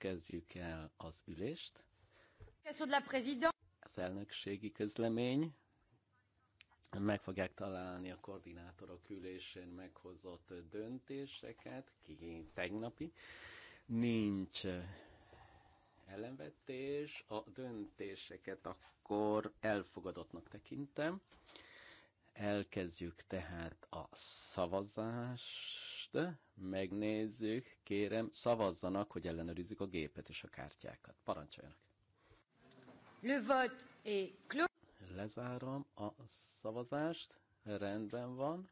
kezdjük el az ülést. Az elnökségi közlemény. Meg fogják találni a koordinátorok ülésén meghozott döntéseket, ki tegnapi. Nincs ellenvetés, a döntéseket akkor elfogadottnak tekintem. Elkezdjük tehát a szavazás most megnézzük, kérem, szavazzanak, hogy ellenőrizzük a gépet és a kártyákat. Parancsoljanak. Le vote est clos. Lezárom a szavazást. Rendben van.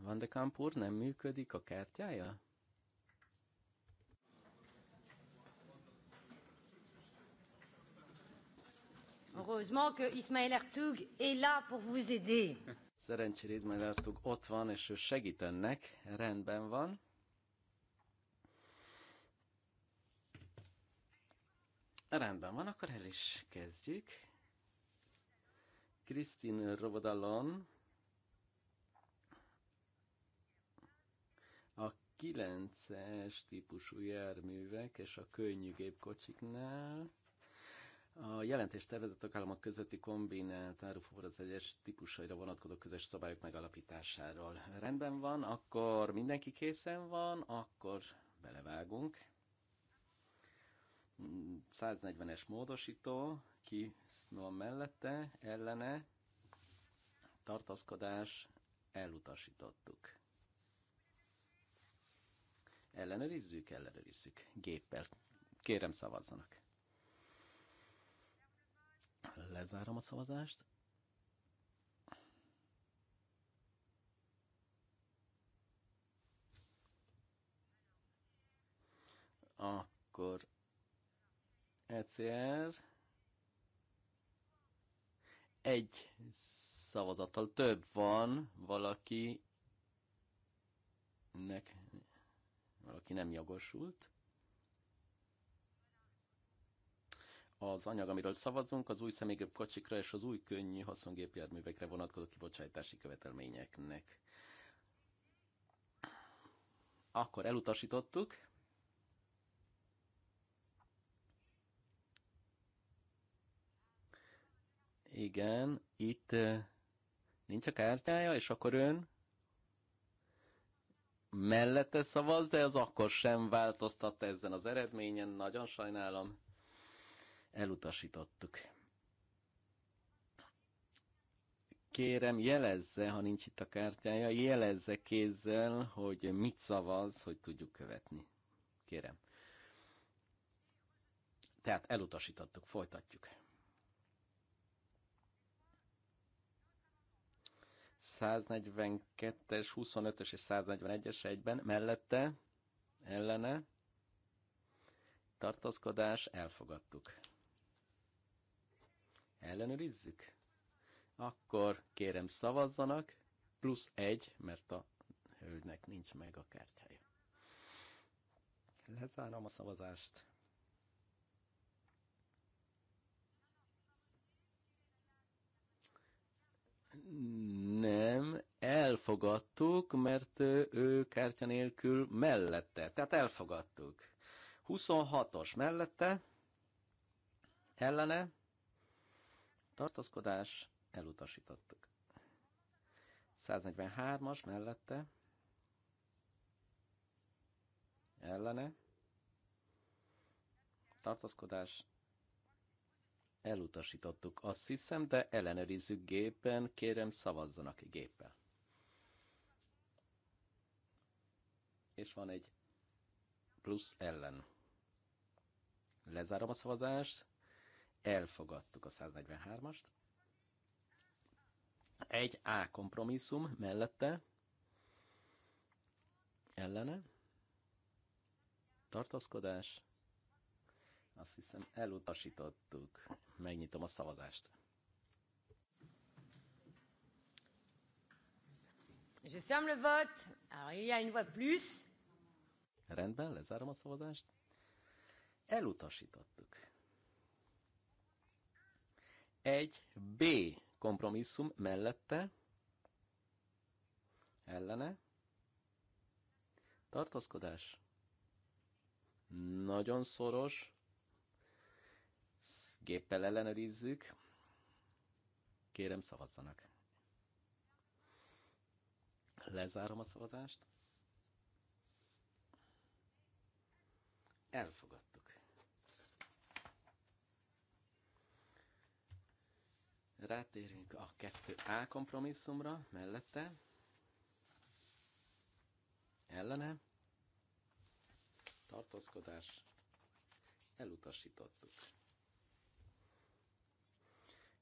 Van de Kampur, nem működik a kártyája? Heureusement que Ismaël Ertug est là pour vous aider. Szerencsére Izmailártug ott van, és ő segít önnek, rendben van. Rendben van, akkor el is kezdjük. Krisztin Rovodalon, a 9-es típusú járművek és a könnyű gépkocsiknál a jelentés tervezett tagállamok közötti kombinált az egyes típusaira vonatkozó közös szabályok megalapításáról. Rendben van, akkor mindenki készen van, akkor belevágunk. 140-es módosító, ki van mellette, ellene, tartaszkodás, elutasítottuk. Ellenőrizzük, ellenőrizzük. Géppel. Kérem szavazzanak. Lezárom a szavazást. Akkor ECR egy szavazattal több van valaki nek valaki nem jogosult. az anyag, amiről szavazunk, az új személygép kocsikra és az új könnyű haszongépjárművekre vonatkozó kibocsátási követelményeknek. Akkor elutasítottuk. Igen, itt nincs a kártyája, és akkor ön mellette szavaz, de az akkor sem változtat ezen az eredményen, nagyon sajnálom elutasítottuk. Kérem, jelezze, ha nincs itt a kártyája, jelezze kézzel, hogy mit szavaz, hogy tudjuk követni. Kérem. Tehát elutasítottuk, folytatjuk. 142-es, 25-ös és 141-es egyben, mellette, ellene, tartózkodás, elfogadtuk. Ellenőrizzük? Akkor kérem szavazzanak, plusz egy, mert a hölgynek nincs meg a kártyája. Lezárom a szavazást. Nem, elfogadtuk, mert ő kártya nélkül mellette. Tehát elfogadtuk. 26-os mellette, ellene, tartózkodás, elutasítottuk. 143-as mellette, ellene, tartózkodás, elutasítottuk. Azt hiszem, de ellenőrizzük gépen, kérem szavazzanak géppel. És van egy plusz ellen. Lezárom a szavazást, elfogadtuk a 143-ast. Egy A kompromisszum mellette, ellene, tartózkodás, azt hiszem elutasítottuk. Megnyitom a szavazást. Je ferme le vote. Alors, il y a une voix plus. Rendben, lezárom a szavazást. Elutasítottuk egy b kompromisszum mellette, ellene, tartózkodás, nagyon szoros, géppel ellenőrizzük, kérem szavazzanak. Lezárom a szavazást. Elfogadt. Rátérünk a 2A kompromisszumra, mellette. Ellene. Tartózkodás. Elutasítottuk.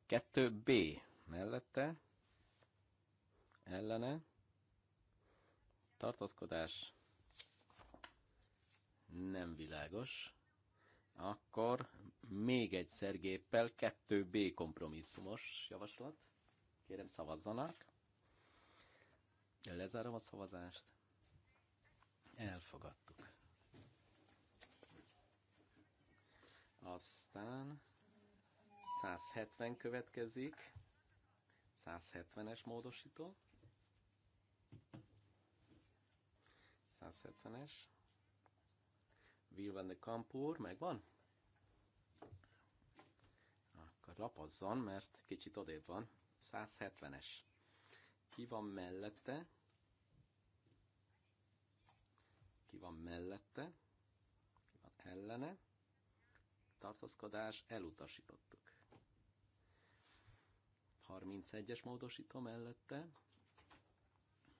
2B mellette. Ellene. Tartózkodás. Nem világos. Akkor még egyszer géppel 2B kompromisszumos javaslat. Kérem szavazzanak. Lezárom a szavazást. Elfogadtuk. Aztán 170 következik. 170-es módosító. 170-es. Will van de Kamp megvan? Akkor lapozzon, mert kicsit odébb van. 170-es. Ki van mellette? Ki van mellette? Ki van ellene? Tartózkodás, elutasítottuk. 31-es módosító mellette?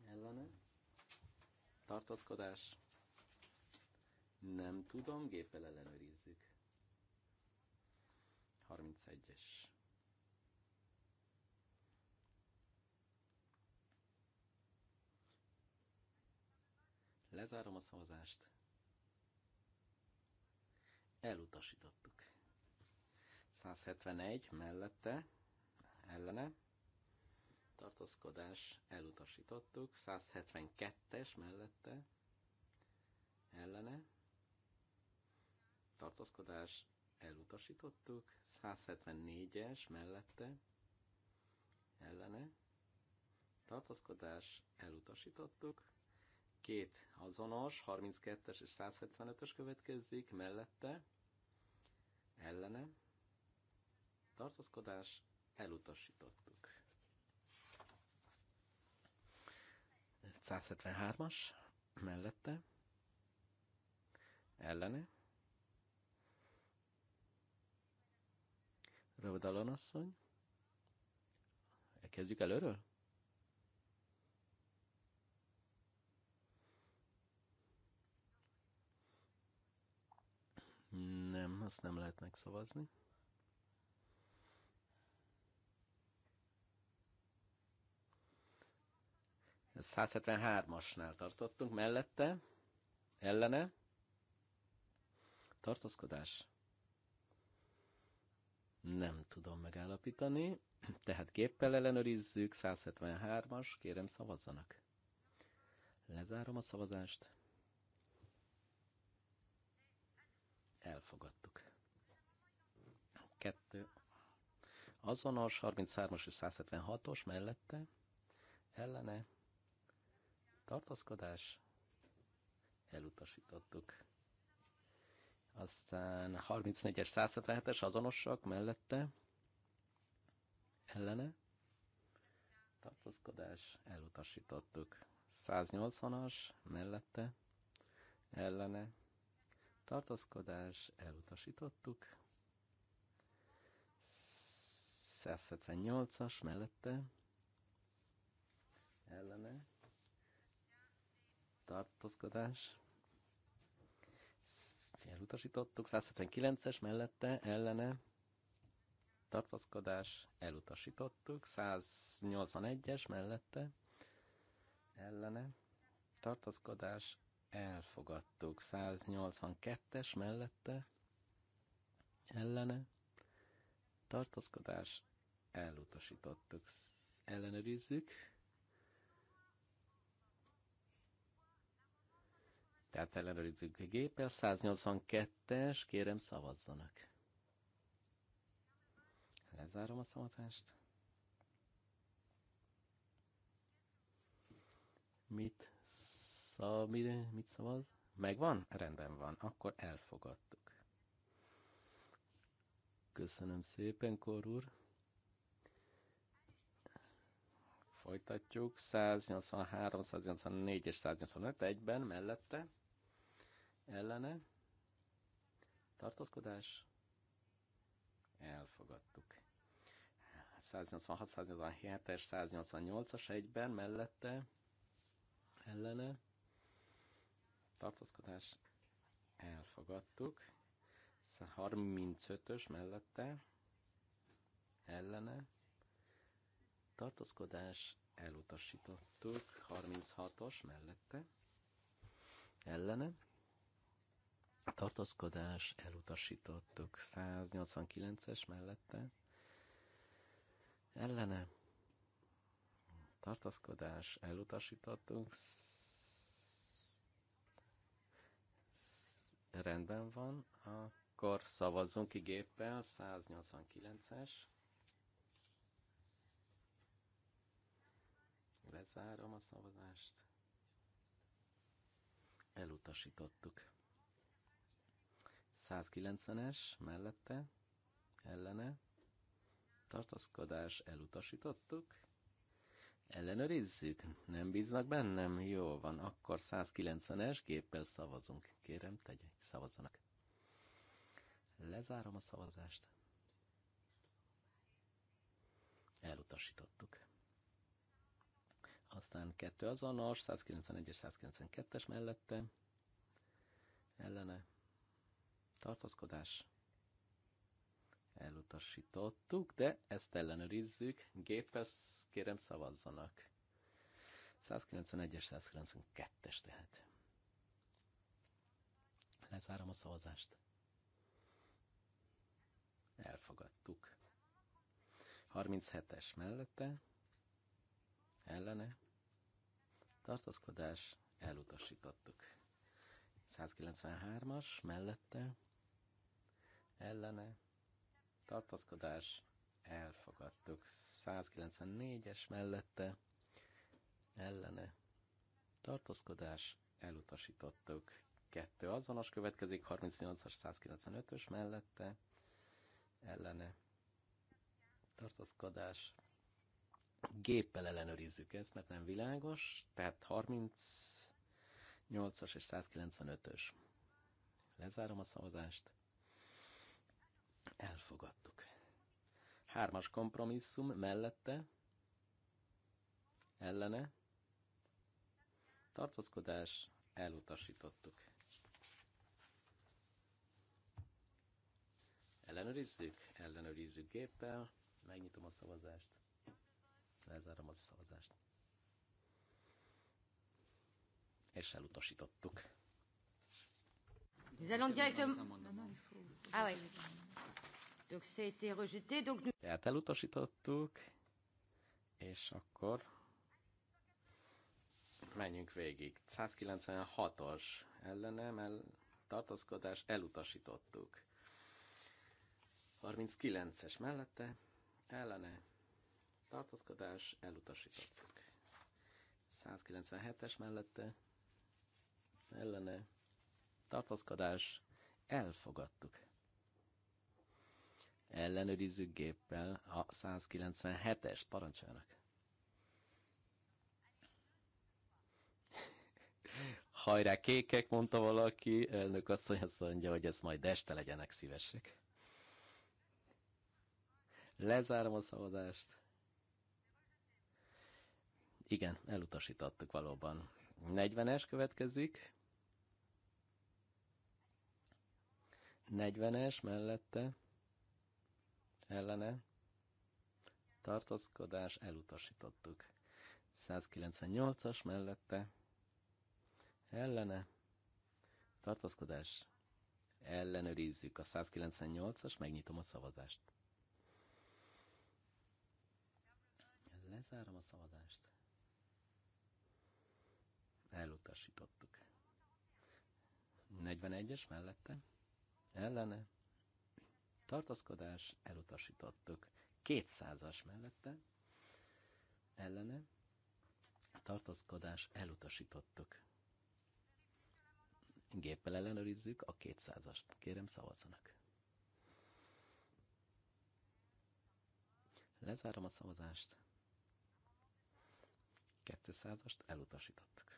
Ellene? Tartózkodás, nem tudom, géppel ellenőrizzük. 31-es. Lezárom a szavazást. Elutasítottuk. 171 mellette, ellene, tartózkodás, elutasítottuk. 172-es mellette, ellene, tartózkodás elutasítottuk, 174-es mellette, ellene, tartózkodás elutasítottuk, két azonos, 32-es és 175-ös következik, mellette, ellene, tartózkodás elutasítottuk. 173-as, mellette, ellene, Rövdalon asszony. Kezdjük előről? Nem, azt nem lehet megszavazni. Ez 173-asnál tartottunk, mellette, ellene, tartózkodás. Nem tudom megállapítani. Tehát géppel ellenőrizzük, 173-as, kérem szavazzanak. Lezárom a szavazást. Elfogadtuk. Kettő. Azonos, 33-as és 176-os mellette. Ellene. Tartózkodás. Elutasítottuk. Aztán 34-es 167 es azonosak mellette, ellene, tartózkodás, elutasítottuk. 180-as mellette, ellene, tartózkodás, elutasítottuk. 178-as mellette, ellene, tartózkodás, elutasítottuk, 179-es mellette, ellene, tartózkodás, elutasítottuk, 181-es mellette, ellene, tartózkodás, elfogadtuk, 182-es mellette, ellene, tartózkodás, elutasítottuk, ellenőrizzük, Tehát ellenőrizzük a géppel. 182-es, kérem szavazzanak. Lezárom a szavazást. Mit szav, mire, mit szavaz? Megvan? Rendben van. Akkor elfogadtuk. Köszönöm szépen, Kor úr. Folytatjuk. 183, 184 és 185 egyben mellette ellene, tartózkodás, elfogadtuk. 186, 187-es, 188-as egyben, mellette, ellene, tartózkodás, elfogadtuk. 35-ös mellette, ellene, tartózkodás, elutasítottuk. 36-os mellette, ellene, tartózkodás, elutasítottuk 189-es mellette, ellene, tartózkodás, elutasítottunk, rendben van, akkor szavazzunk géppel, 189-es, lezárom a szavazást, elutasítottuk. 190-es mellette, ellene, tartaszkodás elutasítottuk. Ellenőrizzük, nem bíznak bennem? Jó van, akkor 190-es géppel szavazunk. Kérem, tegyék, szavazzanak. Lezárom a szavazást. Elutasítottuk. Aztán kettő azonos, 191 és 192-es mellette. Ellene tartózkodás. Elutasítottuk, de ezt ellenőrizzük. Gépes kérem szavazzanak. 191-es, 192-es tehát. Lezárom a szavazást. Elfogadtuk. 37-es mellette, ellene, tartózkodás, elutasítottuk. 193-as mellette, ellene, tartózkodás, elfogadtuk. 194-es mellette, ellene, tartózkodás, elutasítottuk. Kettő azonos következik, 38-as, 195-ös mellette, ellene, tartózkodás, géppel ellenőrizzük ezt, mert nem világos, tehát 38-as és 195-ös. Lezárom a szavazást. Elfogadtuk. Hármas kompromisszum mellette, ellene, tartózkodás, elutasítottuk. Ellenőrizzük, ellenőrizzük géppel, megnyitom a szavazást, lezárom a szavazást. És elutasítottuk. Nous allons directement... Ah ouais. Tehát elutasítottuk, és akkor menjünk végig. 196-os ellenem el, tartózkodás elutasítottuk. 39-es mellette ellene tartózkodás elutasítottuk. 197-es mellette ellene tartózkodás elfogadtuk ellenőrizzük géppel a 197-es, parancsoljanak. Hajrá kékek, mondta valaki, elnök asszony azt mondja, hogy ez majd este legyenek szívesek. Lezárom a szavazást. Igen, elutasítottuk valóban. 40-es következik. 40-es mellette ellene tartózkodás elutasítottuk. 198-as mellette ellene tartózkodás ellenőrizzük a 198-as, megnyitom a szavazást. Lezárom a szavazást. Elutasítottuk. 41-es mellette ellene tartózkodás, elutasítottuk. 200-as mellette, ellene, tartózkodás, elutasítottuk. Géppel ellenőrizzük a 200-ast. Kérem, szavazzanak. Lezárom a szavazást. 200-ast elutasítottuk.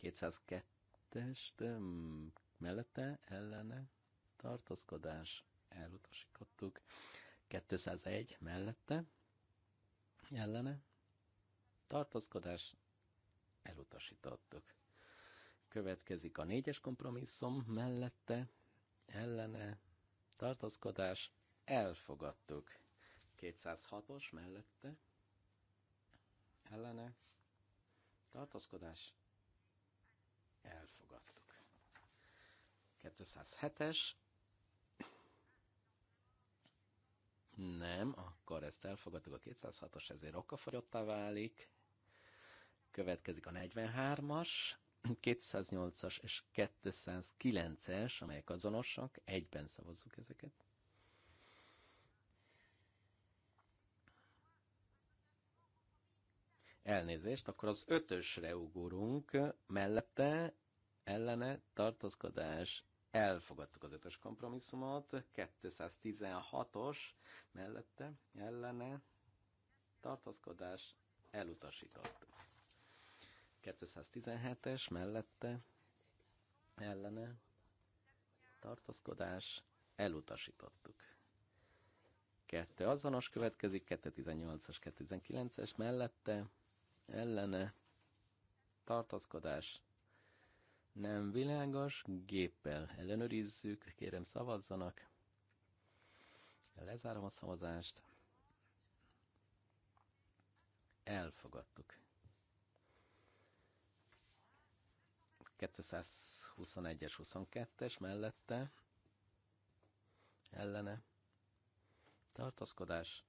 202-est mm, mellette ellene tartózkodás elutasítottuk. 201 mellette, ellene, tartózkodás, elutasítottuk. Következik a négyes kompromisszum mellette, ellene, tartózkodás, elfogadtuk. 206-os mellette, ellene, tartózkodás, elfogadtuk. 207-es Nem, akkor ezt elfogadtuk a 206-os, ezért okafogyottá válik. Következik a 43-as, 208-as és 209-es, amelyek azonosak, egyben szavazzuk ezeket. Elnézést, akkor az ötösre ugorunk, mellette ellene tartozkodás elfogadtuk az ötös kompromisszumot, 216-os mellette ellene tartózkodás elutasítottuk. 217-es mellette ellene tartózkodás elutasítottuk. Kettő azonos következik, 218-as, 219-es mellette ellene tartózkodás nem világos, géppel ellenőrizzük, kérem szavazzanak. Lezárom a szavazást. Elfogadtuk. 221-es, 22-es mellette ellene tartaszkodás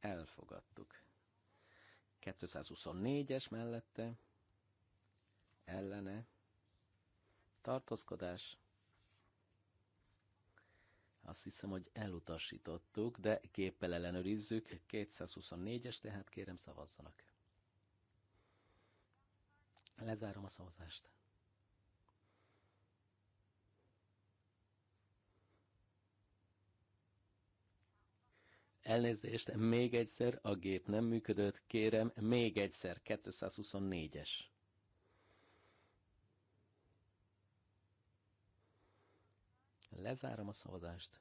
elfogadtuk. 224-es mellette ellene tartózkodás. Azt hiszem, hogy elutasítottuk, de képpel ellenőrizzük. 224-es, tehát kérem szavazzanak. Lezárom a szavazást. Elnézést, még egyszer a gép nem működött, kérem, még egyszer, 224-es. Lezárom a szavazást.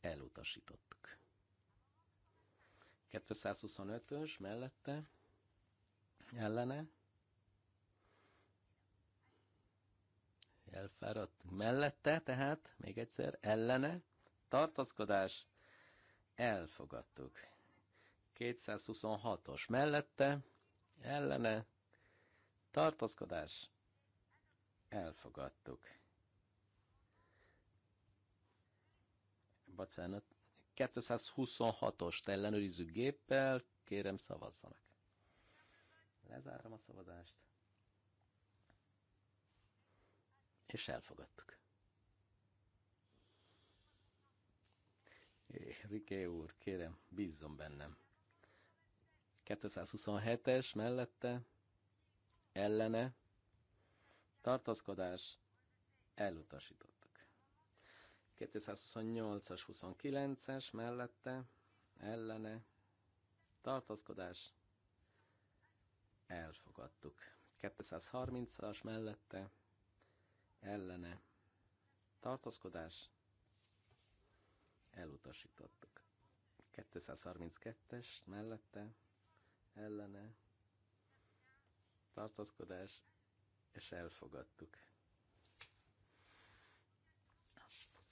Elutasítottuk. 225-ös mellette, ellene, elfáradt mellette, tehát még egyszer, ellene, tartaszkodás, elfogadtuk. 226-os mellette, ellene, tartaszkodás, elfogadtuk. Bocsánat, 226 os ellenőrizzük géppel, kérem szavazzanak. Lezárom a szavazást. És elfogadtuk. Riké úr, kérem, bízzon bennem. 227-es mellette, ellene, tartózkodás, elutasítottuk. 228-as, 29-es mellette, ellene, tartózkodás, elfogadtuk. 230-as mellette, ellene, tartózkodás, elutasítottuk. 232-es mellette, ellene, tartózkodás, és elfogadtuk.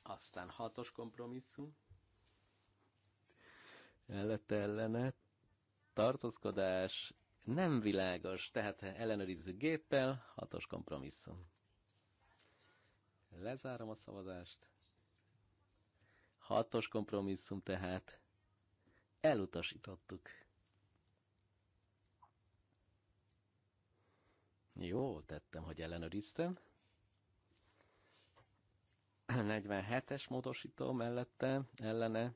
Aztán hatos kompromisszum, ellete ellene, tartózkodás, nem világos, tehát ellenőrizzük géppel, hatos kompromisszum. Lezárom a szavazást. Hatos kompromisszum tehát. Elutasítottuk. Jó, tettem, hogy ellenőriztem. 47-es módosító mellette, ellene,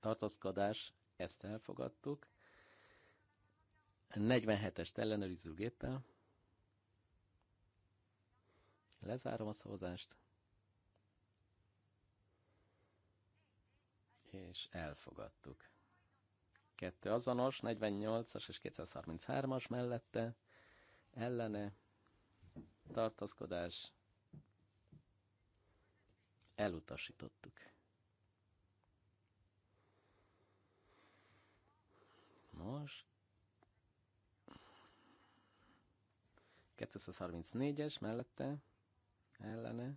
tartózkodás, ezt elfogadtuk. 47-est ellenőrizzük géppel. Lezárom a szavazást. És elfogadtuk. Kettő azonos, 48-as és 233-as mellette ellene tartózkodás elutasítottuk. Most 234-es mellette ellene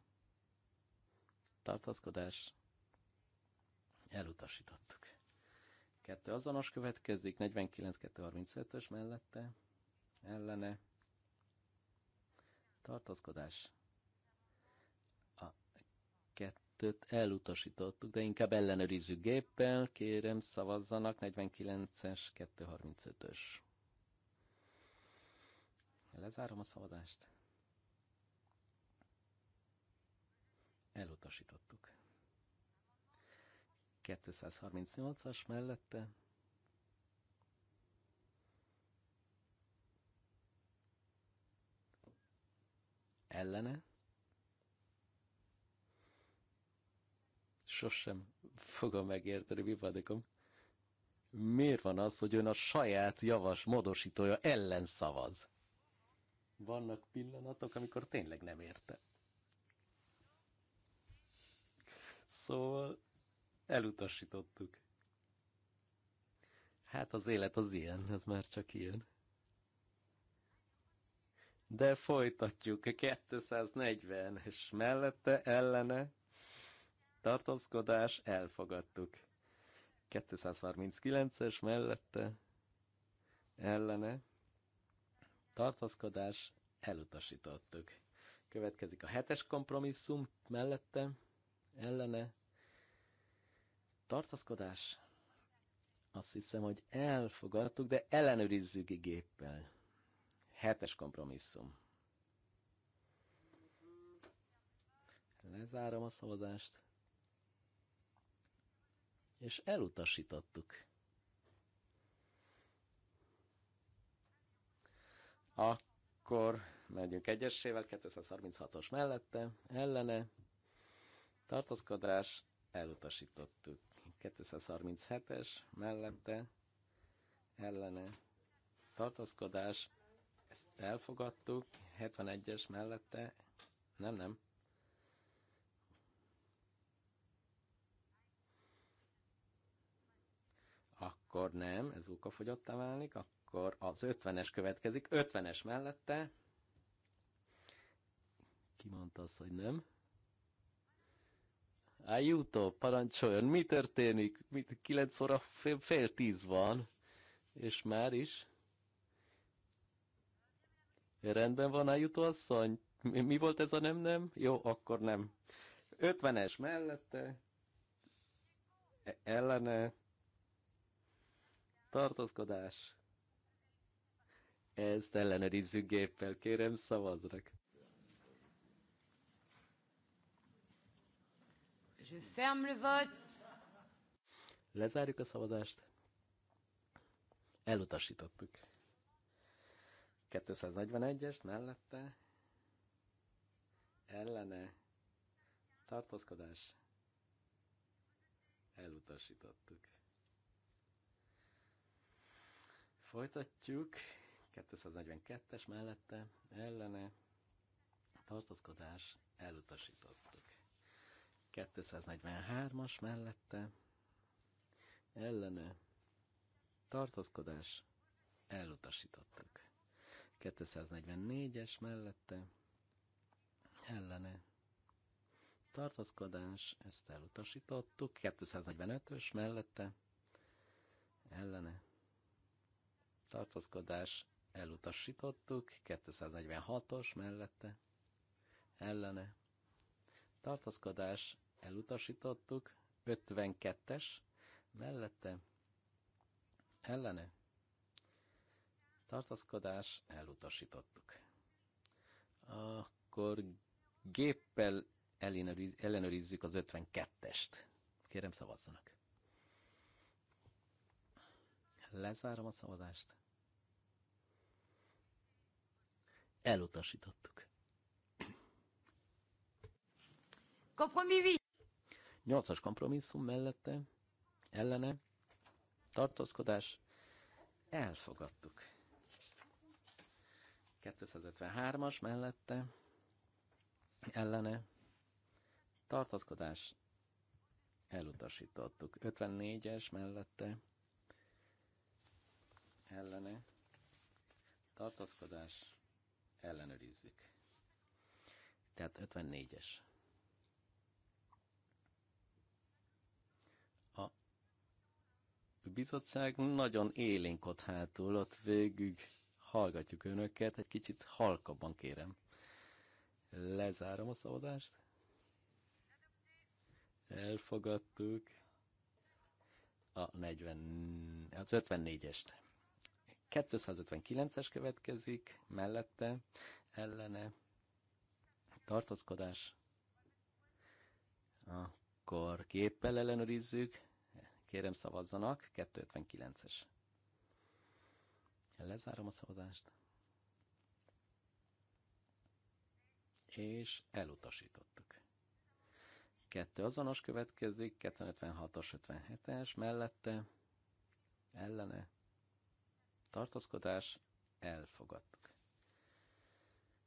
tartózkodás elutasítottuk. Kettő azonos következik, 49-235-ös mellette ellene tartózkodás. A kettőt elutasítottuk, de inkább ellenőrizzük géppel, kérem szavazzanak, 49-es, 235-ös. Lezárom a szavazást. Elutasítottuk. 238-as mellette ellene. Sosem fogom megérteni, mi vadikom. Miért van az, hogy ön a saját javas módosítója ellen szavaz? Vannak pillanatok, amikor tényleg nem érte. Szóval elutasítottuk. Hát az élet az ilyen, ez már csak ilyen de folytatjuk. a 240, es mellette ellene tartózkodás elfogadtuk. 239-es mellette ellene tartózkodás elutasítottuk. Következik a hetes kompromisszum mellette ellene tartózkodás. Azt hiszem, hogy elfogadtuk, de ellenőrizzük géppel. Hetes kompromisszum. Lezárom a szavazást. És elutasítottuk. Akkor megyünk egyesével, 236-os mellette, ellene, tartózkodás, elutasítottuk. 237-es mellette, ellene, tartózkodás, ezt elfogadtuk. 71-es mellette. Nem, nem. Akkor nem, ez okafogyottá válik. Akkor az 50-es következik. 50-es mellette. Ki mondta azt, hogy nem? Ájútó, parancsoljon, mi történik? Mit, 9 óra fél, fél 10 van, és már is Rendben van, eljutó asszony? Mi, mi volt ez a nem-nem? Jó, akkor nem. 50-es mellette, e, ellene, Tartozkodás. Ezt ellenőrizzük géppel, kérem szavazrak. Je ferme le vote. Lezárjuk a szavazást. Elutasítottuk. 241-es mellette ellene tartózkodás elutasítottuk. Folytatjuk 242-es mellette ellene tartózkodás elutasítottuk. 243-as mellette ellene tartózkodás elutasítottuk. 244-es mellette ellene tartózkodás, ezt elutasítottuk, 245-ös mellette ellene tartózkodás, elutasítottuk, 246-os mellette ellene tartózkodás, elutasítottuk, 52-es mellette ellene tartózkodás, elutasítottuk. Akkor géppel ellenőrizzük az 52-est. Kérem szavazzanak. Lezárom a szavazást. Elutasítottuk. Kompromiss. Nyolcas kompromisszum mellette, ellene, tartózkodás, elfogadtuk. 253-as mellette ellene tartózkodás elutasítottuk. 54-es mellette ellene tartózkodás ellenőrizzük. Tehát 54-es. A bizottság nagyon élénk ott hátul, ott végig hallgatjuk önöket, egy kicsit halkabban kérem. Lezárom a szavazást. Elfogadtuk a 40, az 54-est. 259-es következik, mellette, ellene, tartózkodás. Akkor géppel ellenőrizzük, kérem szavazzanak, 259-es. Lezárom a szavazást. És elutasítottuk. Kettő azonos következik, 256 as 57-es, mellette, ellene, tartózkodás, elfogadtuk.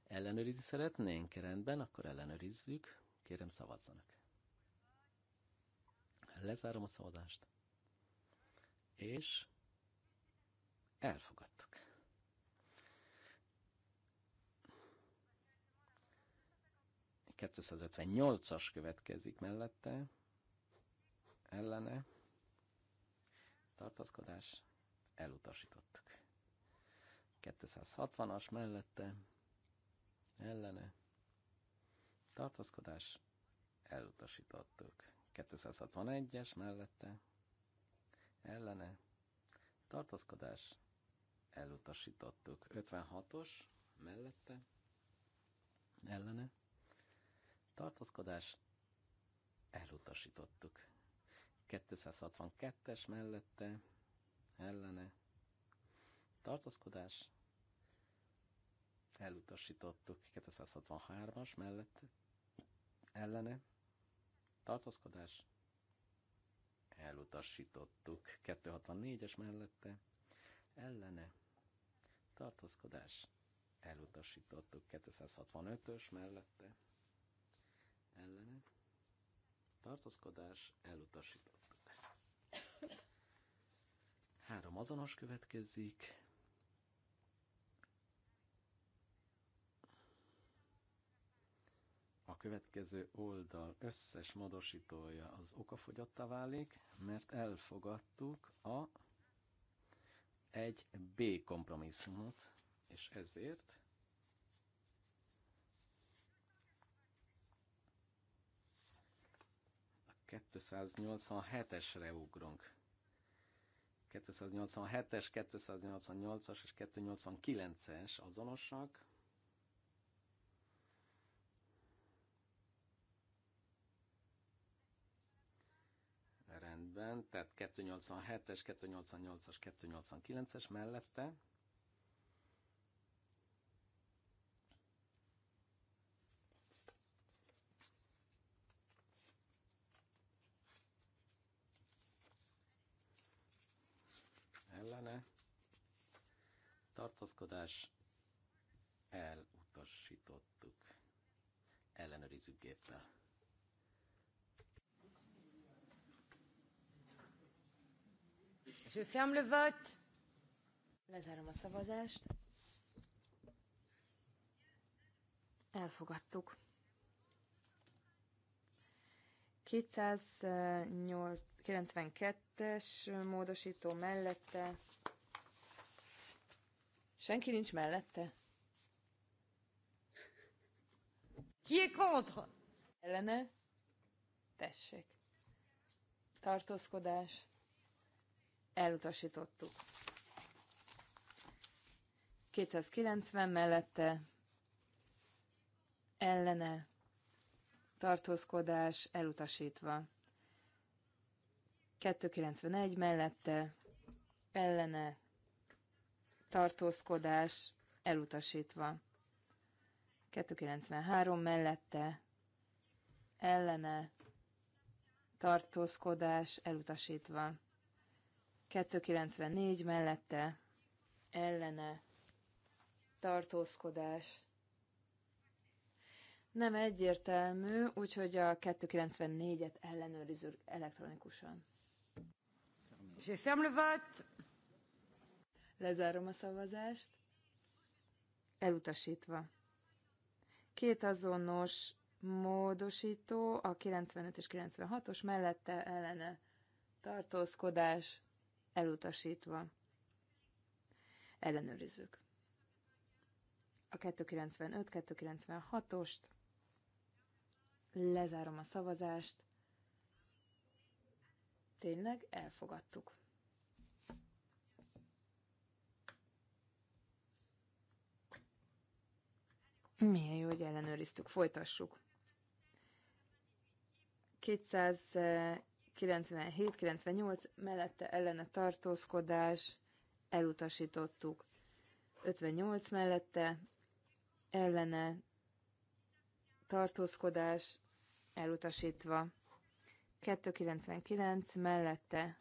Ellenőrizni szeretnénk? Rendben, akkor ellenőrizzük. Kérem szavazzanak. Lezárom a szavazást. És Elfogadtuk. as következik mellette, ellene, tartózkodás, elutasítottuk. 260-as mellette, ellene, tartózkodás, elutasítottuk. 261-es mellette, ellene, tartózkodás, elutasítottuk. 56-os mellette, ellene, tartózkodás, elutasítottuk. 262-es mellette, ellene, tartózkodás, elutasítottuk. 263-as mellette, ellene, tartózkodás, elutasítottuk. 264-es mellette, ellene, tartózkodás, elutasítottuk 265-ös mellette, ellene, tartózkodás, elutasítottuk. Három azonos következik, a következő oldal összes modosítója az okafogyatta válik, mert elfogadtuk a egy B kompromisszumot, és ezért a 287-esre ugrunk. 287-es, 288-as és 289-es azonosak, után, tehát 287-es, 288-as, 289-es mellette. Ellene. Tartózkodás. Elutasítottuk. Ellenőrizzük géppel. Je ferme le vote. Lezárom a szavazást. Elfogadtuk. 292-es módosító mellette. Senki nincs mellette? Ki est contre? Ellene? Tessék. Tartózkodás elutasítottuk. 290 mellette ellene tartózkodás elutasítva. 291 mellette ellene tartózkodás elutasítva. 293 mellette ellene tartózkodás elutasítva. 294 mellette ellene tartózkodás. Nem egyértelmű, úgyhogy a 294-et ellenőrizzük elektronikusan. Je ferme le vote. Lezárom a szavazást. Elutasítva. Két azonos módosító, a 95 és 96-os mellette ellene tartózkodás elutasítva. Ellenőrizzük. A 295-296-ost. Lezárom a szavazást. Tényleg elfogadtuk. Milyen jó, hogy ellenőriztük. Folytassuk. 200 97-98 mellette ellene tartózkodás elutasítottuk. 58 mellette ellene tartózkodás elutasítva. 299 mellette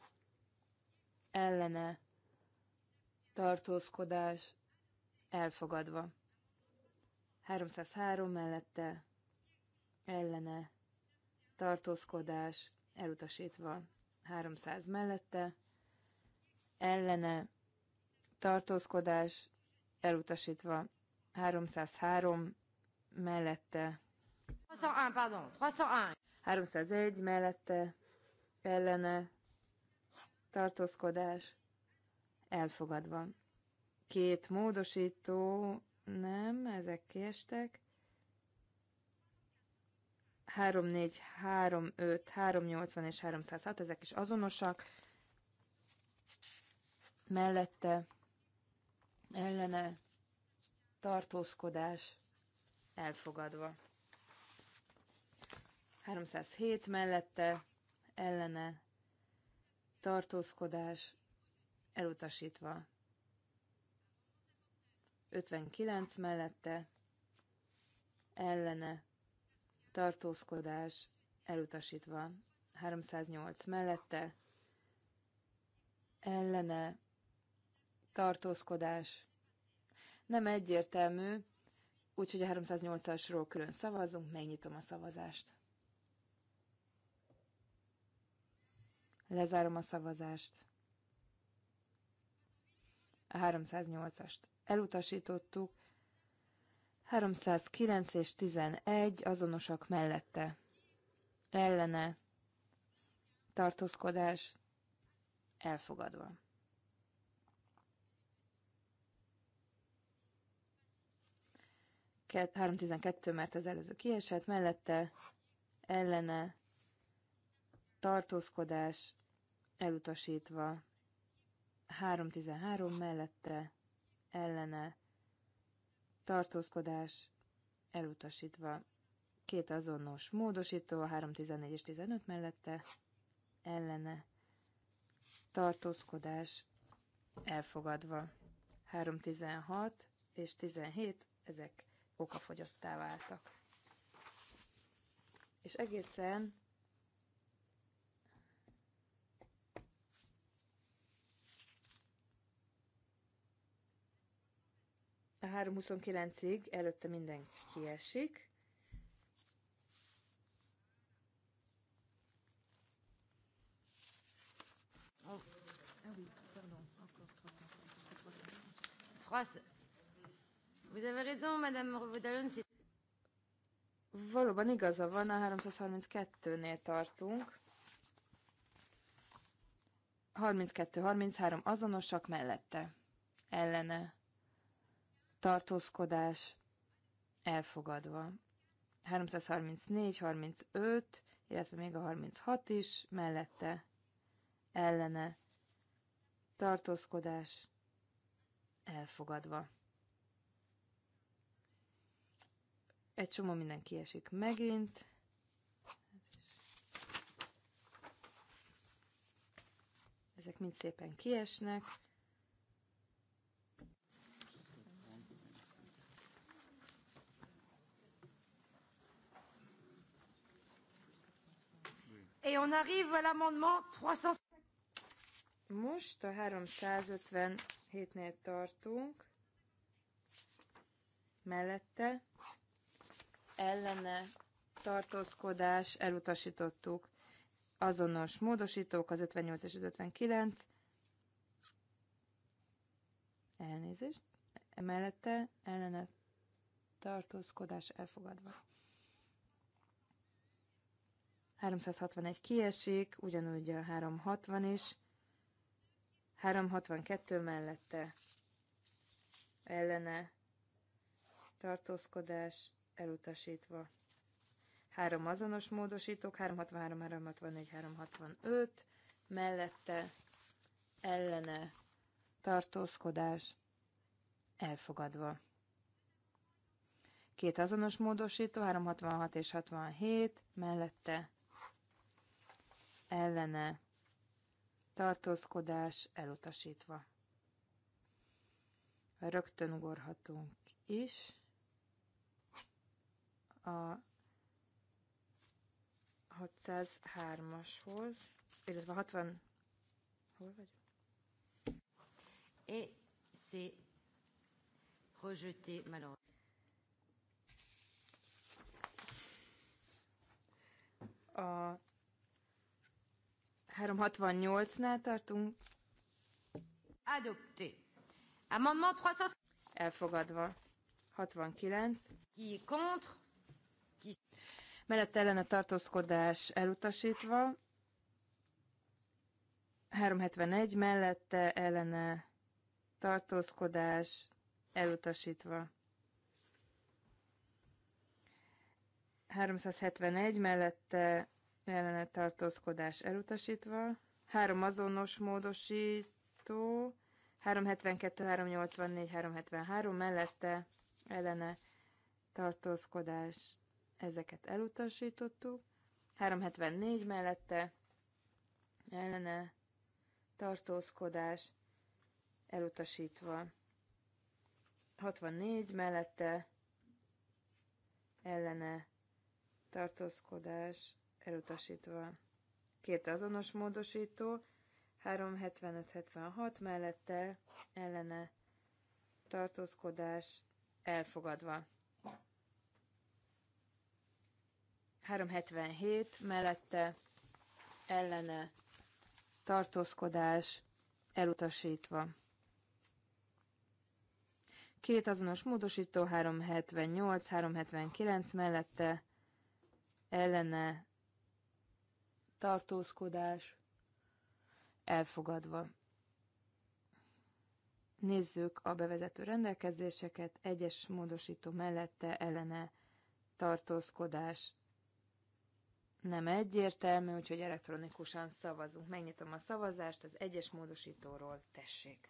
ellene tartózkodás elfogadva. 303 mellette ellene tartózkodás elutasítva. 300 mellette, ellene, tartózkodás, elutasítva. 303 mellette. 301, pardon, 301. 301 mellette, ellene, tartózkodás, elfogadva. Két módosító, nem, ezek kiestek. 3, 4, 3, 5, 380 és 306, ezek is azonosak. Mellette ellene tartózkodás elfogadva. 307 mellette ellene tartózkodás elutasítva. 59 mellette ellene tartózkodás elutasítva. 308 mellette, ellene, tartózkodás nem egyértelmű, úgyhogy a 308-asról külön szavazunk, megnyitom a szavazást. Lezárom a szavazást. A 308-ast elutasítottuk, 309 és 11 azonosak mellette. Ellene. Tartózkodás. Elfogadva. Ket, 312, mert az előző kiesett, mellette ellene tartózkodás elutasítva. 313 mellette ellene tartózkodás elutasítva. Két azonos módosító, a 314 és 15 mellette ellene tartózkodás elfogadva. 316 és 17, ezek okafogyottá váltak. És egészen A 329-ig előtte minden kiesik. Valóban igaza van, a 332-nél tartunk. 32-33 azonosak mellette. Ellene tartózkodás elfogadva. 334, 35, illetve még a 36 is, mellette ellene tartózkodás elfogadva. Egy csomó minden kiesik megint. Ezek mind szépen kiesnek. Et on arrive à l'amendement 300. Most a 357-nél tartunk. Mellette ellene tartózkodás elutasítottuk. Azonos módosítók az 58 és 59. Elnézést. Mellette, ellene tartózkodás elfogadva. 361 kiesik, ugyanúgy a 360 is. 362 mellette ellene tartózkodás elutasítva. 3 azonos módosítók, 363, 364, 365, mellette ellene tartózkodás elfogadva. Két azonos módosító, 366 és 67, mellette ellene tartózkodás elutasítva. Rögtön ugorhatunk is. A 603-ashoz, illetve 60... Hol vagyok? Et c'est rejeté malheureusement. A 368-nál tartunk. Adopté. Amendement 300. Elfogadva. 69. Qui est contre? Qui... Mellett a tartózkodás elutasítva. 371 mellette ellene tartózkodás elutasítva. 371 mellette jelenet tartózkodás elutasítva, három azonos módosító, 372, 384, 373 mellette ellene tartózkodás, ezeket elutasítottuk, 374 mellette ellene tartózkodás elutasítva. 64 mellette ellene tartózkodás elutasítva. Két azonos módosító, 375-76 mellette ellene tartózkodás elfogadva. 377 mellette ellene tartózkodás elutasítva. Két azonos módosító 378, 379 mellette ellene tartózkodás elfogadva. Nézzük a bevezető rendelkezéseket, egyes módosító mellette ellene tartózkodás nem egyértelmű, úgyhogy elektronikusan szavazunk. Megnyitom a szavazást az egyes módosítóról, tessék.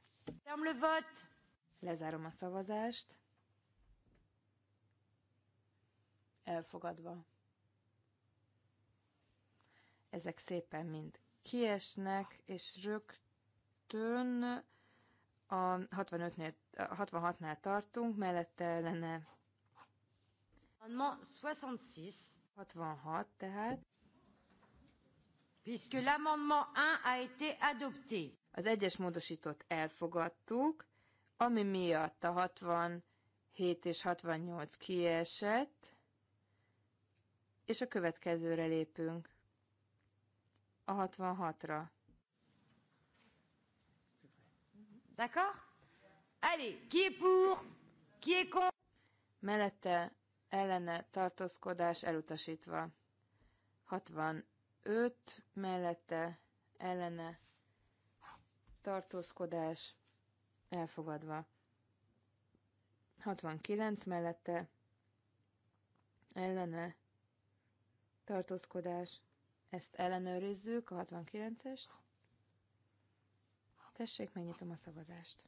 Lezárom a szavazást. Elfogadva ezek szépen mind kiesnek, és rögtön a 65-nél, 66-nál tartunk, mellette lenne. 66. 66 tehát. Puisque l'amendement 1 a été adopté. Az egyes módosítót elfogadtuk, ami miatt a 67 és 68 kiesett, és a következőre lépünk a 66-ra. D'accord Allez, qui est pour Qui est con? Mellette ellene tartózkodás elutasítva. 65 mellette ellene tartózkodás elfogadva. 69 mellette ellene tartózkodás ezt ellenőrizzük, a 69-est. Tessék, megnyitom a szavazást.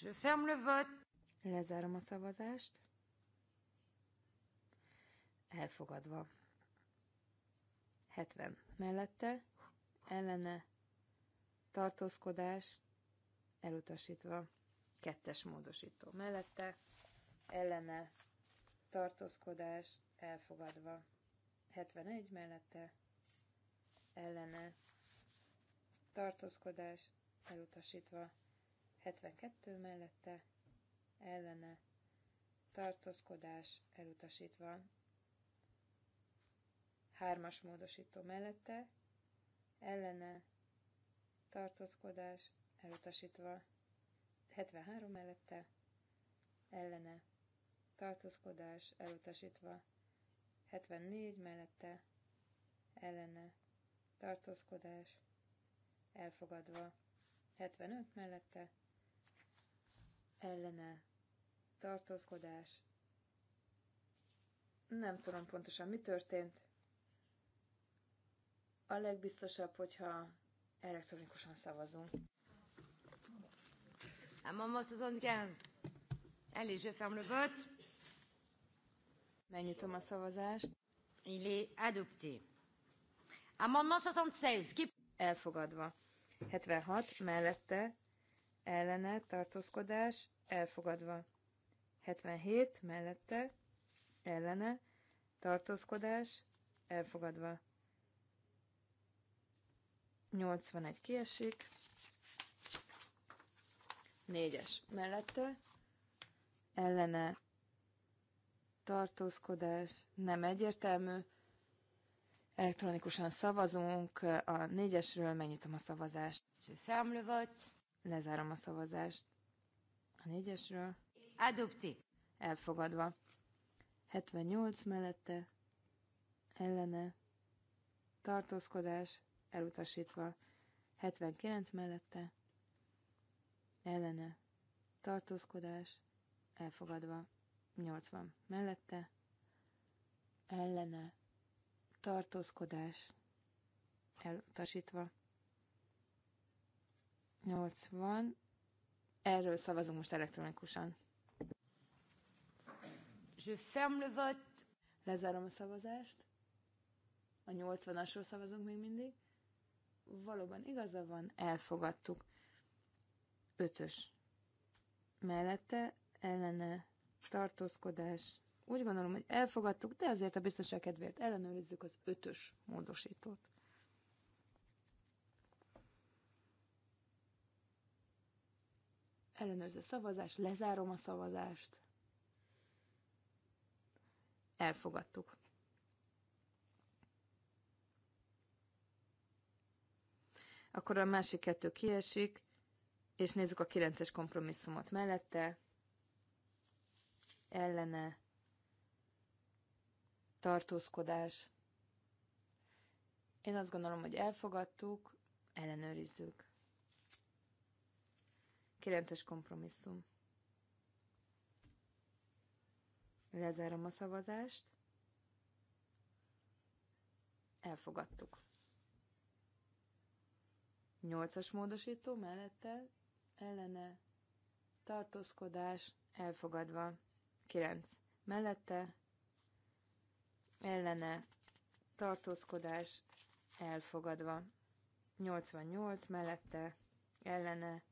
Je ferme le vote. Lezárom a szavazást. Elfogadva. 70. Mellette ellene tartózkodás elutasítva. Kettes módosító mellette ellene tartózkodás elfogadva. 71 mellette ellene tartózkodás elutasítva, 72 mellette ellene tartózkodás elutasítva, hármas módosító mellette ellene tartózkodás elutasítva, 73 mellette ellene tartózkodás elutasítva, 74 mellette ellene tartózkodás elfogadva. 75 mellette ellene tartózkodás. Nem tudom pontosan mi történt. A legbiztosabb, hogyha elektronikusan szavazunk. Amendement 75. Allez, je ferme le vote. Megnyitom a szavazást. Il est adopté. Amendement 76. Ki... Elfogadva. 76 mellette ellene tartózkodás elfogadva. 77 mellette ellene tartózkodás elfogadva. 81 kiesik. 4-es mellette ellene tartózkodás nem egyértelmű. Elektronikusan szavazunk a négyesről, megnyitom a szavazást. Je le Lezárom a szavazást. A négyesről. Adopté. Elfogadva. 78 mellette. Ellene. Tartózkodás. Elutasítva. 79 mellette. Ellene. Tartózkodás. Elfogadva. 80 mellette, ellene, tartózkodás, elutasítva. 80. Erről szavazunk most elektronikusan. Je ferme le vote. Lezárom a szavazást. A 80-asról szavazunk még mindig. Valóban igaza van, elfogadtuk. Ötös. Mellette ellene tartózkodás. Úgy gondolom, hogy elfogadtuk, de azért a biztonság kedvéért ellenőrizzük az ötös módosítót. Ellenőrző szavazás, lezárom a szavazást. Elfogadtuk. Akkor a másik kettő kiesik, és nézzük a 9-es kompromisszumot mellette ellene tartózkodás. Én azt gondolom, hogy elfogadtuk, ellenőrizzük. Kilences kompromisszum. Lezárom a szavazást. Elfogadtuk. Nyolcas módosító mellette ellene tartózkodás elfogadva. 9 mellette, ellene tartózkodás elfogadva. 88 mellette, ellene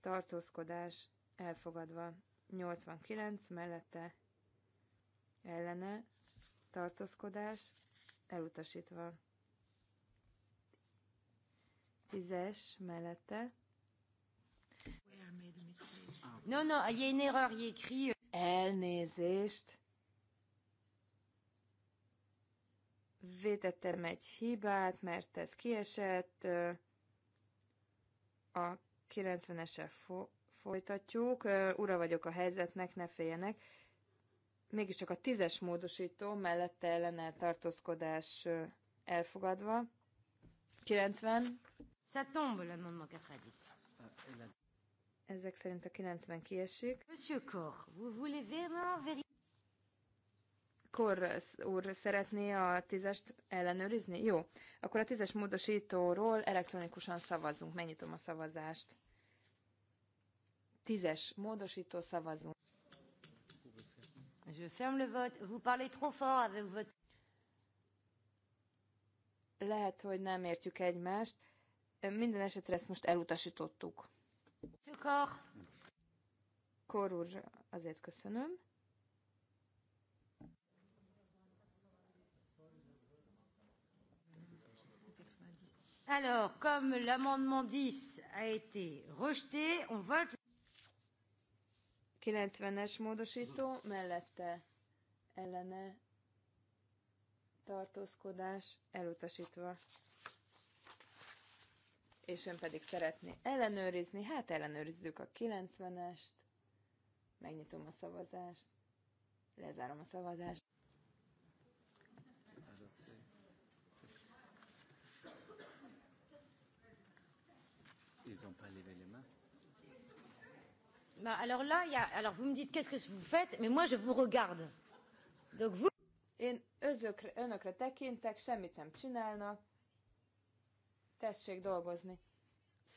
tartózkodás elfogadva. 89 mellette, ellene tartózkodás elutasítva. 10 mellette, No, no, il y a une erreur, il y a écrit euh, Elnézést. Vétettem egy hibát, mert ez kiesett. A 90-essel fo- folytatjuk. Ura vagyok a helyzetnek, ne féljenek. Mégiscsak a tízes módosító mellette ellene tartózkodás elfogadva. 90. Ça tombe moment 90. Ezek szerint a 90 kiesik. Monsieur Kor, Kor úr szeretné a tízest ellenőrizni? Jó. Akkor a tízes módosítóról elektronikusan szavazunk. Megnyitom a szavazást. Tízes módosító szavazunk. Je ferme le vote. Vous parlez trop fort avec votre... Lehet, hogy nem értjük egymást. Minden esetre ezt most elutasítottuk encore. Kor azért köszönöm. Alors, comme l'amendement 10 a été rejeté, on vote... 90-es módosító mellette ellene tartózkodás elutasítva és ön pedig szeretné ellenőrizni. Hát ellenőrizzük a 90-est. Megnyitom a szavazást. Lezárom a szavazást. Ils n'ont pas levé les mains. Bah alors là, y a... alors vous me dites qu'est-ce que vous faites, mais moi je vous regarde. Donc vous. Én özökre, önökre tekintek, semmit nem csinálnak. Tessék dolgozni.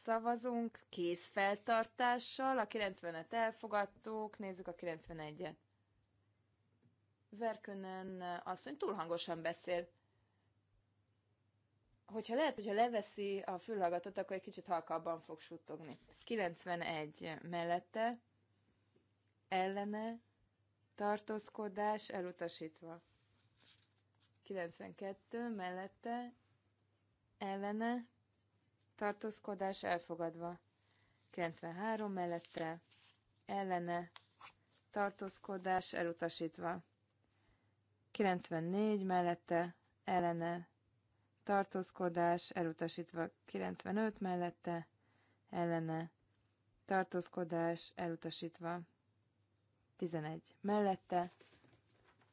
Szavazunk kézfeltartással, a 90-et elfogadtuk, nézzük a 91-et. Verkönen mondja, túl hangosan beszél. Hogyha lehet, hogyha leveszi a fülhallgatót, akkor egy kicsit halkabban fog suttogni. 91 mellette, ellene, tartózkodás elutasítva. 92 mellette, ellene, tartózkodás elfogadva. 93 mellette, ellene, tartózkodás elutasítva. 94 mellette, ellene, tartózkodás elutasítva. 95 mellette, ellene, tartózkodás elutasítva. 11 mellette,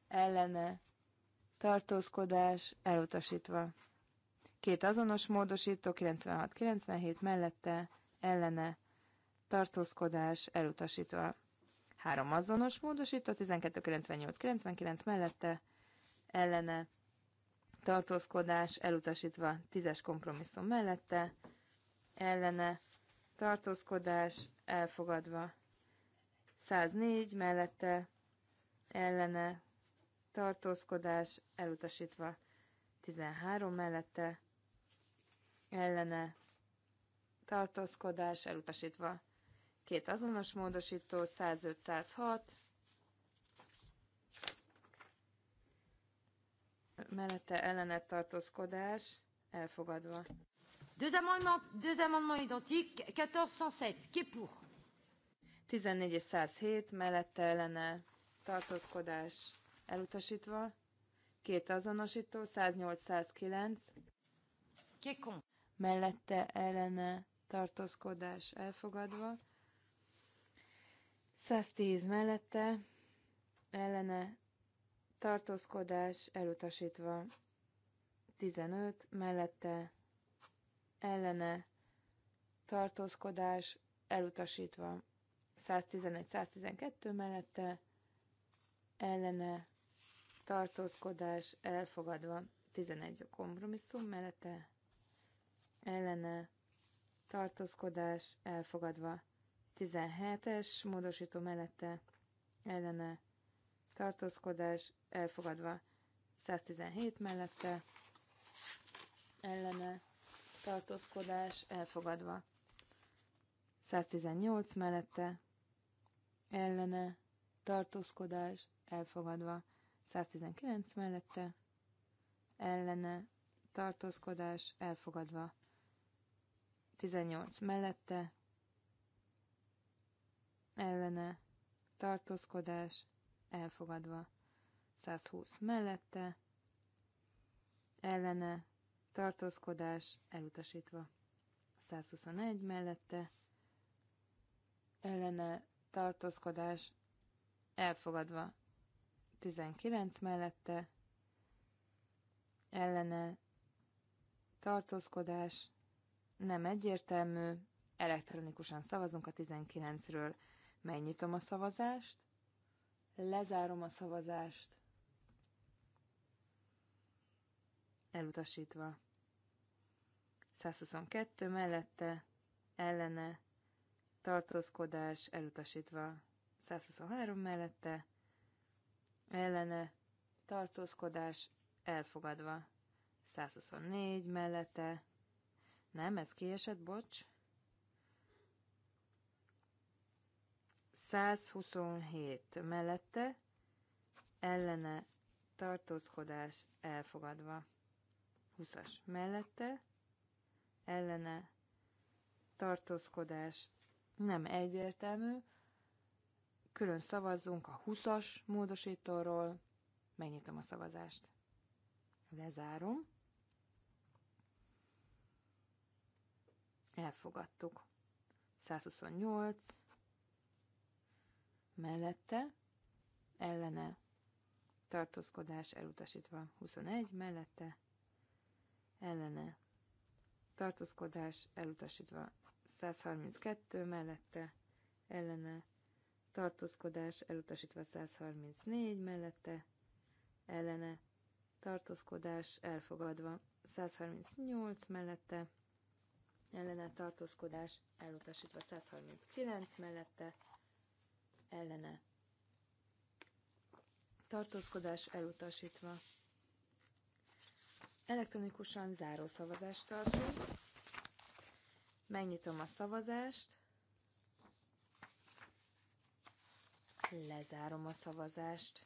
ellene, tartózkodás elutasítva. Két azonos módosító, 96-97 mellette, ellene, tartózkodás elutasítva. Három azonos módosító, 12-98-99 mellette, ellene, tartózkodás elutasítva, tízes kompromisszum mellette, ellene, tartózkodás elfogadva. 104 mellette, ellene, tartózkodás elutasítva. 13 mellette, ellene tartózkodás elutasítva. Két azonos módosító, 105-106, mellette ellene tartózkodás elfogadva. Deux amendements, deux amendements identiques, 1407, qui est pour? 14 és 107, mellette ellene tartózkodás elutasítva, két azonosító, 108-109. Qui est contre? mellette ellene tartózkodás elfogadva, 110 mellette ellene tartózkodás elutasítva, 15 mellette ellene tartózkodás elutasítva, 111-112 mellette ellene tartózkodás elfogadva, 11 a kompromisszum mellette ellene tartózkodás elfogadva. 17-es módosító mellette ellene tartózkodás elfogadva. 117 mellette ellene tartózkodás elfogadva. 118 mellette ellene tartózkodás elfogadva. 119 mellette ellene tartózkodás elfogadva. 18 mellette, ellene, tartózkodás, elfogadva. 120 mellette, ellene, tartózkodás, elutasítva. 121 mellette, ellene, tartózkodás, elfogadva. 19 mellette, ellene, tartózkodás, nem egyértelmű, elektronikusan szavazunk a 19-ről. Megnyitom a szavazást, lezárom a szavazást, elutasítva. 122 mellette, ellene, tartózkodás, elutasítva. 123 mellette, ellene, tartózkodás, elfogadva. 124 mellette, nem, ez kiesett, bocs. 127 mellette ellene tartózkodás elfogadva. 20-as mellette ellene tartózkodás nem egyértelmű. Külön szavazzunk a 20-as módosítóról. Megnyitom a szavazást. Lezárom. Elfogadtuk. 128 mellette, ellene, tartózkodás elutasítva. 21 mellette, ellene, tartózkodás elutasítva. 132 mellette, ellene, tartózkodás elutasítva. 134 mellette, ellene, tartózkodás elfogadva. 138 mellette, ellene tartózkodás elutasítva 139 mellette ellene tartózkodás elutasítva. Elektronikusan záró szavazást tartunk. Megnyitom a szavazást. Lezárom a szavazást.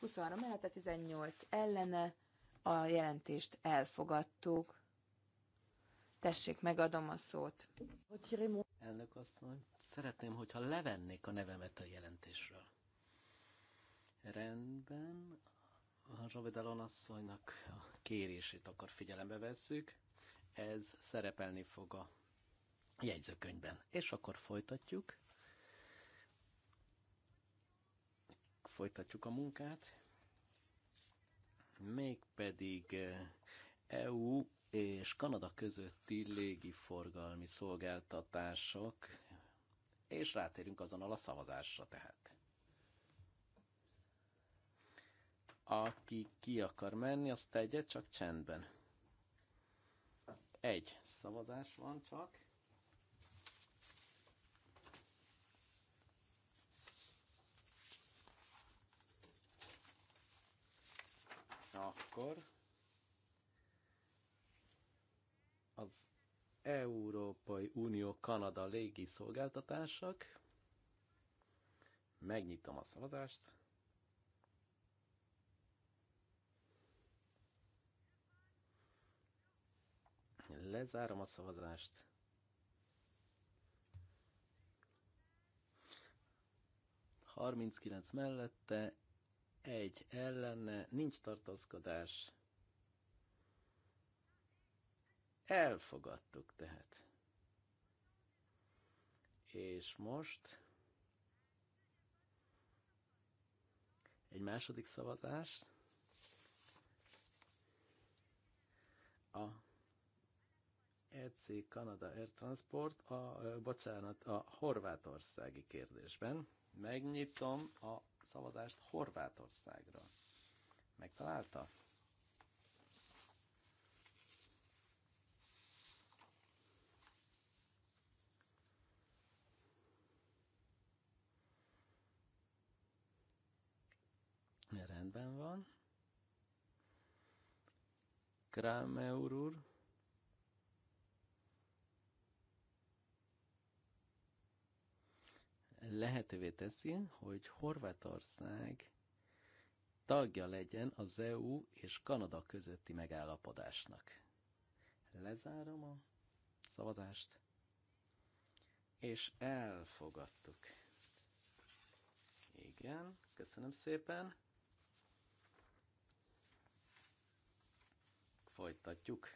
23 mellette 18 ellene a jelentést elfogadtuk. Tessék, megadom a szót. Elnök asszony, szeretném, hogyha levennék a nevemet a jelentésről. Rendben, a Zsavidalon asszonynak a kérését akkor figyelembe vesszük. Ez szerepelni fog a jegyzőkönyvben. És akkor folytatjuk. Folytatjuk a munkát mégpedig EU eh, e és Kanada közötti légiforgalmi szolgáltatások, és rátérünk azonnal a szavazásra tehát. Aki ki akar menni, azt tegye csak csendben. Egy szavazás van csak. akkor az Európai Unió Kanada légi szolgáltatások. Megnyitom a szavazást. Lezárom a szavazást. Harminckilenc mellette egy ellene, nincs tartózkodás. Elfogadtuk tehát. És most egy második szavazás. A EC Kanada Air Transport, a, bocsánat, a horvátországi kérdésben. Megnyitom a szavazást Horvátországra. Megtalálta? Rendben van. Kramer úr. lehetővé teszi, hogy Horvátország tagja legyen az EU és Kanada közötti megállapodásnak. Lezárom a szavazást, és elfogadtuk. Igen, köszönöm szépen. Folytatjuk.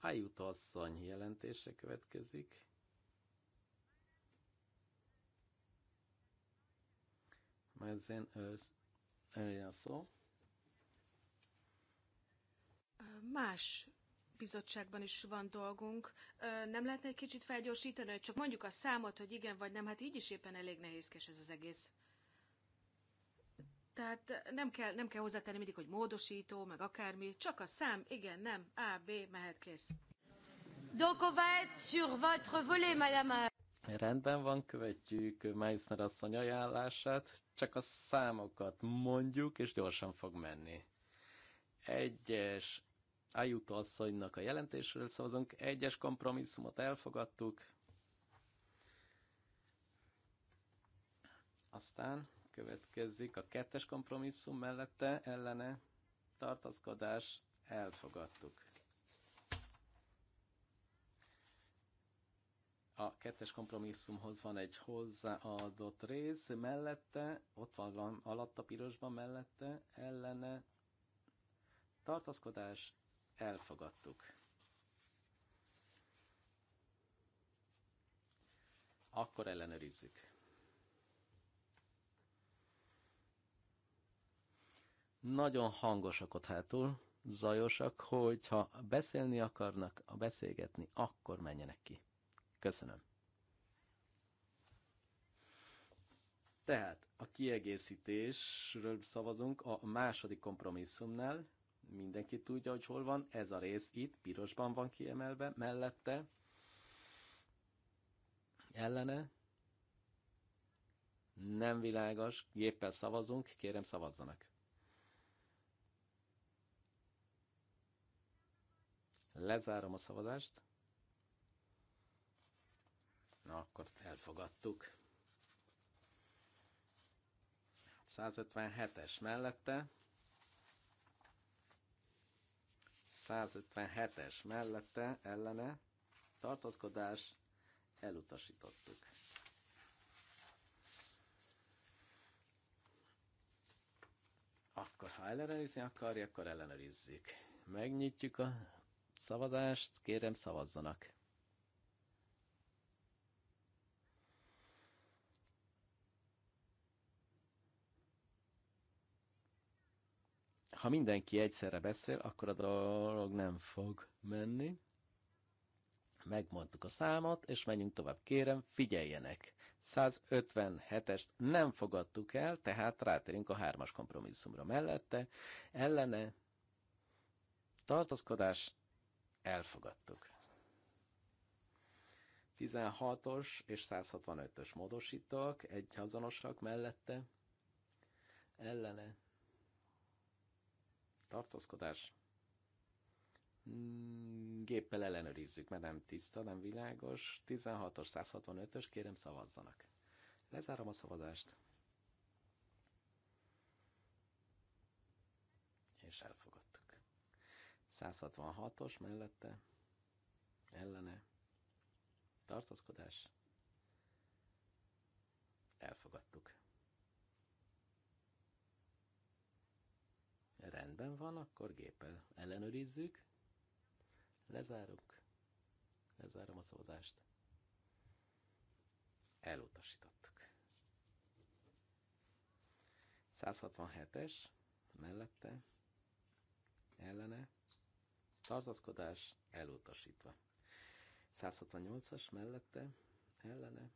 Ájut asszony jelentése következik. Mazen öl szó. Más bizottságban is van dolgunk. Nem lehetne egy kicsit felgyorsítani, hogy csak mondjuk a számot, hogy igen vagy nem, hát így is éppen elég nehézkes ez az egész. Tehát nem kell, nem kell hozzátenni mindig, hogy módosító, meg akármi, csak a szám, igen, nem, A, B, mehet kész. Donc on va être sur votre volet, madame. Rendben van, követjük Meissner asszony ajánlását, csak a számokat mondjuk, és gyorsan fog menni. Egyes Ayuto asszonynak a jelentésről szavazunk, egyes kompromisszumot elfogadtuk, aztán következik a kettes kompromisszum mellette ellene tartaszkodás, elfogadtuk. a kettes kompromisszumhoz van egy hozzáadott rész, mellette, ott van alatta pirosban, mellette, ellene, tartaszkodás, elfogadtuk. Akkor ellenőrizzük. Nagyon hangosak ott hátul, zajosak, hogyha beszélni akarnak, a beszélgetni, akkor menjenek ki. Köszönöm. Tehát a kiegészítésről szavazunk a második kompromisszumnál. Mindenki tudja, hogy hol van. Ez a rész itt pirosban van kiemelve, mellette. Ellene. Nem világos. Géppel szavazunk. Kérem, szavazzanak. Lezárom a szavazást. Na, akkor elfogadtuk. 157-es mellette. 157-es mellette ellene tartózkodás elutasítottuk. Akkor, ha ellenőrizni akarja, akkor ellenőrizzük. Megnyitjuk a szavazást, kérem szavazzanak. Ha mindenki egyszerre beszél, akkor a dolog nem fog menni. Megmondtuk a számot, és menjünk tovább. Kérem, figyeljenek! 157-est nem fogadtuk el, tehát rátérünk a hármas kompromisszumra mellette. Ellene tartozkodás elfogadtuk. 16-os és 165-ös módosítók egyhazonosak mellette, ellene tartózkodás. Mm, géppel ellenőrizzük, mert nem tiszta, nem világos. 16-os, 165-ös, kérem szavazzanak. Lezárom a szavazást. És elfogadtuk. 166-os mellette, ellene, tartózkodás. Elfogadtuk. Rendben van, akkor géppel ellenőrizzük. Lezárunk. Lezárom a szódást. Elutasítottuk. 167-es mellette ellene tartaszkodás elutasítva. 168-as mellette ellene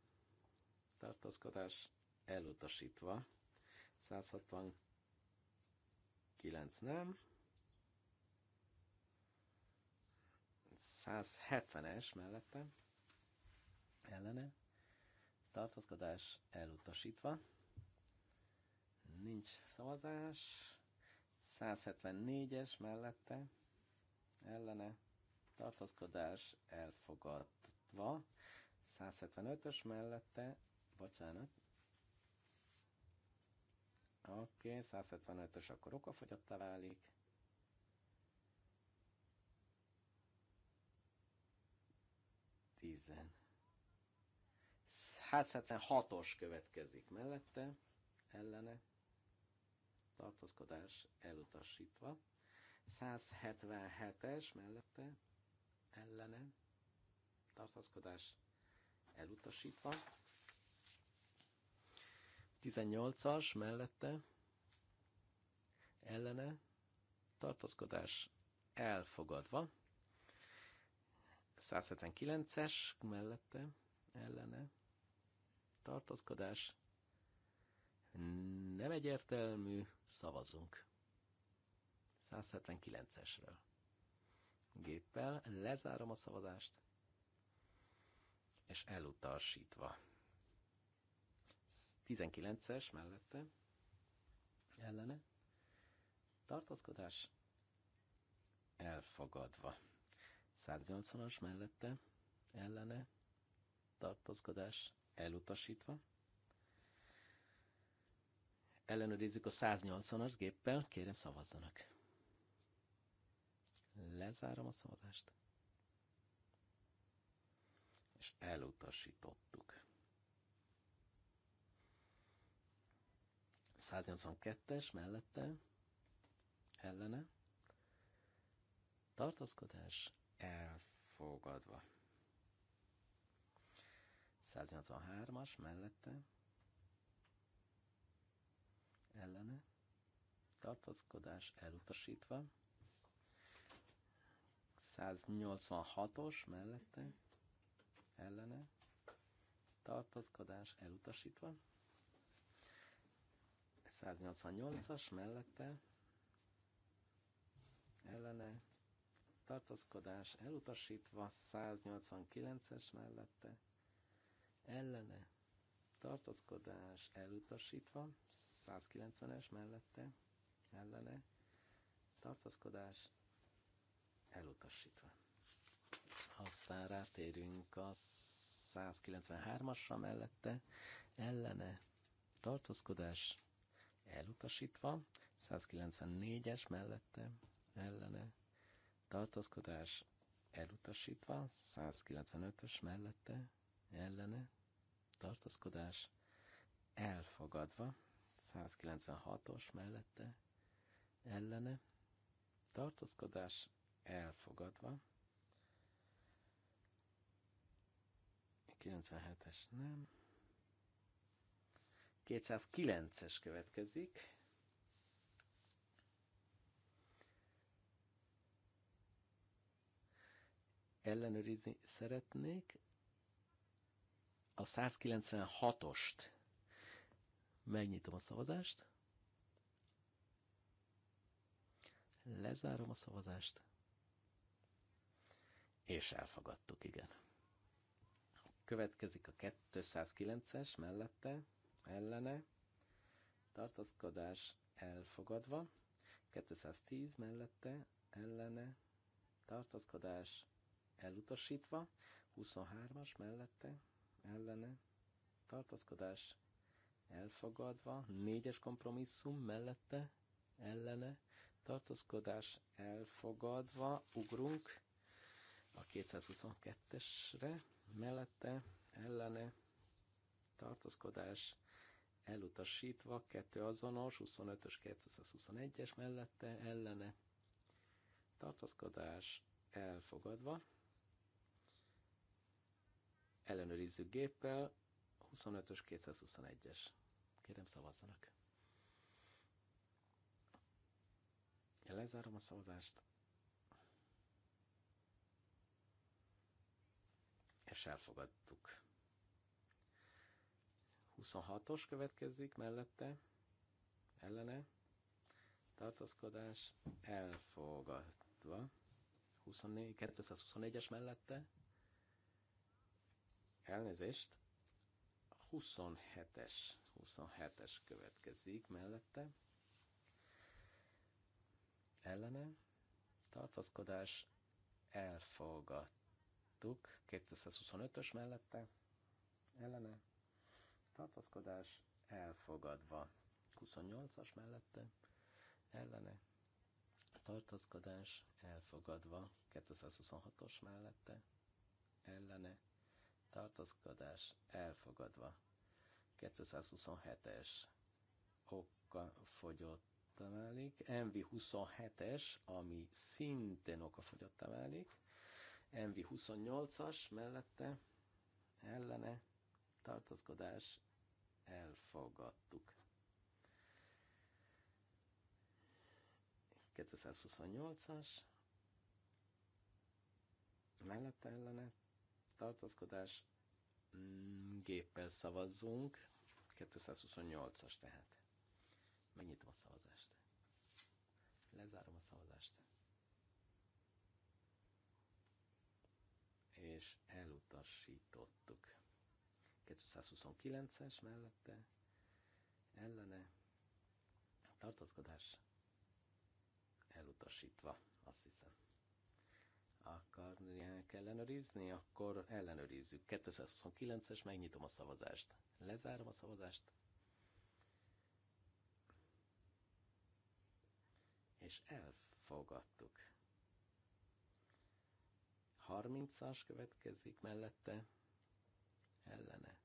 tartaszkodás elutasítva. 169 9 nem. 170-es mellettem. Ellene. Tartózkodás elutasítva. Nincs szavazás. 174-es mellette. Ellene. Tartózkodás elfogadva. 175-ös mellette. Bocsánat. Oké, okay, 175-ös akkor okafogyatta válik. Tizen. 176-os következik mellette, ellene, tartózkodás elutasítva. 177-es mellette, ellene, tartózkodás elutasítva. 18-as mellette ellene tartózkodás elfogadva. 179-es mellette ellene tartózkodás nem egyértelmű, szavazunk. 179-esről. Géppel lezárom a szavazást, és elutasítva. 19-es mellette ellene tartózkodás elfogadva. 180-as mellette ellene tartózkodás elutasítva. Ellenőrizzük a 180-as géppel, kérem szavazzanak. Lezárom a szavazást. És elutasítottuk. 182-es mellette, ellene, tartózkodás elfogadva. 183-as mellette, ellene, tartózkodás elutasítva. 186-os mellette, ellene, tartózkodás elutasítva. 188-as mellette ellene tartózkodás elutasítva 189-es mellette ellene tartózkodás elutasítva 190-es mellette ellene tartózkodás elutasítva. Aztán rátérünk a 193-asra mellette ellene tartózkodás elutasítva, 194-es mellette ellene tartózkodás elutasítva, 195-ös mellette ellene tartózkodás elfogadva, 196-os mellette ellene tartózkodás elfogadva, 97-es nem, 209-es következik. Ellenőrizni szeretnék a 196-ost. Megnyitom a szavazást. Lezárom a szavazást. És elfogadtuk, igen. Következik a 209-es mellette ellene, tartózkodás elfogadva, 210 mellette, ellene, tartózkodás elutasítva, 23-as mellette, ellene, tartózkodás elfogadva, 4-es kompromisszum mellette, ellene, tartózkodás elfogadva, ugrunk a 222-esre, mellette, ellene, tartózkodás elutasítva, kettő azonos, 25-ös, 221-es mellette, ellene, tartózkodás elfogadva, ellenőrizzük géppel, 25-ös, 221-es. Kérem szavazzanak. Ja, lezárom a szavazást. És elfogadtuk. 26-os következik mellette, ellene, tartózkodás elfogadva. 24, 224-es mellette, elnézést, 27-es, 27-es következik mellette, ellene, tartózkodás elfogadtuk, 225-ös mellette, ellene, tartózkodás elfogadva. 28-as mellette ellene tartózkodás elfogadva. 226-os mellette ellene tartózkodás elfogadva. 227-es okka fogyott válik, MV27-es, ami szintén okafogyottá válik, MV28-as mellette ellene tartózkodás elfogadtuk. 228-as, mellette ellene tartózkodás, mm, géppel szavazzunk, 228-as tehát. Megnyitom a szavazást. Lezárom a szavazást. És elutasítottuk. 229-es mellette ellene tartózkodás elutasítva, azt hiszem. Akarják ellenőrizni? Akkor ellenőrizzük. 229-es, megnyitom a szavazást. Lezárom a szavazást. És elfogadtuk. 30-as következik mellette, ellene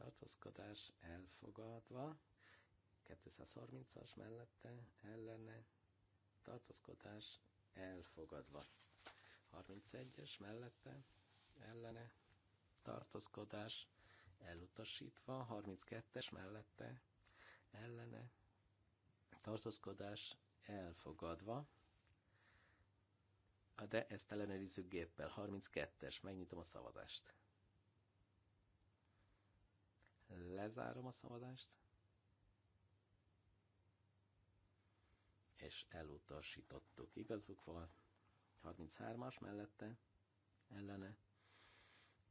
tartózkodás elfogadva, 230-as mellette ellene tartózkodás elfogadva, 31-es mellette ellene tartózkodás elutasítva, 32-es mellette ellene tartózkodás elfogadva, ah, de ezt ellenőrizzük géppel, 32-es, megnyitom a szavazást. Lezárom a szavazást. És elutasítottuk. Igazuk van, 33-as mellette ellene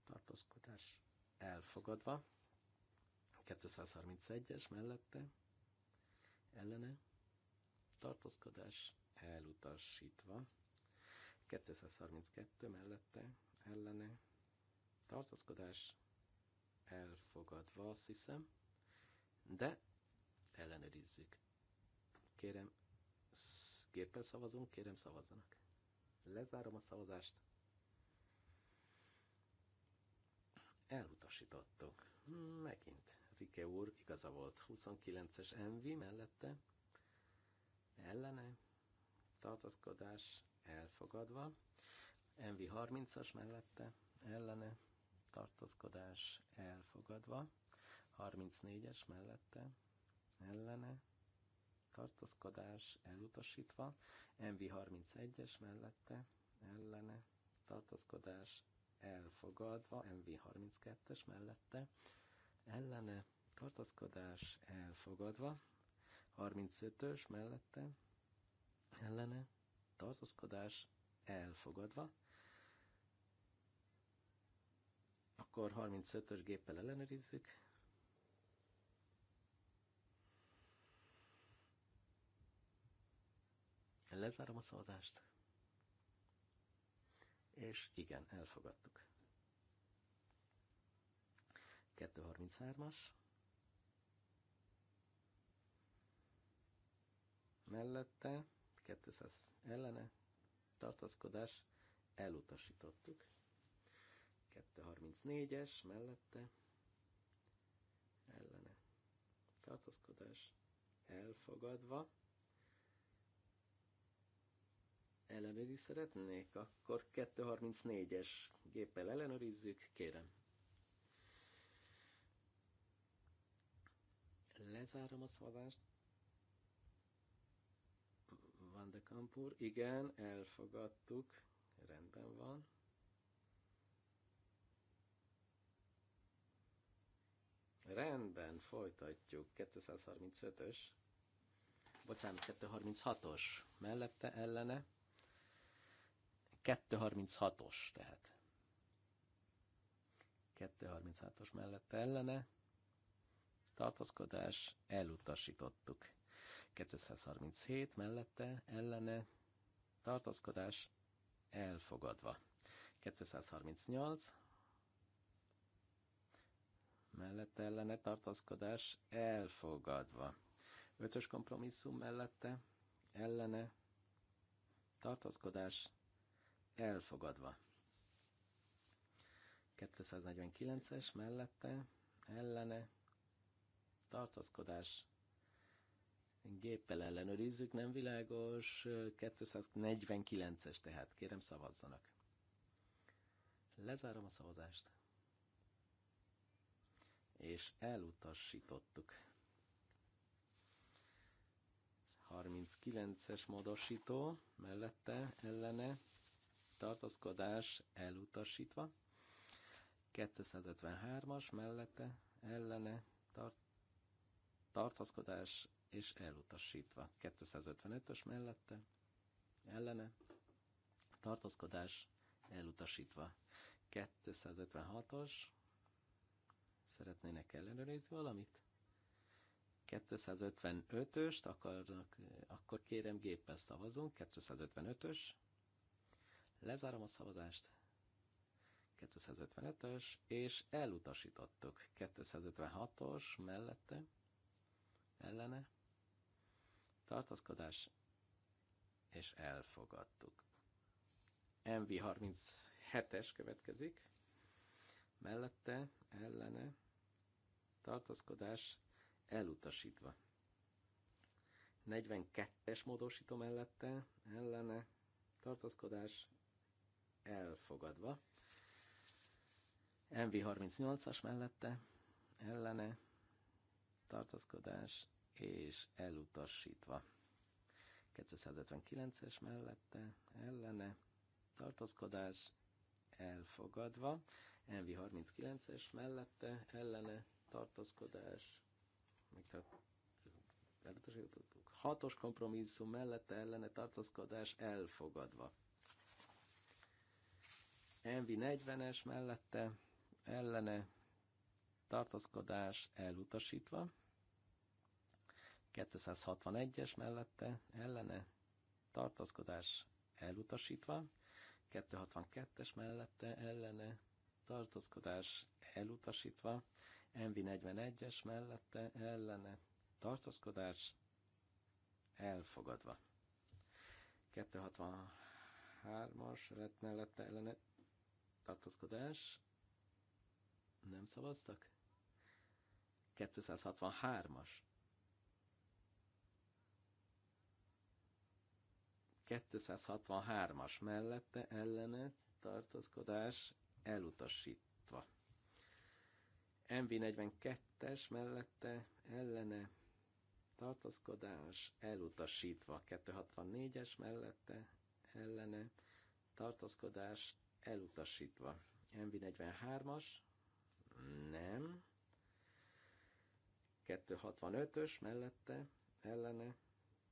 tartózkodás elfogadva. 231-es mellette ellene tartózkodás elutasítva. 232 mellette ellene tartózkodás elfogadva, azt hiszem, de ellenőrizzük. Kérem, gépen szavazunk, kérem szavazzanak. Lezárom a szavazást. Elutasítottuk. Megint. Rike úr igaza volt. 29-es Envi mellette. Ellene. Tartaszkodás elfogadva. Envi 30-as mellette. Ellene tartózkodás elfogadva, 34-es mellette, ellene, tartózkodás elutasítva, MV31-es mellette, ellene, tartózkodás elfogadva, MV32-es mellette, ellene, tartózkodás elfogadva, 35-ös mellette, ellene, tartózkodás elfogadva, akkor 35-ös géppel ellenőrizzük. Lezárom a szavazást. És igen, elfogadtuk. 233-as. Mellette, 200 ellene, tartózkodás, elutasítottuk. 234-es mellette ellene tartózkodás elfogadva. Ellenőrizni szeretnék? Akkor 234-es géppel ellenőrizzük, kérem. Lezárom a szavazást. Van de Kampur, igen, elfogadtuk, rendben van. Rendben, folytatjuk. 235-ös. Bocsánat, 236-os. Mellette, ellene. 236-os tehát. 236-os mellette ellene. Tartózkodás, elutasítottuk. 237 mellette ellene. Tartózkodás, elfogadva. 238 mellette ellene tartózkodás elfogadva. Ötös kompromisszum mellette ellene tartózkodás elfogadva. 249-es mellette ellene tartózkodás géppel ellenőrizzük, nem világos, 249-es tehát, kérem szavazzanak. Lezárom a szavazást és elutasítottuk. 39-es modosító mellette ellene tartózkodás elutasítva. 253-as mellette ellene tart, tartózkodás és elutasítva. 255-ös mellette ellene tartózkodás elutasítva. 256-os Szeretnének ellenőrizni valamit? 255-öst akarnak, akkor kérem géppel szavazunk, 255-ös. Lezárom a szavazást. 255-ös, és elutasítottuk. 256-os mellette, ellene, tartaszkodás, és elfogadtuk. MV37-es következik, mellette, ellene, tartózkodás elutasítva. 42-es módosító mellette ellene tartózkodás elfogadva. MV38-as mellette ellene tartózkodás és elutasítva. 259-es mellette ellene tartózkodás elfogadva. MV39-es mellette ellene tartózkodás, elutasítottuk, hatos kompromisszum mellette ellene tartózkodás elfogadva. Envi 40-es mellette ellene tartózkodás elutasítva. 261-es mellette ellene tartózkodás elutasítva, 262-es mellette ellene tartózkodás elutasítva, MV41-es mellette ellene tartózkodás elfogadva. 263-as mellette ellene tartózkodás nem szavaztak? 263-as 263-as mellette ellene tartózkodás elutasít MV42-es mellette ellene tartózkodás elutasítva, 264-es mellette ellene tartózkodás elutasítva. MV43-as nem. 265-ös mellette ellene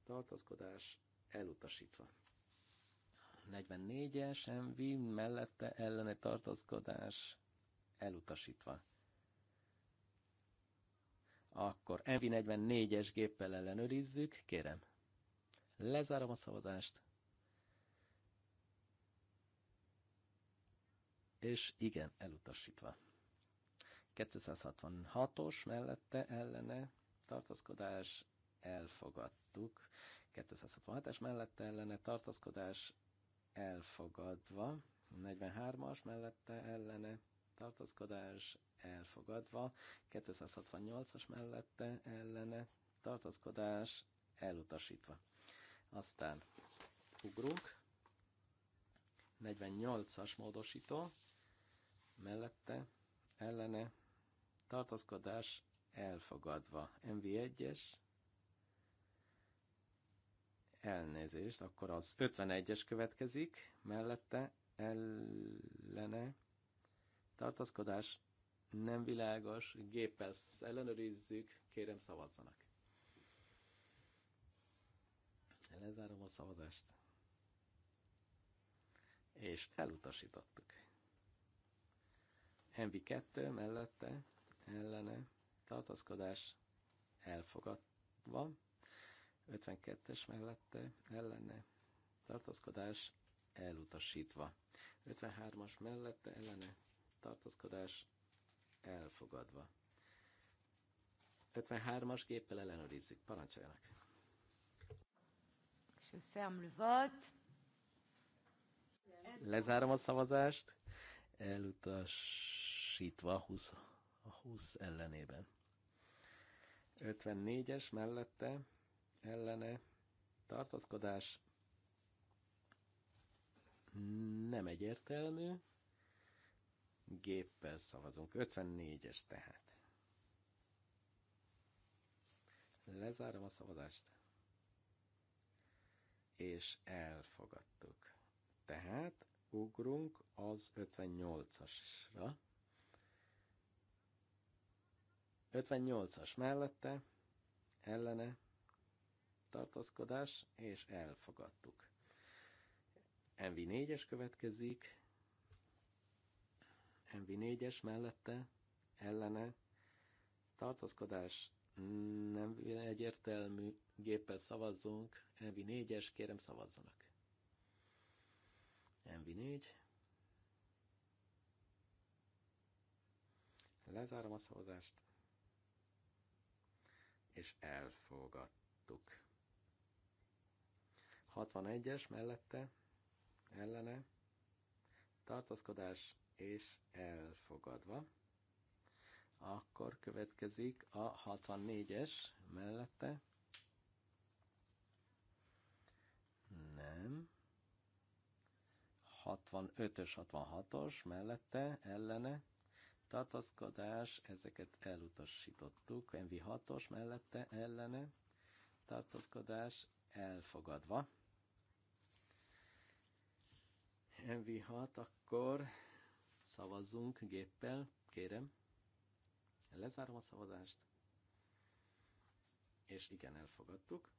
tartózkodás elutasítva. 44-es MV mellette ellene tartózkodás elutasítva. Akkor MV44-es géppel ellenőrizzük, kérem. Lezárom a szavazást. És igen, elutasítva. 266-os mellette ellene tartózkodás elfogadtuk. 267-es mellette ellene tartózkodás elfogadva. 43-as mellette ellene tartózkodás elfogadva, 268-as mellette ellene tartózkodás elutasítva. Aztán ugrunk, 48-as módosító, mellette ellene tartózkodás elfogadva. MV1-es, elnézést, akkor az 51-es következik, mellette ellene tartózkodás, nem világos, gépes, ellenőrizzük, kérem szavazzanak. Lezárom a szavazást. És elutasítottuk. MV2 mellette, ellene, tartózkodás elfogadva, 52-es mellette, ellene, tartózkodás elutasítva. 53-as mellette, ellene, tartózkodás elfogadva. 53-as géppel ellenőrizzük. Parancsoljanak. Je ferme le vote. Lezárom a szavazást. Elutasítva 20, a 20 ellenében. 54-es mellette ellene tartózkodás nem egyértelmű. Géppel szavazunk. 54-es tehát. Lezárom a szavazást. És elfogadtuk. Tehát ugrunk az 58-asra. 58-as mellette, ellene, tartózkodás, és elfogadtuk. MV4-es következik, MV4-es mellette, ellene, tartózkodás nem egyértelmű, géppel szavazzunk, MV4-es, kérem szavazzanak. MV4. Lezárom a szavazást, és elfogadtuk. 61-es mellette, ellene, tartózkodás és elfogadva. Akkor következik a 64-es mellette. Nem. 65-ös, 66-os mellette, ellene. Tartaszkodás, ezeket elutasítottuk. MV6-os mellette, ellene. Tartaszkodás elfogadva. MV6, akkor Szavazzunk géppel, kérem. Lezárom a szavazást. És igen, elfogadtuk.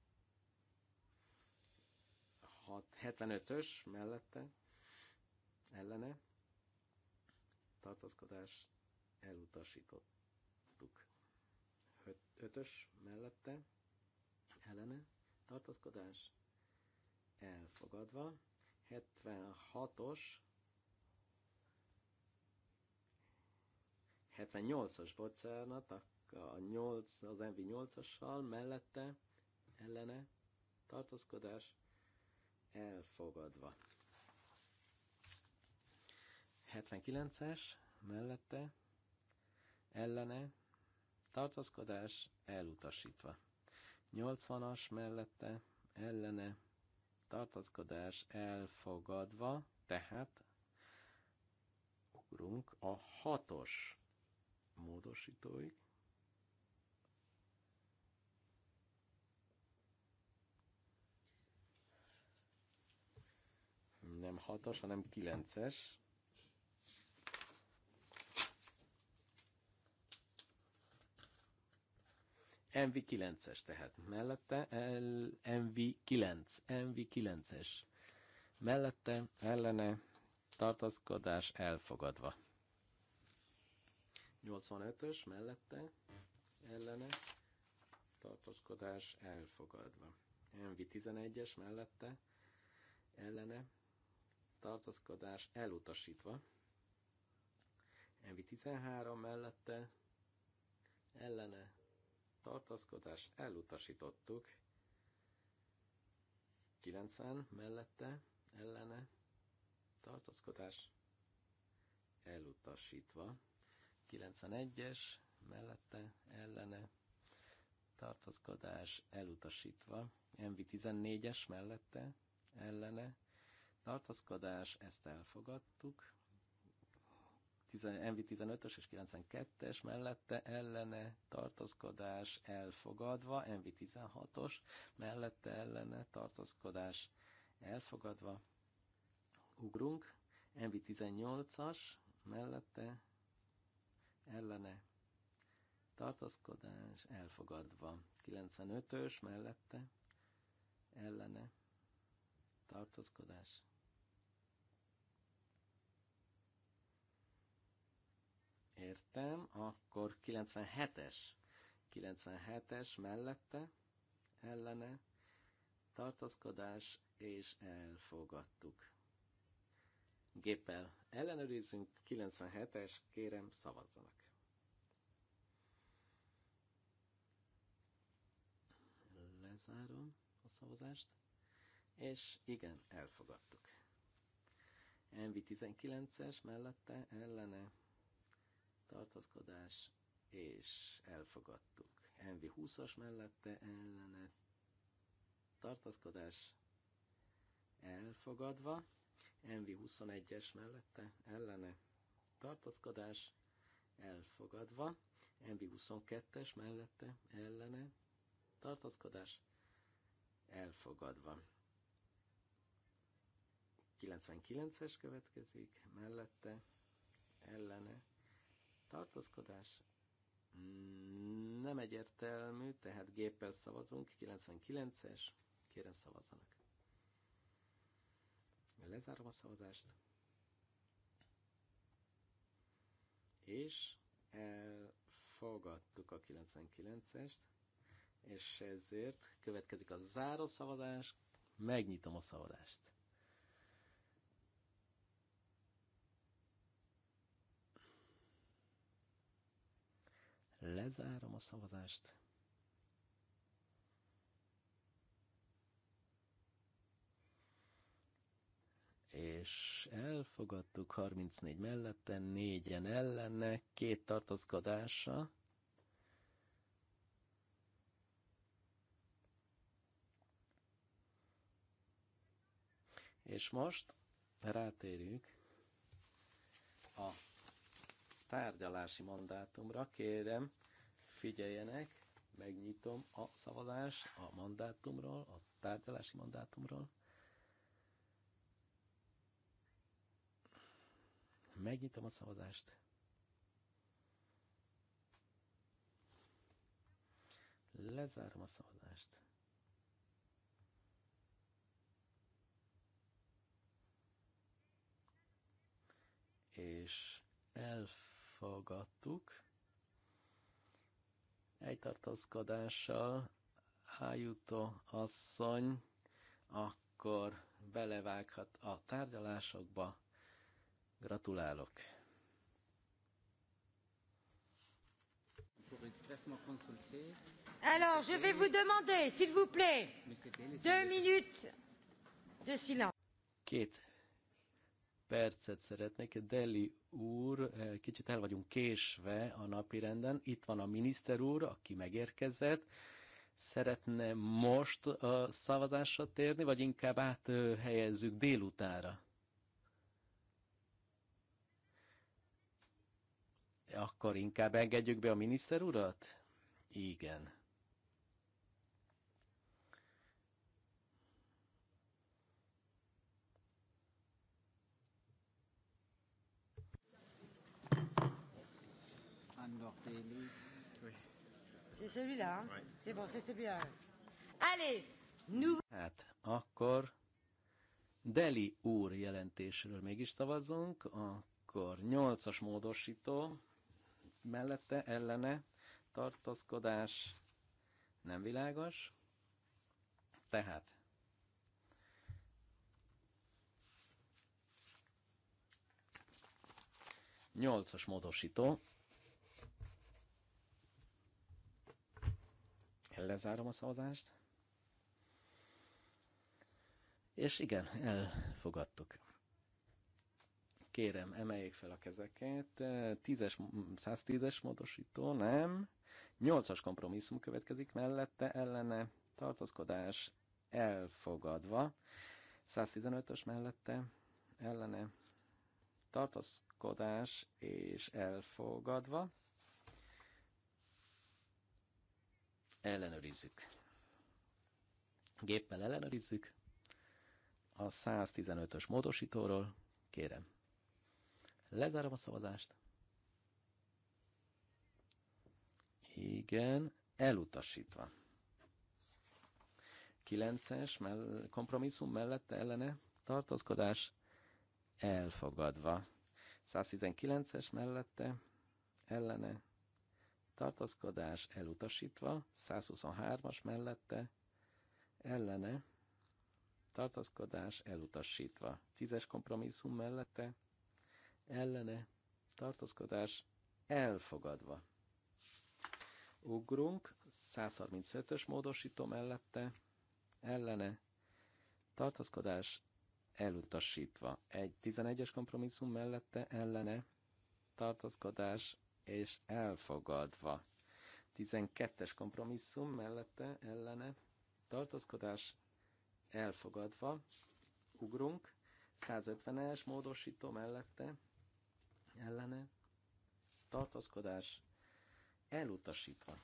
75-ös mellette, ellene, tartózkodás elutasítottuk. 5-ös mellette, ellene, tartózkodás elfogadva. 76-os 78-as, bocsánat, a, a 8, az MV8-assal mellette, ellene, tartózkodás, elfogadva. 79-es, mellette, ellene, tartózkodás, elutasítva. 80-as mellette, ellene, tartózkodás elfogadva, tehát ugrunk a hatos módosítóig. Nem 6-as, hanem 9-es. MV9-es tehát mellette, el, MV9, MV9-es mellette, ellene, tartaszkodás elfogadva. 85-ös mellette ellene tartózkodás elfogadva. MV11-es mellette ellene tartózkodás elutasítva. MV13 mellette ellene tartózkodás elutasítottuk. 90 mellette ellene tartózkodás elutasítva. 91-es mellette ellene tartózkodás elutasítva, MV14-es mellette ellene tartózkodás, ezt elfogadtuk, MV15-ös és 92-es mellette ellene tartózkodás elfogadva, MV16-os mellette ellene tartózkodás elfogadva, ugrunk, MV18-as mellette ellene tartózkodás elfogadva. 95-ös mellette ellene tartózkodás Értem, akkor 97-es. 97-es mellette, ellene, tartózkodás, és elfogadtuk. Géppel ellenőrizzünk, 97-es, kérem, szavazzanak. Lezárom a szavazást. És igen, elfogadtuk. Envi 19 es mellette ellene tartózkodás, és elfogadtuk. Envi 20 as mellette ellene tartózkodás, elfogadva. Envi 21 es mellette ellene tartózkodás, elfogadva. Envi 22 es mellette ellene tartózkodás, elfogadva. 99-es következik, mellette, ellene, tartózkodás, nem egyértelmű, tehát géppel szavazunk, 99-es, kérem szavazzanak. Lezárom a szavazást. És elfogadtuk a 99-est és ezért következik a záró szavazás, megnyitom a szavazást. Lezárom a szavazást. és elfogadtuk 34 mellette, négyen ellennek, két tartozkodása. És most rátérünk a tárgyalási mandátumra. Kérem, figyeljenek, megnyitom a szavazást a mandátumról, a tárgyalási mandátumról. Megnyitom a szavazást. Lezárom a szavazást. és elfogadtuk. Egy tartózkodással Hájutó asszony akkor belevághat a tárgyalásokba. Gratulálok! Alors, je vais vous demander, s'il vous plaît, deux minutes de silence. Két percet szeretnék. Deli úr, eh, kicsit el vagyunk késve a napi renden. Itt van a miniszter úr, aki megérkezett. Szeretne most a szavazásra térni, vagy inkább áthelyezzük délutára? Akkor inkább engedjük be a miniszter urat? Igen. C'est celui-là, hein? C'est bon, c'est celui-là. Allez, nous... Hát, akkor Deli úr jelentésről mégis szavazunk, akkor 8-as módosító, mellette, ellene, tartozkodás nem világos. Tehát nyolcas módosító Lezárom a szavazást. És igen, elfogadtuk. Kérem, emeljék fel a kezeket. 10-es, 110-es módosító, nem. 8-as kompromisszum következik mellette, ellene tartózkodás elfogadva. 115-ös mellette, ellene tartózkodás és elfogadva. ellenőrizzük. Géppel ellenőrizzük. A 115-ös módosítóról kérem. Lezárom a szavazást. Igen, elutasítva. 9-es mell- kompromisszum mellette ellene tartózkodás elfogadva. 119-es mellette ellene tartaszkodás elutasítva, 123-as mellette, ellene, tartaszkodás elutasítva, 10-es kompromisszum mellette, ellene, tartaszkodás elfogadva. Ugrunk, 135-ös módosító mellette, ellene, tartaszkodás elutasítva. Egy 11-es kompromisszum mellette ellene tartaszkodás és elfogadva. 12-es kompromisszum mellette ellene tartózkodás elfogadva. Ugrunk. 150-es módosító mellette ellene tartózkodás elutasítva.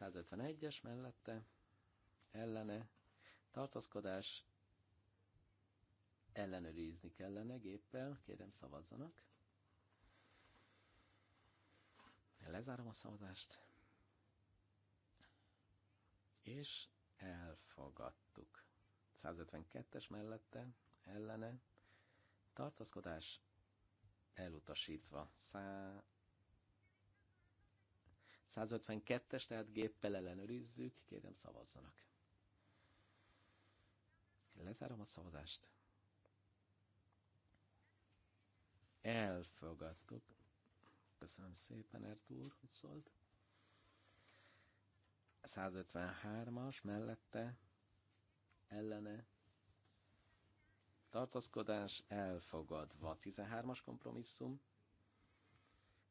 151-es mellette ellene tartózkodás ellenőrizni kellene géppel, kérem szavazzanak. Lezárom a szavazást. És elfogadtuk. 152-es mellette, ellene, tartaszkodás elutasítva. Szá... 152-es, tehát géppel ellenőrizzük, kérem szavazzanak. Lezárom a szavazást. Elfogadtuk. Köszönöm szépen, Ertúr, hogy szólt. 153-as mellette ellene tartózkodás elfogadva. 13-as kompromisszum.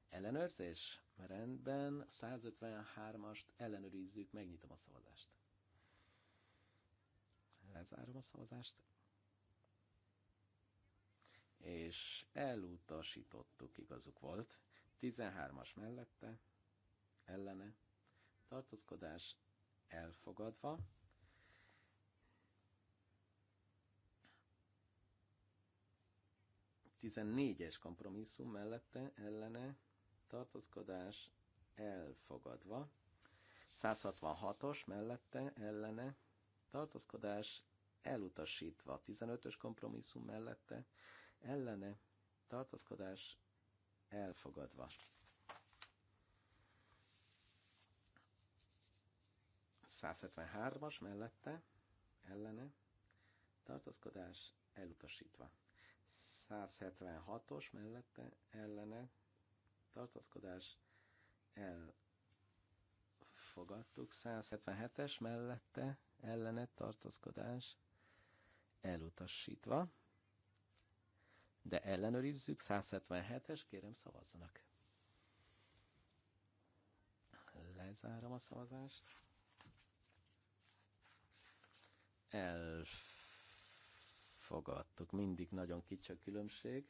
Ellenőrzés? Rendben, 153-ast ellenőrizzük, megnyitom a szavazást. Lezárom a szavazást. És elutasítottuk, igazuk volt. 13-as mellette, ellene, tartózkodás elfogadva. Tizennégyes kompromisszum mellette, ellene, tartózkodás elfogadva. 166-os mellette, ellene, tartózkodás elutasítva. 15-ös kompromisszum mellette, ellene, tartózkodás elfogadva. 173-as mellette, ellene, tartózkodás elutasítva. 176-os mellette, ellene, tartózkodás elfogadtuk. 177-es mellette, ellene, tartózkodás elutasítva de ellenőrizzük, 177-es, kérem szavazzanak. Lezárom a szavazást. Elfogadtuk, mindig nagyon kicsi a különbség.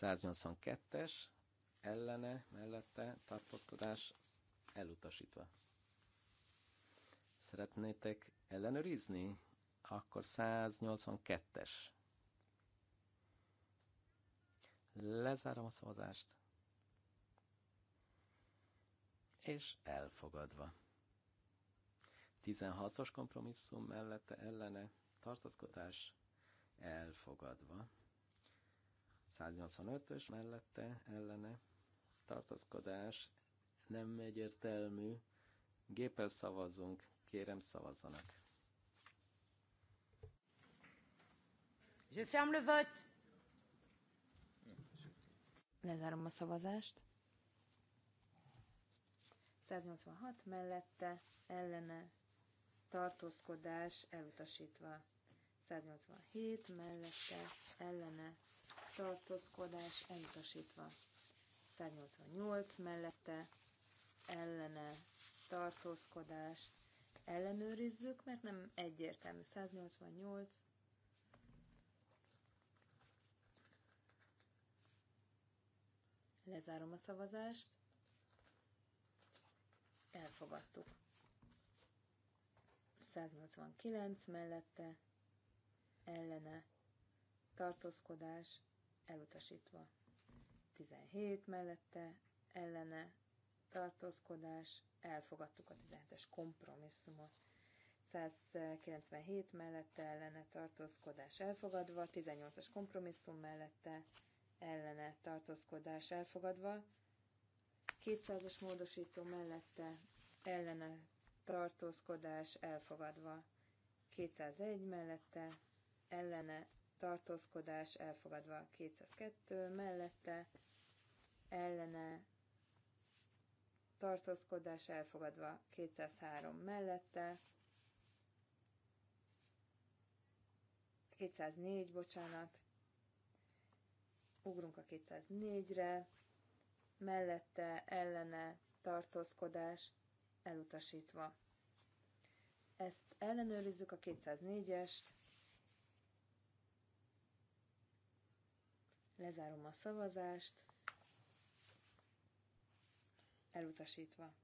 182-es, ellene, mellette, tartózkodás, elutasítva. Szeretnétek ellenőrizni? Akkor 182-es. Lezárom a szavazást. És elfogadva. 16-os kompromisszum mellette ellene tartózkodás elfogadva. 185-ös mellette ellene tartózkodás nem egyértelmű. Géppel szavazunk, kérem szavazzanak. Je ferme le vote. Lezárom a szavazást. 186 mellette ellene tartózkodás elutasítva. 187 mellette ellene tartózkodás elutasítva. 188 mellette ellene tartózkodás ellenőrizzük, mert nem egyértelmű. 188 Lezárom a szavazást. Elfogadtuk. 189 mellette, ellene, tartózkodás, elutasítva. 17 mellette, ellene, tartózkodás, elfogadtuk a 17-es kompromisszumot. 197 mellette ellene tartózkodás elfogadva, 18-as kompromisszum mellette ellene tartózkodás elfogadva, 200-as módosító mellette ellene tartózkodás elfogadva, 201 mellette ellene tartózkodás elfogadva, 202 mellette ellene tartózkodás elfogadva, 203 mellette, 204, bocsánat, ugrunk a 204-re, mellette ellene tartózkodás elutasítva. Ezt ellenőrizzük a 204-est, lezárom a szavazást, elutasítva.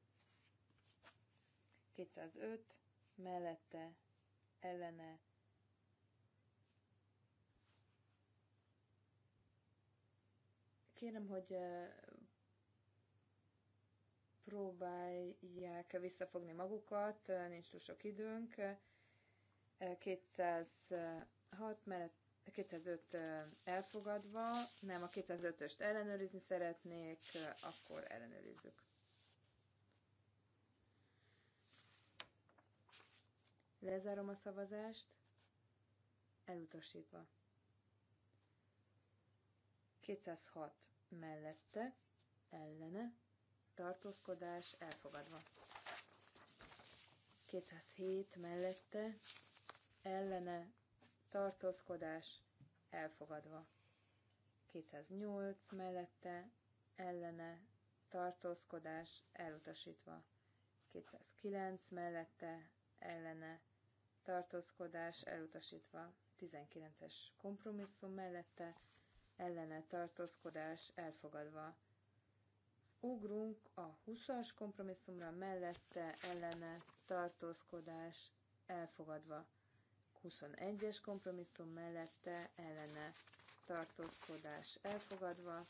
205, mellette, ellene, Kérem, hogy próbálják visszafogni magukat, nincs túl sok időnk. 206 mellett 205 elfogadva, nem, a 205-öst ellenőrizni szeretnék, akkor ellenőrizzük. Lezárom a szavazást, elutasítva. 206 mellette, ellene, tartózkodás elfogadva. 207 mellette, ellene, tartózkodás elfogadva. 208 mellette, ellene, tartózkodás elutasítva. 209 mellette, ellene, tartózkodás elutasítva. 19-es kompromisszum mellette, ellene tartózkodás elfogadva. Ugrunk a 20-as kompromisszumra mellette ellene tartózkodás elfogadva. 21-es kompromisszum mellette ellene tartózkodás elfogadva.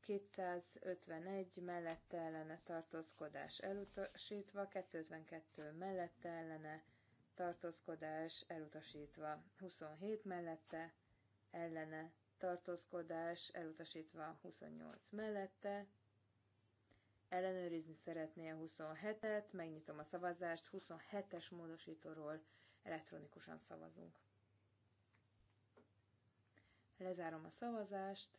251 mellette ellene tartózkodás elutasítva, 252 mellette ellene tartózkodás elutasítva, 27 mellette ellene tartózkodás elutasítva 28 mellette. Ellenőrizni szeretné a 27-et, megnyitom a szavazást, 27-es módosítóról elektronikusan szavazunk. Lezárom a szavazást,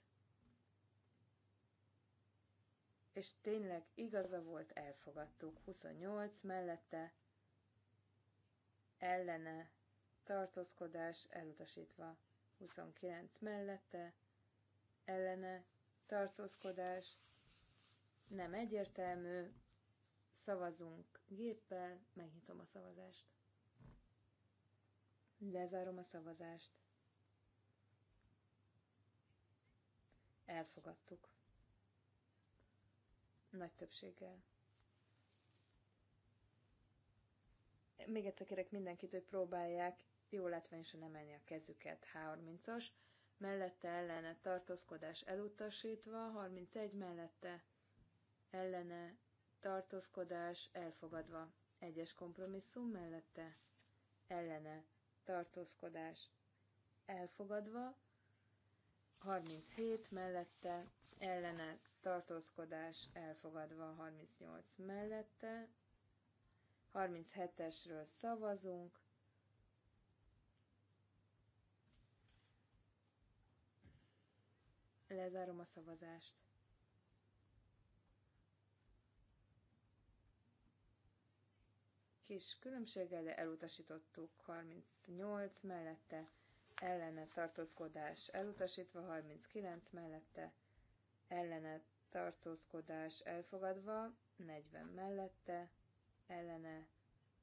és tényleg igaza volt, elfogadtuk. 28 mellette, ellene, tartózkodás elutasítva. 29 mellette, ellene, tartózkodás, nem egyértelmű, szavazunk géppel, megnyitom a szavazást. Lezárom a szavazást. Elfogadtuk. Nagy többséggel. Még egyszer kérek mindenkit, hogy próbálják jó látványosan nem emelni a kezüket. 30-as, mellette ellene tartózkodás elutasítva, 31 mellette ellene tartózkodás elfogadva, egyes kompromisszum mellette ellene tartózkodás elfogadva, 37 mellette ellene tartózkodás elfogadva, 38 mellette, 37-esről szavazunk, Lezárom a szavazást. Kis különbséggel, de elutasítottuk 38 mellette, ellene tartózkodás elutasítva 39 mellette, ellene tartózkodás elfogadva 40 mellette, ellene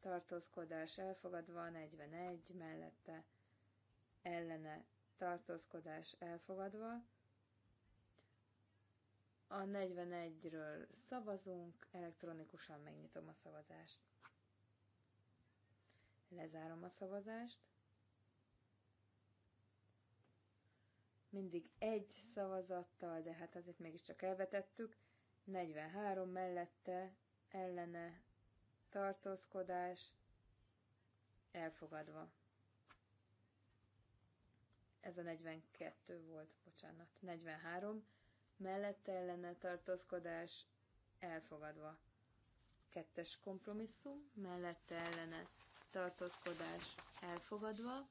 tartózkodás elfogadva 41 mellette, ellene tartózkodás elfogadva a 41-ről szavazunk, elektronikusan megnyitom a szavazást. Lezárom a szavazást. Mindig egy szavazattal, de hát azért mégiscsak elvetettük. 43 mellette, ellene, tartózkodás, elfogadva. Ez a 42 volt, bocsánat, 43 mellette ellene tartózkodás elfogadva. Kettes kompromisszum, mellette ellene tartózkodás elfogadva.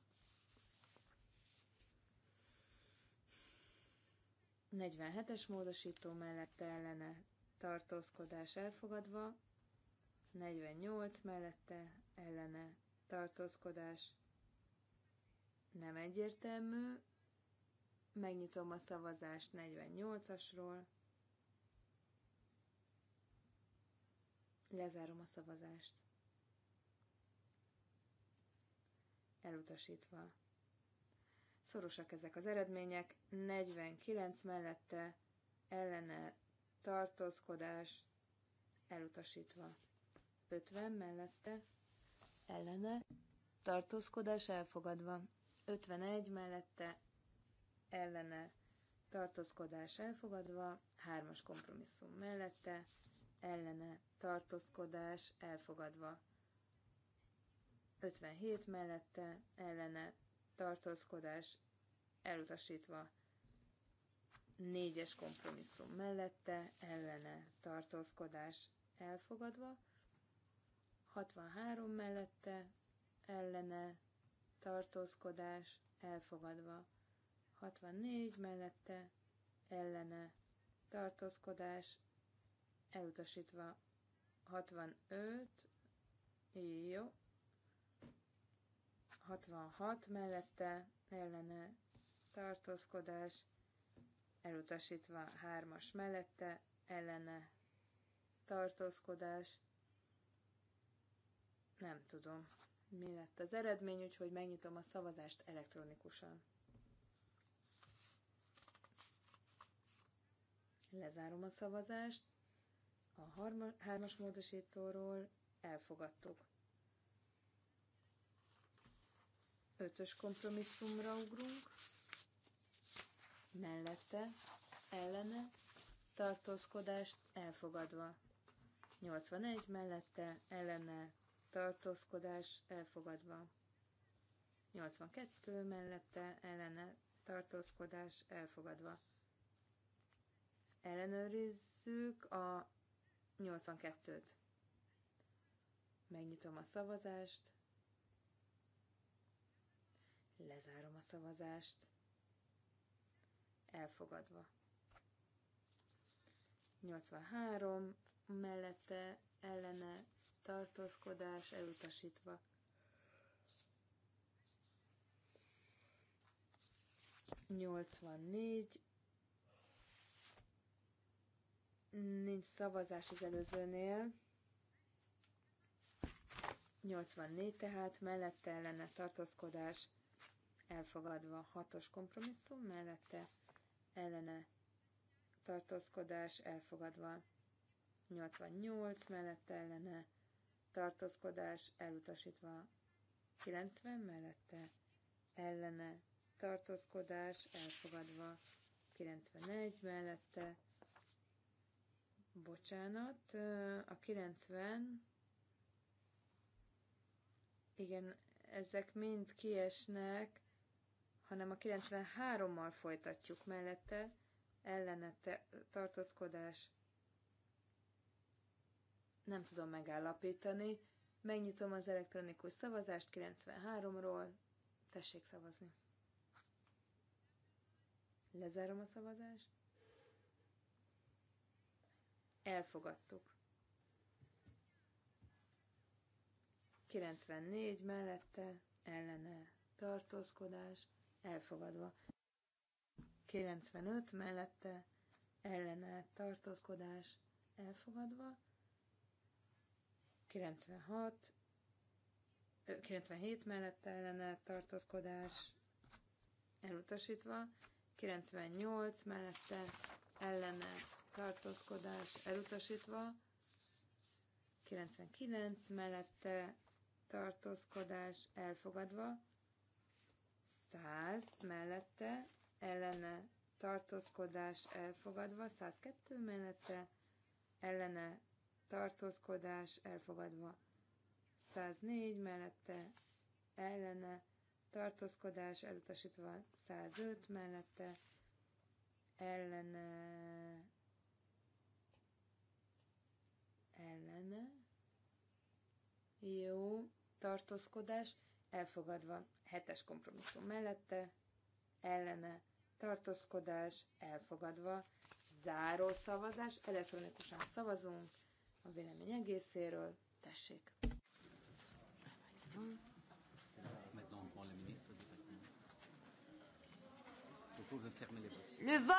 47 módosító mellette ellene tartózkodás elfogadva, 48 mellette ellene tartózkodás nem egyértelmű, Megnyitom a szavazást 48-asról. Lezárom a szavazást. Elutasítva. Szorosak ezek az eredmények. 49 mellette ellene tartózkodás elutasítva. 50 mellette ellene tartózkodás elfogadva. 51 mellette ellene tartózkodás elfogadva, hármas kompromisszum mellette, ellene tartózkodás elfogadva. 57 mellette, ellene tartózkodás elutasítva. Négyes kompromisszum mellette, ellene tartózkodás elfogadva. 63 mellette, ellene tartózkodás elfogadva. 64 mellette ellene tartózkodás elutasítva 65 jó 66 mellette ellene tartózkodás elutasítva 3-as mellette ellene tartózkodás nem tudom mi lett az eredmény, úgyhogy megnyitom a szavazást elektronikusan. Lezárom a szavazást. A harma, hármas módosítóról elfogadtuk. Ötös kompromisszumra ugrunk. Mellette, ellene, tartózkodást elfogadva. 81 mellette, ellene, tartózkodás elfogadva. 82 mellette, ellene, tartózkodás elfogadva ellenőrizzük a 82-t. Megnyitom a szavazást, lezárom a szavazást, elfogadva. 83 mellette ellene tartózkodás elutasítva. Nyolcvannégy Nincs szavazás az előzőnél. 84 tehát, mellette lenne tartózkodás elfogadva. 6-os kompromisszum, mellette ellene tartózkodás elfogadva. 88 mellette ellene tartózkodás elutasítva. 90 mellette ellene tartózkodás elfogadva. 91 mellette bocsánat, a 90, igen, ezek mind kiesnek, hanem a 93-mal folytatjuk mellette, ellene tartózkodás. Nem tudom megállapítani. Megnyitom az elektronikus szavazást 93-ról. Tessék szavazni. Lezárom a szavazást elfogadtuk. 94 mellette ellene tartózkodás elfogadva. 95 mellette ellene tartózkodás elfogadva. 96 97 mellette ellene tartózkodás elutasítva, 98 mellette ellene tartózkodás elutasítva, 99 mellette tartózkodás elfogadva, 100 mellette ellene tartózkodás elfogadva, 102 mellette ellene tartózkodás elfogadva, 104 mellette ellene tartózkodás elutasítva, 105 mellette ellene ellene, jó, tartózkodás, elfogadva, hetes kompromisszum mellette, ellene, tartózkodás, elfogadva, záró szavazás, elektronikusan szavazunk a vélemény egészéről, tessék. Le vote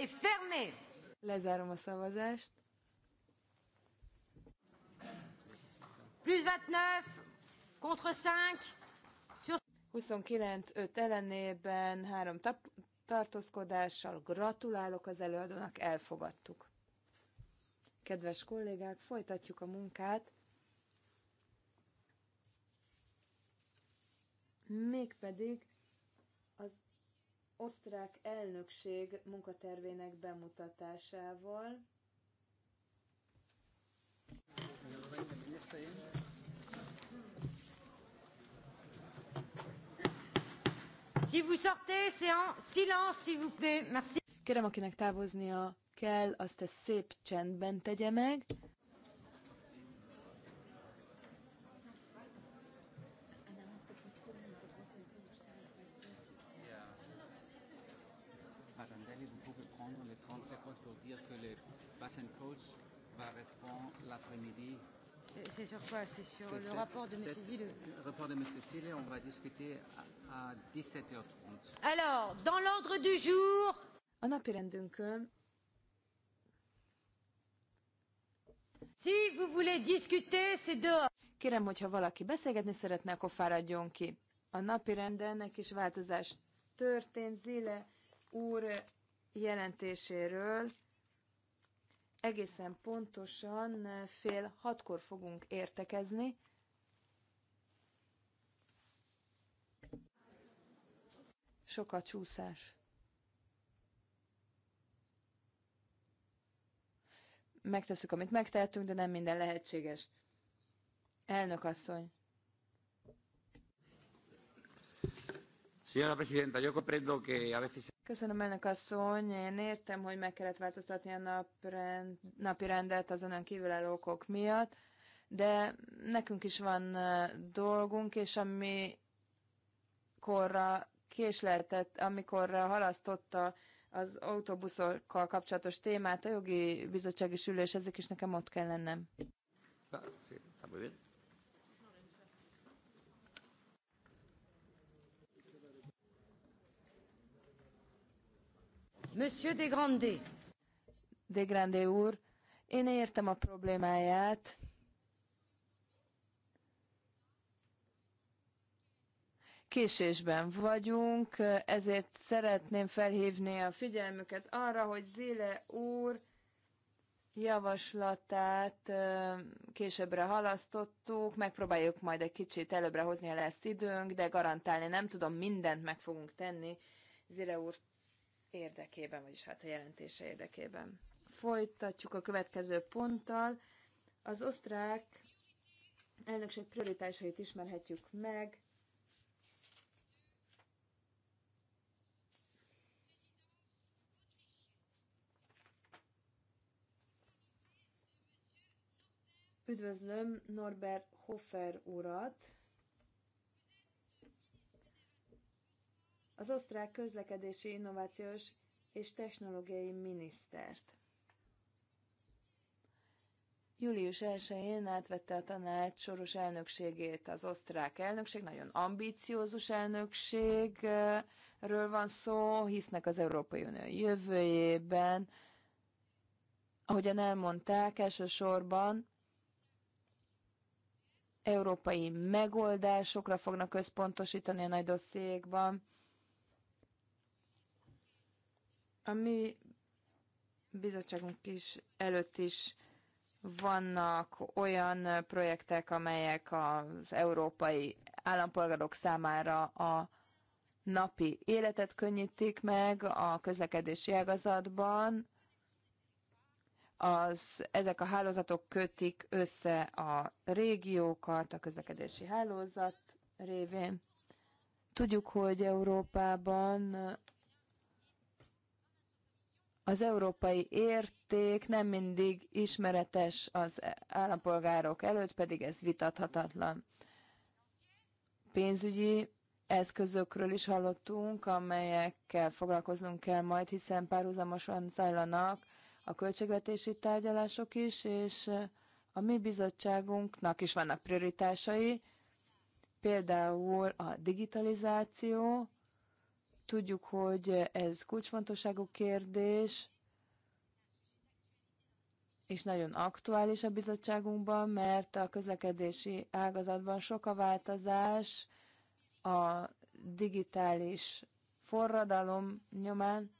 est fermé. Lezárom a szavazást. Plusz 29, contre 5. Sur... 29-5 ellenében három tap- tartózkodással gratulálok az előadónak, elfogadtuk. Kedves kollégák, folytatjuk a munkát. Mégpedig az osztrák elnökség munkatervének bemutatásával. Si vous sortez, c'est en silence, s'il vous plaît. Merci. Kérem, akinek távoznia kell, azt ezt szép csendben tegye meg. vous pouvez prendre pour dire que le bassin coach va répondre l'après-midi C'est sur quoi C'est sur le rapport de M. Zille Le rapport de M. Zille, on va discuter à, à 17h30. Alors, dans l'ordre du jour... On A napirendünkön... Si vous voulez discuter, c'est dehors. Kérem, hogyha valaki beszélgetni szeretne, akkor fáradjon ki. A napi renden egy kis változás történt Zile úr jelentéséről egészen pontosan fél hatkor fogunk értekezni. Sok a csúszás. Megteszük, amit megtehetünk, de nem minden lehetséges. Elnök asszony. Señora Presidenta, yo comprendo que a veces... Köszönöm, elnök asszony. Én értem, hogy meg kellett változtatni a naprend, napi rendet az önön kívülálló okok miatt, de nekünk is van dolgunk, és ami korra késleltett, amikor halasztotta az autóbuszokkal kapcsolatos témát, a jogi bizottsági ülés, ezek is nekem ott kell lennem. Köszönöm. Ah, Monsieur de Grande. De Grande úr, én értem a problémáját. Késésben vagyunk, ezért szeretném felhívni a figyelmüket arra, hogy Zile úr javaslatát későbbre halasztottuk, megpróbáljuk majd egy kicsit előbbre hozni, ha lesz időnk, de garantálni nem tudom, mindent meg fogunk tenni Zile úr érdekében, vagyis hát a jelentése érdekében. Folytatjuk a következő ponttal. Az osztrák elnökség prioritásait ismerhetjük meg. Üdvözlöm Norbert Hofer urat, az osztrák közlekedési innovációs és technológiai minisztert. Július 1-én átvette a tanács soros elnökségét az osztrák elnökség, nagyon ambíciózus elnökségről van szó, hisznek az Európai Unió jövőjében. Ahogyan elmondták, elsősorban európai megoldásokra fognak központosítani a nagy dossziékban, A mi bizottságunk is előtt is vannak olyan projektek, amelyek az európai állampolgárok számára a napi életet könnyítik meg a közlekedési ágazatban. Az, ezek a hálózatok kötik össze a régiókat a közlekedési hálózat révén. Tudjuk, hogy Európában az európai érték nem mindig ismeretes az állampolgárok előtt, pedig ez vitathatatlan. Pénzügyi eszközökről is hallottunk, amelyekkel foglalkoznunk kell majd, hiszen párhuzamosan zajlanak a költségvetési tárgyalások is, és a mi bizottságunknak is vannak prioritásai, például a digitalizáció, Tudjuk, hogy ez kulcsfontosságú kérdés, és nagyon aktuális a bizottságunkban, mert a közlekedési ágazatban sok a változás a digitális forradalom nyomán.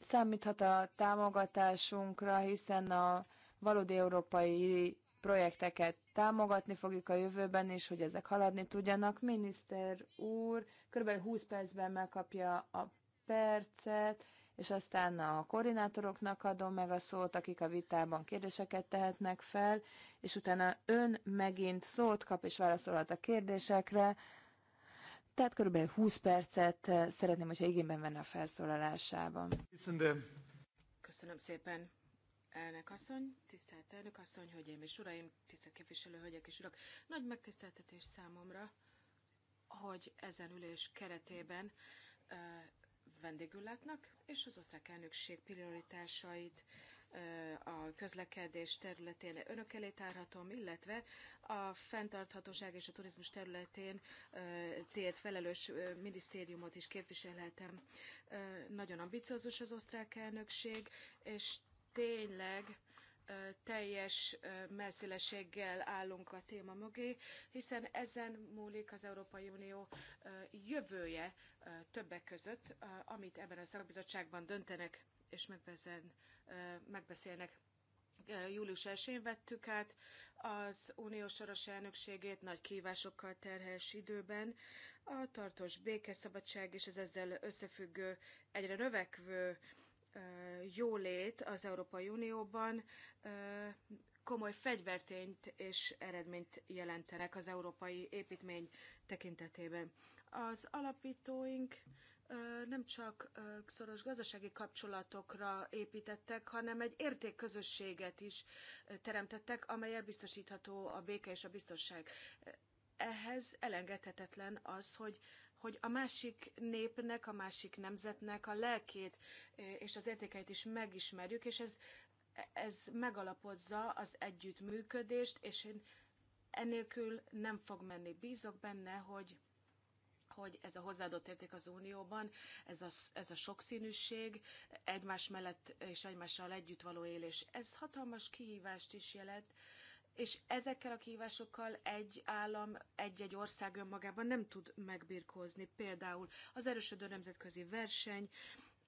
Számíthat a támogatásunkra, hiszen a valódi európai projekteket támogatni fogjuk a jövőben is, hogy ezek haladni tudjanak. Miniszter úr kb. 20 percben megkapja a percet, és aztán a koordinátoroknak adom meg a szót, akik a vitában kérdéseket tehetnek fel, és utána ön megint szót kap és válaszolhat a kérdésekre. Tehát kb. 20 percet eh, szeretném, hogyha igényben venne a felszólalásában. Köszönöm szépen. Elnök asszony, tisztelt elnök asszony, hölgyeim és uraim, tisztelt képviselő, hölgyek és urak, nagy megtiszteltetés számomra, hogy ezen ülés keretében ö, vendégül látnak, és az osztrák elnökség prioritásait ö, a közlekedés területén önök elé tárhatom, illetve a fenntarthatóság és a turizmus területén ö, tért felelős ö, minisztériumot is képviselhetem. Ö, nagyon ambiciózus az osztrák elnökség, és tényleg teljes merszélességgel állunk a téma mögé, hiszen ezen múlik az Európai Unió jövője többek között, amit ebben a szakbizottságban döntenek és megbeszélnek. Július 1-én vettük át az uniós soros elnökségét nagy kívásokkal terhes időben. A tartós békeszabadság és az ezzel összefüggő, egyre növekvő jólét az Európai Unióban komoly fegyvertényt és eredményt jelentenek az európai építmény tekintetében. Az alapítóink nem csak szoros gazdasági kapcsolatokra építettek, hanem egy értékközösséget is teremtettek, amely elbiztosítható a béke és a biztonság. Ehhez elengedhetetlen az, hogy hogy a másik népnek, a másik nemzetnek a lelkét eh, és az értékeit is megismerjük, és ez, ez megalapozza az együttműködést, és én enélkül nem fog menni. Bízok benne, hogy hogy ez a hozzáadott érték az Unióban, ez a, ez a sokszínűség, egymás mellett és egymással együtt való élés, ez hatalmas kihívást is jelent, és ezekkel a kihívásokkal egy állam, egy-egy ország önmagában nem tud megbirkózni. Például az erősödő nemzetközi verseny,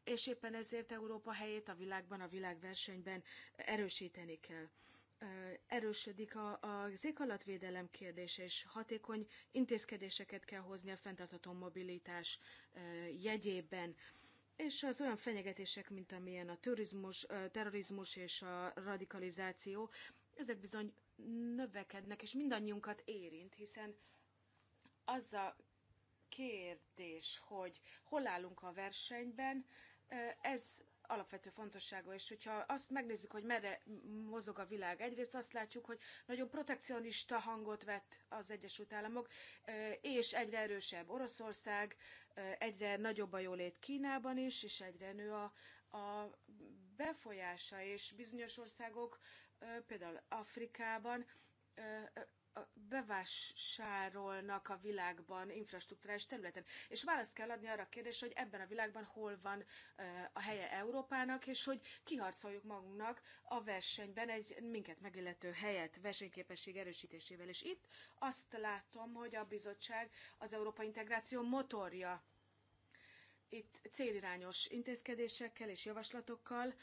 és éppen ezért Európa helyét a világban, a világversenyben erősíteni kell. Erősödik a, az éghajlatvédelem kérdése, és hatékony intézkedéseket kell hozni a fenntartható mobilitás jegyében. És az olyan fenyegetések, mint amilyen a turizmus, terrorizmus és a radikalizáció, ezek bizony növekednek, és mindannyiunkat érint, hiszen az a kérdés, hogy hol állunk a versenyben, ez alapvető fontosságú, és hogyha azt megnézzük, hogy merre mozog a világ, egyrészt azt látjuk, hogy nagyon protekcionista hangot vett az Egyesült Államok, és egyre erősebb Oroszország, egyre nagyobb a jólét Kínában is, és egyre nő a, a befolyása, és bizonyos országok például Afrikában bevásárolnak a világban infrastruktúrális területen. És választ kell adni arra a kérdésre, hogy ebben a világban hol van a helye Európának, és hogy kiharcoljuk magunknak a versenyben egy minket megillető helyet versenyképesség erősítésével. És itt azt látom, hogy a bizottság az Európa integráció motorja itt célirányos intézkedésekkel és javaslatokkal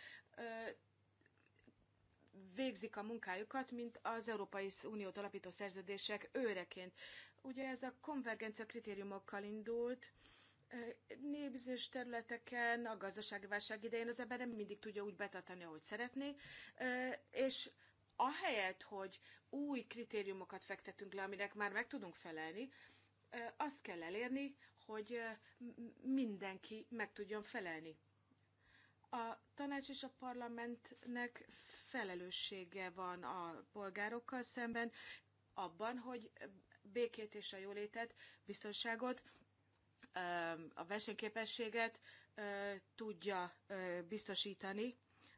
végzik a munkájukat, mint az Európai Uniót alapító szerződések őreként. Ugye ez a konvergencia kritériumokkal indult, népzős területeken, a gazdasági válság idején az ember nem mindig tudja úgy betartani, ahogy szeretné, és ahelyett, hogy új kritériumokat fektetünk le, aminek már meg tudunk felelni, azt kell elérni, hogy mindenki meg tudjon felelni a tanács és a parlamentnek felelőssége van a polgárokkal szemben abban, hogy békét és a jólétet, biztonságot, a versenyképességet tudja biztosítani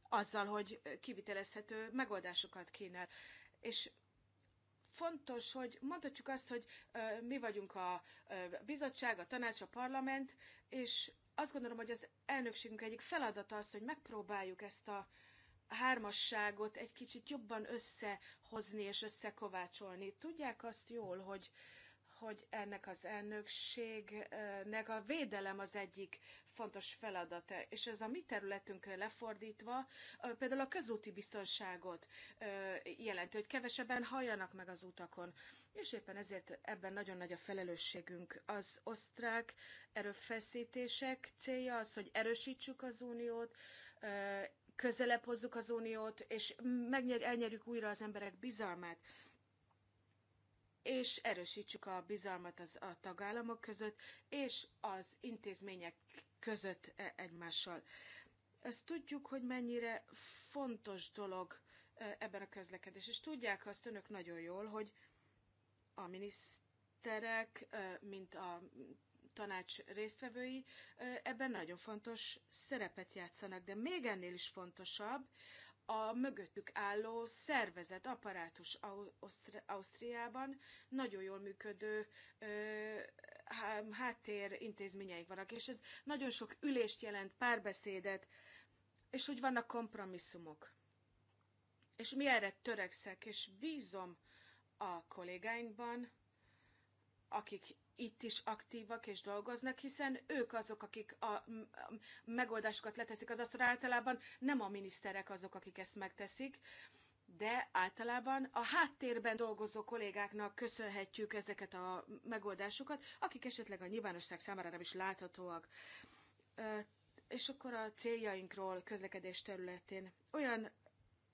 azzal, hogy kivitelezhető megoldásokat kínál. És fontos, hogy mondhatjuk azt, hogy mi vagyunk a bizottság, a tanács, a parlament, és azt gondolom, hogy az elnökségünk egyik feladata az, hogy megpróbáljuk ezt a hármasságot egy kicsit jobban összehozni és összekovácsolni. Tudják azt jól, hogy hogy ennek az elnökségnek a védelem az egyik fontos feladata, és ez a mi területünkre lefordítva például a közúti biztonságot jelenti, hogy kevesebben halljanak meg az utakon, és éppen ezért ebben nagyon nagy a felelősségünk. Az osztrák erőfeszítések célja az, hogy erősítsük az uniót, közelebb hozzuk az uniót, és megnyerjük újra az emberek bizalmát és erősítsük a bizalmat az, a tagállamok között, és az intézmények között e, egymással. Ezt tudjuk, hogy mennyire fontos dolog e, ebben a közlekedés, és tudják azt önök nagyon jól, hogy a miniszterek, e, mint a tanács résztvevői ebben nagyon fontos szerepet játszanak, de még ennél is fontosabb, a mögöttük álló szervezet, apparátus Ausztriában nagyon jól működő ö, háttér intézményeik vannak, és ez nagyon sok ülést jelent, párbeszédet, és hogy vannak kompromisszumok. És mi erre törekszek, és bízom a kollégáinkban, akik itt is aktívak és dolgoznak, hiszen ők azok, akik a megoldásokat leteszik az asztalra. Általában nem a miniszterek azok, akik ezt megteszik, de általában a háttérben dolgozó kollégáknak köszönhetjük ezeket a megoldásokat, akik esetleg a nyilvánosság számára nem is láthatóak. És akkor a céljainkról közlekedés területén olyan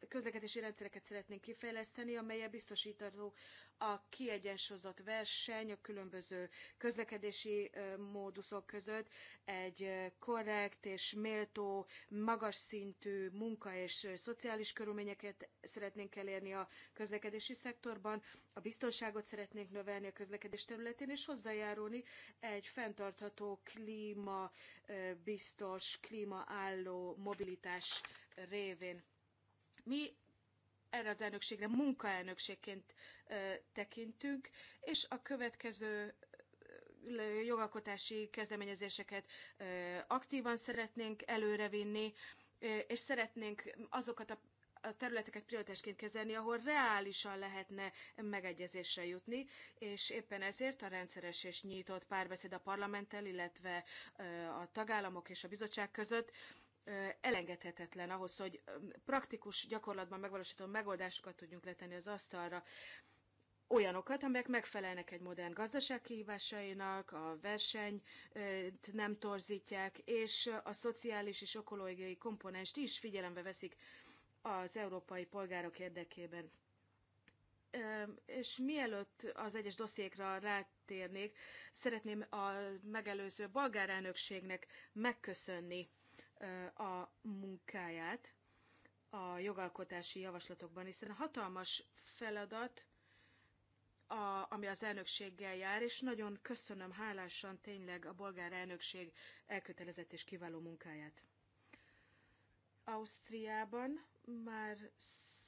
közlekedési rendszereket szeretnénk kifejleszteni, amelyek biztosítató a kiegyensúlyozott verseny a különböző közlekedési móduszok között, egy korrekt és méltó, magas szintű munka és szociális körülményeket szeretnénk elérni a közlekedési szektorban, a biztonságot szeretnénk növelni a közlekedés területén, és hozzájárulni egy fenntartható klíma biztos, klímaálló mobilitás révén mi erre az elnökségre munkaelnökségként tekintünk, és a következő jogalkotási kezdeményezéseket aktívan szeretnénk előrevinni, és szeretnénk azokat a a területeket prioritásként kezelni, ahol reálisan lehetne megegyezésre jutni, és éppen ezért a rendszeres és nyitott párbeszéd a parlamenttel, illetve a tagállamok és a bizottság között elengedhetetlen ahhoz, hogy praktikus gyakorlatban megvalósító megoldásokat tudjunk letenni az asztalra, olyanokat, amelyek megfelelnek egy modern gazdaság kihívásainak, a versenyt nem torzítják, és a szociális és ökológiai komponenst is figyelembe veszik az európai polgárok érdekében. És mielőtt az egyes dossziékra rátérnék, szeretném a megelőző bolgár elnökségnek megköszönni a munkáját a jogalkotási javaslatokban, hiszen a hatalmas feladat, a, ami az elnökséggel jár, és nagyon köszönöm hálásan tényleg a bolgár elnökség elkötelezett és kiváló munkáját. Ausztriában már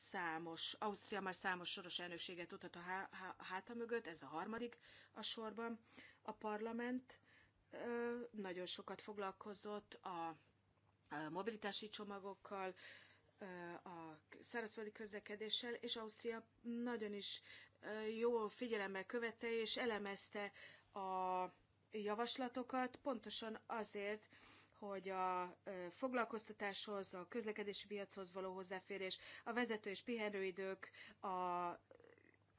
számos, Ausztria már számos soros elnökséget utat a há, há, háta mögött, ez a harmadik a sorban. A parlament ö, nagyon sokat foglalkozott a mobilitási csomagokkal, a szárazföldi közlekedéssel, és Ausztria nagyon is jó figyelemmel követte és elemezte a javaslatokat, pontosan azért, hogy a foglalkoztatáshoz, a közlekedési piachoz való hozzáférés, a vezető és pihenőidők, a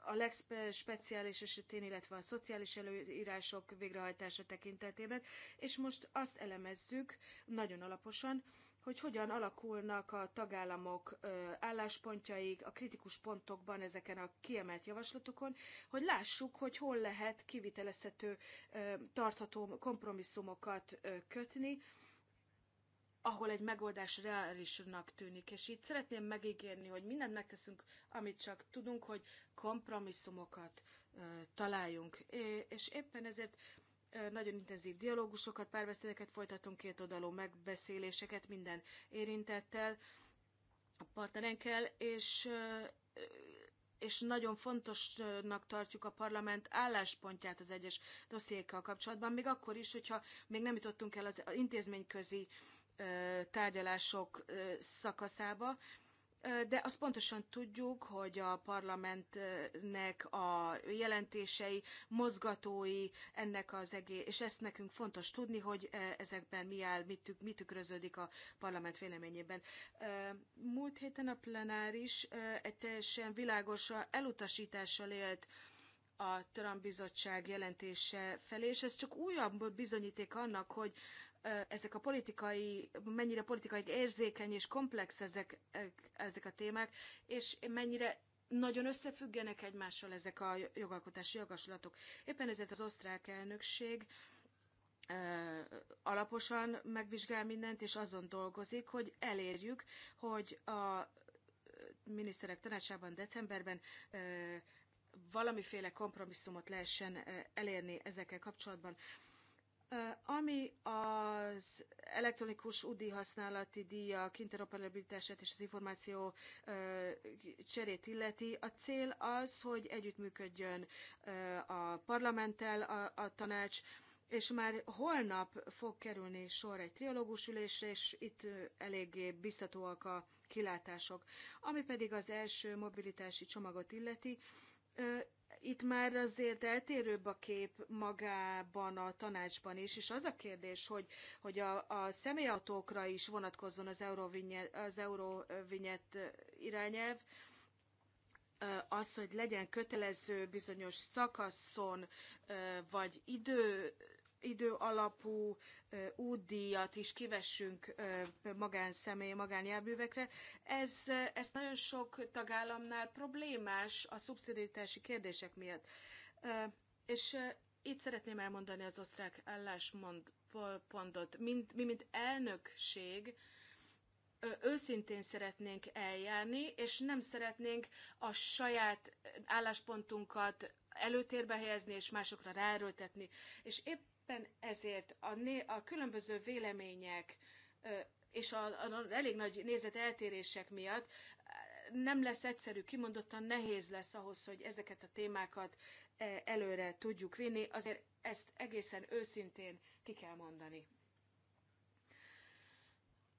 a legspeciális esetén, illetve a szociális előírások végrehajtása tekintetében, és most azt elemezzük nagyon alaposan, hogy hogyan alakulnak a tagállamok álláspontjaik a kritikus pontokban ezeken a kiemelt javaslatokon, hogy lássuk, hogy hol lehet kivitelezhető, tartható kompromisszumokat kötni, ahol egy megoldás reálisnak tűnik. És itt szeretném megígérni, hogy mindent megteszünk, amit csak tudunk, hogy kompromisszumokat ö, találjunk. É, és éppen ezért ö, nagyon intenzív dialógusokat, párbeszédeket folytatunk, két oldalú megbeszéléseket minden érintettel, a partnerenkkel, és ö, és nagyon fontosnak tartjuk a parlament álláspontját az egyes dossziékkal kapcsolatban, még akkor is, hogyha még nem jutottunk el az intézményközi tárgyalások szakaszába, de azt pontosan tudjuk, hogy a parlamentnek a jelentései, mozgatói ennek az egész, és ezt nekünk fontos tudni, hogy ezekben mi áll, mit, tük, mit tükröződik a parlament véleményében. Múlt héten a plenáris egy teljesen világos elutasítással élt a Trump bizottság jelentése felé, és ez csak újabb bizonyíték annak, hogy ezek a politikai, mennyire politikai érzékeny és komplex ezek, ezek a témák, és mennyire nagyon összefüggenek egymással ezek a jogalkotási javaslatok. Éppen ezért az osztrák elnökség alaposan megvizsgál mindent, és azon dolgozik, hogy elérjük, hogy a miniszterek tanácsában decemberben valamiféle kompromisszumot lehessen elérni ezekkel kapcsolatban. Ami az elektronikus UDI használati díjak interoperabilitását és az információ cserét illeti, a cél az, hogy együttműködjön a parlamenttel a, a tanács, és már holnap fog kerülni sor egy triológus ülésre, és itt eléggé biztatóak a kilátások. Ami pedig az első mobilitási csomagot illeti, itt már azért eltérőbb a kép magában a tanácsban is, és az a kérdés, hogy, hogy a, a személyautókra is vonatkozzon az Eurovinyet, az Eurovinyet irányelv, az, hogy legyen kötelező bizonyos szakaszon, vagy idő idő alapú útdíjat is kivessünk magánszemély, magánjárművekre. Ez, ez nagyon sok tagállamnál problémás a szubszidítási kérdések miatt. És itt szeretném elmondani az osztrák álláspontot. Mint, mi, mint elnökség, őszintén szeretnénk eljárni, és nem szeretnénk a saját álláspontunkat előtérbe helyezni és másokra ráerőltetni. És épp éppen ezért a, né- a különböző vélemények és a, a elég nagy nézeteltérések miatt nem lesz egyszerű, kimondottan nehéz lesz ahhoz, hogy ezeket a témákat előre tudjuk vinni, azért ezt egészen őszintén ki kell mondani.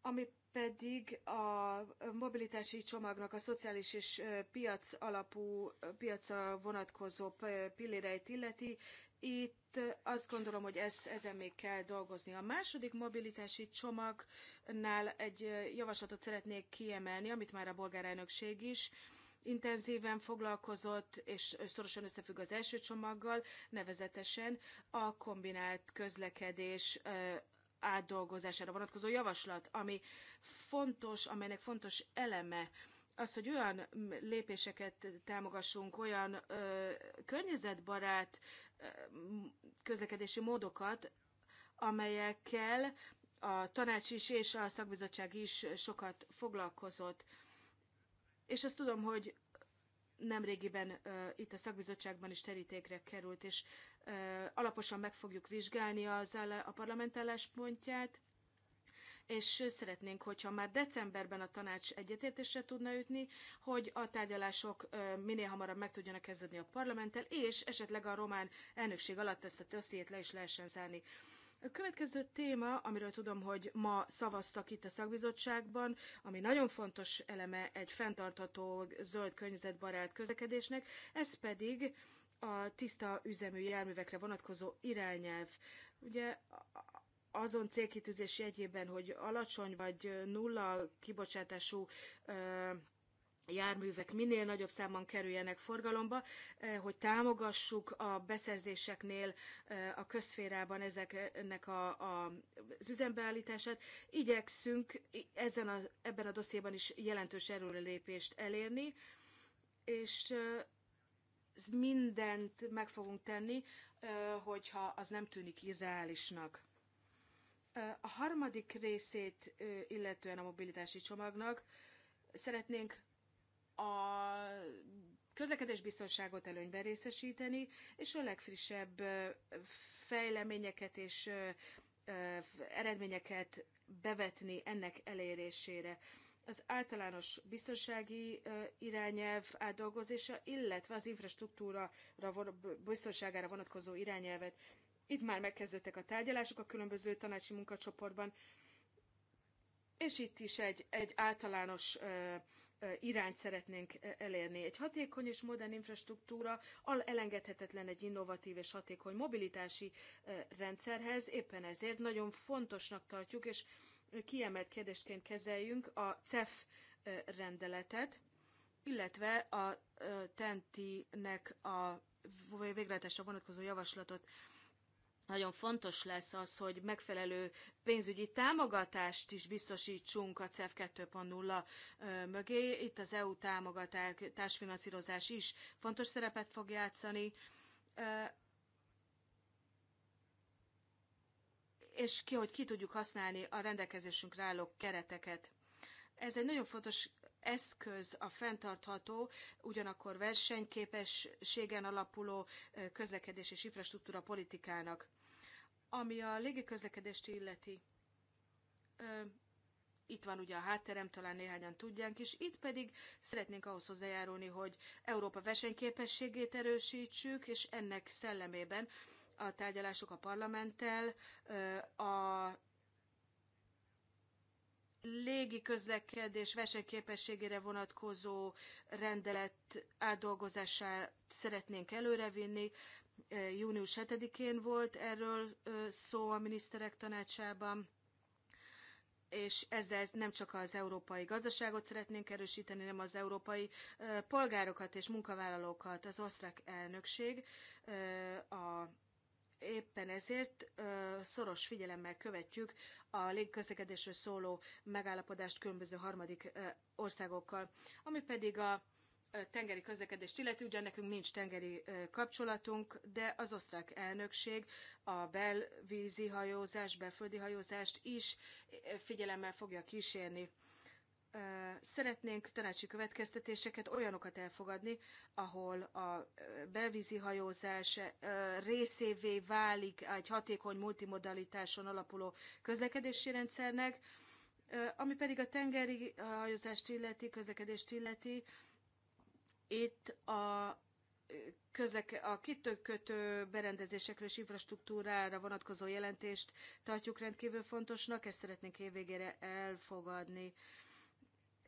Ami pedig a mobilitási csomagnak a szociális és piac alapú piacra vonatkozó pilléreit illeti, itt azt gondolom, hogy ez, ezen még kell dolgozni. A második mobilitási csomagnál egy javaslatot szeretnék kiemelni, amit már a bolgár elnökség is intenzíven foglalkozott, és szorosan összefügg az első csomaggal, nevezetesen a kombinált közlekedés átdolgozására vonatkozó javaslat, ami fontos, amelynek fontos eleme az, hogy olyan lépéseket támogassunk, olyan ö, környezetbarát közlekedési módokat, amelyekkel a tanács is és a szakbizottság is sokat foglalkozott. És azt tudom, hogy nemrégiben uh, itt a szakbizottságban is terítékre került, és uh, alaposan meg fogjuk vizsgálni az, a parlament álláspontját, és szeretnénk, hogyha már decemberben a tanács egyetértésre tudna jutni, hogy a tárgyalások minél hamarabb meg tudjanak kezdődni a parlamenttel, és esetleg a román elnökség alatt ezt a dossziét le is lehessen zárni. A következő téma, amiről tudom, hogy ma szavaztak itt a szakbizottságban, ami nagyon fontos eleme egy fenntartható zöld környezetbarát közlekedésnek, ez pedig a tiszta üzemű járművekre vonatkozó irányelv. Ugye azon célkitűzés jegyében, hogy alacsony vagy nulla kibocsátású járművek minél nagyobb számban kerüljenek forgalomba, hogy támogassuk a beszerzéseknél a közférában ezeknek a, a, az üzembeállítását. Igyekszünk ezen a, ebben a dossziéban is jelentős erőrelépést elérni, és mindent meg fogunk tenni, hogyha az nem tűnik irreálisnak. A harmadik részét illetően a mobilitási csomagnak szeretnénk a közlekedésbiztonságot előnyben részesíteni, és a legfrissebb fejleményeket és eredményeket bevetni ennek elérésére. Az általános biztonsági irányelv átdolgozása, illetve az infrastruktúra biztonságára vonatkozó irányelvet itt már megkezdődtek a tárgyalások a különböző tanácsi munkacsoportban, és itt is egy, egy általános ö, ö, irányt szeretnénk elérni. Egy hatékony és modern infrastruktúra al elengedhetetlen egy innovatív és hatékony mobilitási ö, rendszerhez, éppen ezért nagyon fontosnak tartjuk, és kiemelt kérdésként kezeljünk a CEF rendeletet, illetve a TENTI-nek a végrehajtásra vonatkozó javaslatot nagyon fontos lesz az, hogy megfelelő pénzügyi támogatást is biztosítsunk a CEF 2.0 mögé. Itt az EU támogatás, finanszírozás is fontos szerepet fog játszani. És ki, hogy ki tudjuk használni a rendelkezésünkre álló kereteket. Ez egy nagyon fontos eszköz a fenntartható, ugyanakkor versenyképességen alapuló közlekedés és infrastruktúra politikának. Ami a légiközlekedést illeti, itt van ugye a hátterem, talán néhányan tudják is, itt pedig szeretnénk ahhoz hozzájárulni, hogy Európa versenyképességét erősítsük, és ennek szellemében a tárgyalások a parlamenttel, a légi közlekedés versenyképességére vonatkozó rendelet átdolgozását szeretnénk előrevinni. Június 7-én volt erről szó a miniszterek tanácsában és ezzel nem csak az európai gazdaságot szeretnénk erősíteni, hanem az európai polgárokat és munkavállalókat. Az osztrák elnökség a éppen ezért szoros figyelemmel követjük a légközlekedésről szóló megállapodást különböző harmadik országokkal, ami pedig a tengeri közlekedést illeti, ugyan nekünk nincs tengeri kapcsolatunk, de az osztrák elnökség a belvízi hajózás, belföldi hajózást is figyelemmel fogja kísérni. Szeretnénk tanácsi következtetéseket, olyanokat elfogadni, ahol a belvízi hajózás részévé válik egy hatékony multimodalitáson alapuló közlekedési rendszernek, ami pedig a tengeri hajózást illeti, közlekedést illeti, itt a, a kitökötő berendezésekről és infrastruktúrára vonatkozó jelentést tartjuk rendkívül fontosnak, ezt szeretnénk évvégére elfogadni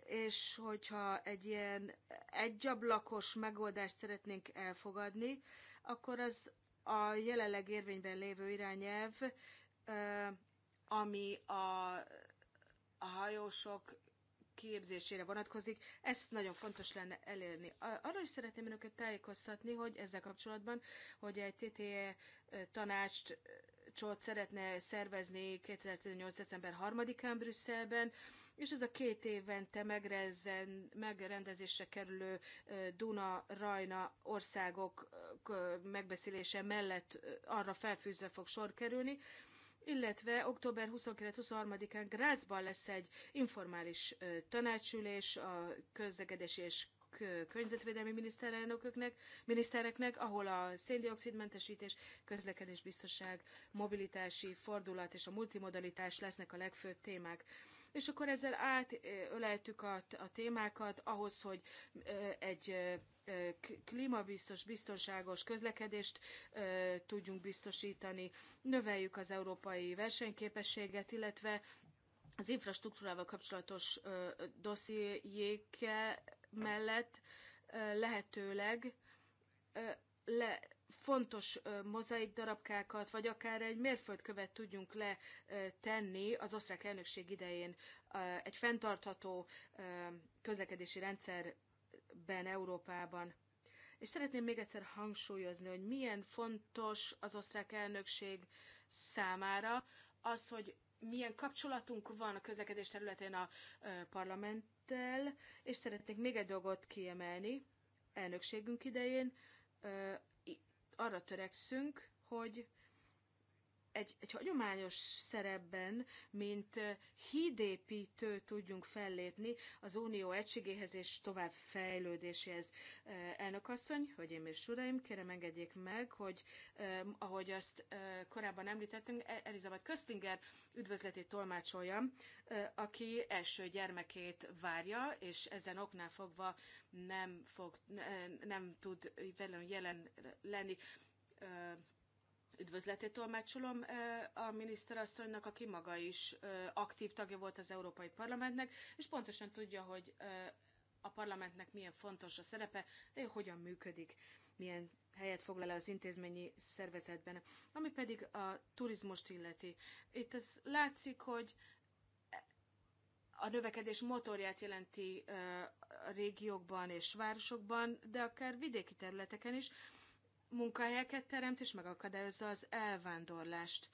és hogyha egy ilyen egyablakos megoldást szeretnénk elfogadni, akkor az a jelenleg érvényben lévő irányelv, ami a, a hajósok képzésére vonatkozik. Ezt nagyon fontos lenne elérni. Arról is szeretném önöket tájékoztatni, hogy ezzel kapcsolatban, hogy egy TTE tanács tanácsot szeretne szervezni 2018. december 3-án Brüsszelben, és ez a két évente megrezen, megrendezésre kerülő Duna-Rajna országok megbeszélése mellett arra felfűzve fog sor kerülni, illetve október 29-23-án Grácsban lesz egy informális tanácsülés a közlekedési és környezetvédelmi miniszterelnököknek, minisztereknek, ahol a széndiokszidmentesítés, közlekedésbiztonság, mobilitási fordulat és a multimodalitás lesznek a legfőbb témák. És akkor ezzel átöleltük a, a témákat ahhoz, hogy egy klímabiztos, biztonságos közlekedést tudjunk biztosítani, növeljük az európai versenyképességet, illetve az infrastruktúrával kapcsolatos dossziékkel mellett lehetőleg le, fontos mozaik darabkákat, vagy akár egy mérföldkövet tudjunk letenni az osztrák elnökség idején egy fenntartható közlekedési rendszerben Európában. És szeretném még egyszer hangsúlyozni, hogy milyen fontos az osztrák elnökség számára az, hogy milyen kapcsolatunk van a közlekedés területén a parlament el, és szeretnék még egy dolgot kiemelni. Elnökségünk idején arra törekszünk, hogy egy, egy hagyományos szerepben, mint hídépítő tudjunk fellépni az unió egységéhez és tovább fejlődéséhez. asszony, hölgyeim és uraim, kérem engedjék meg, hogy ahogy azt korábban említettem, Elizabeth Köstinger üdvözletét tolmácsoljam, aki első gyermekét várja, és ezen oknál fogva nem, fog, nem tud velem jelen lenni üdvözletét tolmácsolom a miniszterasszonynak, aki maga is aktív tagja volt az Európai Parlamentnek, és pontosan tudja, hogy a parlamentnek milyen fontos a szerepe, hogyan működik, milyen helyet foglal az intézményi szervezetben. Ami pedig a turizmust illeti. Itt az látszik, hogy a növekedés motorját jelenti a régiókban és városokban, de akár vidéki területeken is, munkahelyeket teremt és megakadályozza az elvándorlást.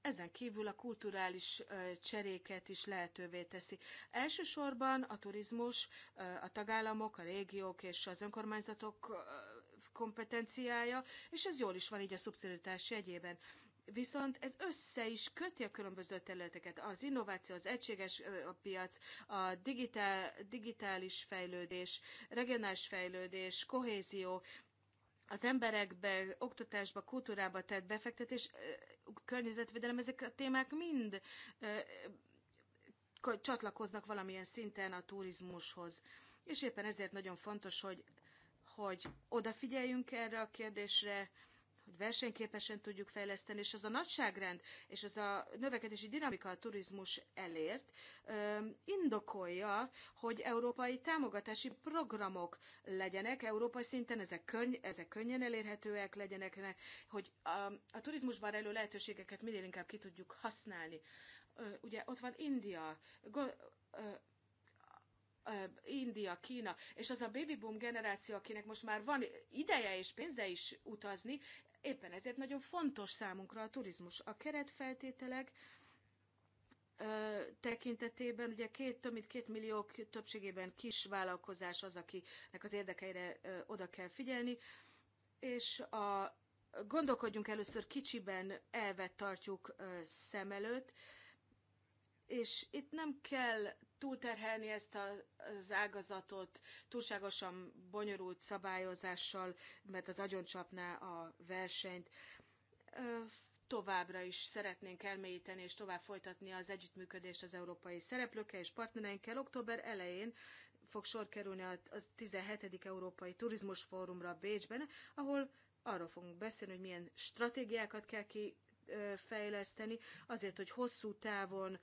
Ezen kívül a kulturális cseréket is lehetővé teszi. Elsősorban a turizmus, a tagállamok, a régiók és az önkormányzatok kompetenciája, és ez jól is van így a szubszidiaritás jegyében. Viszont ez össze is köti a különböző területeket. Az innováció, az egységes a piac, a digitál, digitális fejlődés, regionális fejlődés, kohézió, az emberekbe, oktatásba, kultúrába tett befektetés, környezetvédelem, ezek a témák mind csatlakoznak valamilyen szinten a turizmushoz. És éppen ezért nagyon fontos, hogy, hogy odafigyeljünk erre a kérdésre, versenyképesen tudjuk fejleszteni, és az a nagyságrend, és az a növekedési dinamika a turizmus elért, indokolja, hogy európai támogatási programok legyenek, európai szinten ezek, könny, ezek könnyen elérhetőek legyenek, hogy a, a turizmusban rejlő lehetőségeket minél inkább ki tudjuk használni. Ugye ott van India, India, Kína, és az a baby boom generáció, akinek most már van ideje és pénze is utazni, Éppen ezért nagyon fontos számunkra a turizmus. A keretfeltételek ö, tekintetében ugye két, több mint két millió többségében kis vállalkozás az, akinek az érdekeire ö, oda kell figyelni, és a, gondolkodjunk először kicsiben, elvet tartjuk ö, szem előtt, és itt nem kell túlterhelni ezt az ágazatot túlságosan bonyolult szabályozással, mert az csapná a versenyt. Továbbra is szeretnénk elmélyíteni és tovább folytatni az együttműködést az európai szereplőkkel és partnereinkkel. Október elején fog sor kerülni a 17. Európai Turizmus Fórumra Bécsben, ahol arról fogunk beszélni, hogy milyen stratégiákat kell kifejleszteni, azért, hogy hosszú távon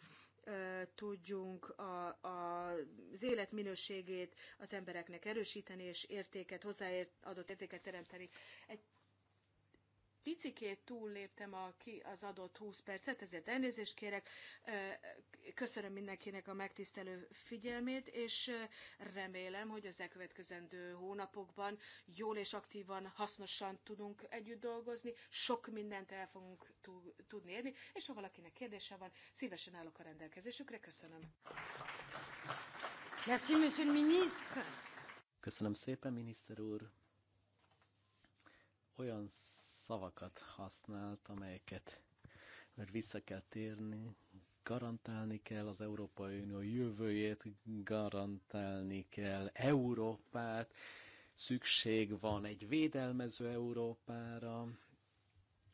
tudjunk a, a, az életminőségét az embereknek erősíteni, és értéket, hozzáadott értéket teremteni. Egy picikét túlléptem a, ki az adott 20 percet, ezért elnézést kérek. Köszönöm mindenkinek a megtisztelő figyelmét, és remélem, hogy az elkövetkezendő hónapokban jól és aktívan, hasznosan tudunk együtt dolgozni, sok mindent el fogunk tudni érni, és ha valakinek kérdése van, szívesen állok a rendelkezésükre. Köszönöm. Merci, monsieur le ministre. Köszönöm szépen, miniszter úr. Olyan szavakat használt, amelyeket mert vissza kell térni, garantálni kell az Európai Unió jövőjét, garantálni kell Európát, szükség van egy védelmező Európára,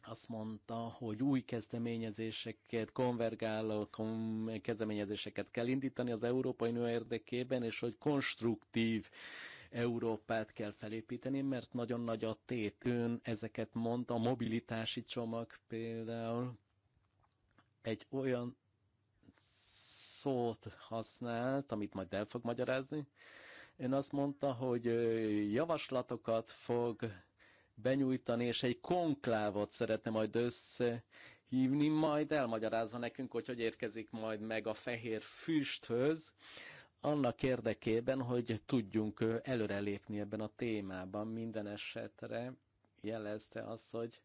azt mondta, hogy új kezdeményezéseket, konvergáló kezdeményezéseket kell indítani az Európai Unió érdekében, és hogy konstruktív uh, Európát kell felépíteni, mert nagyon nagy a tét. Ön ezeket mondta, a mobilitási csomag például egy olyan szót használt, amit majd el fog magyarázni. Én azt mondta, hogy javaslatokat fog benyújtani, és egy konklávot szeretne majd összehívni, majd elmagyarázza nekünk, hogy hogy érkezik majd meg a fehér füsthöz, annak érdekében, hogy tudjunk előrelépni ebben a témában. Minden esetre jelezte azt, hogy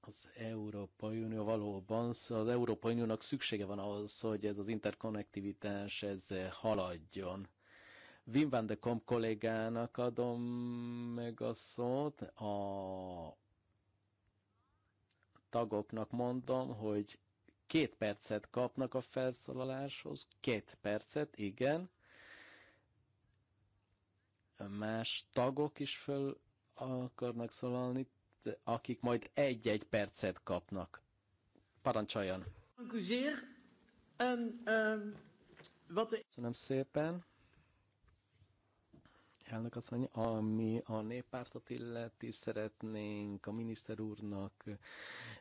az Európai Unió valóban, az Európai Uniónak szüksége van ahhoz, hogy ez az interkonnektivitás ez haladjon. Wim van de Kom kollégának adom meg a szót, a tagoknak mondom, hogy két percet kapnak a felszólaláshoz, két percet, igen. Más tagok is föl akarnak szólalni, akik majd egy-egy percet kapnak. Parancsoljon! Ehm, Köszönöm szépen! Elnök asszony, ami a néppártot illeti, szeretnénk a miniszter úrnak,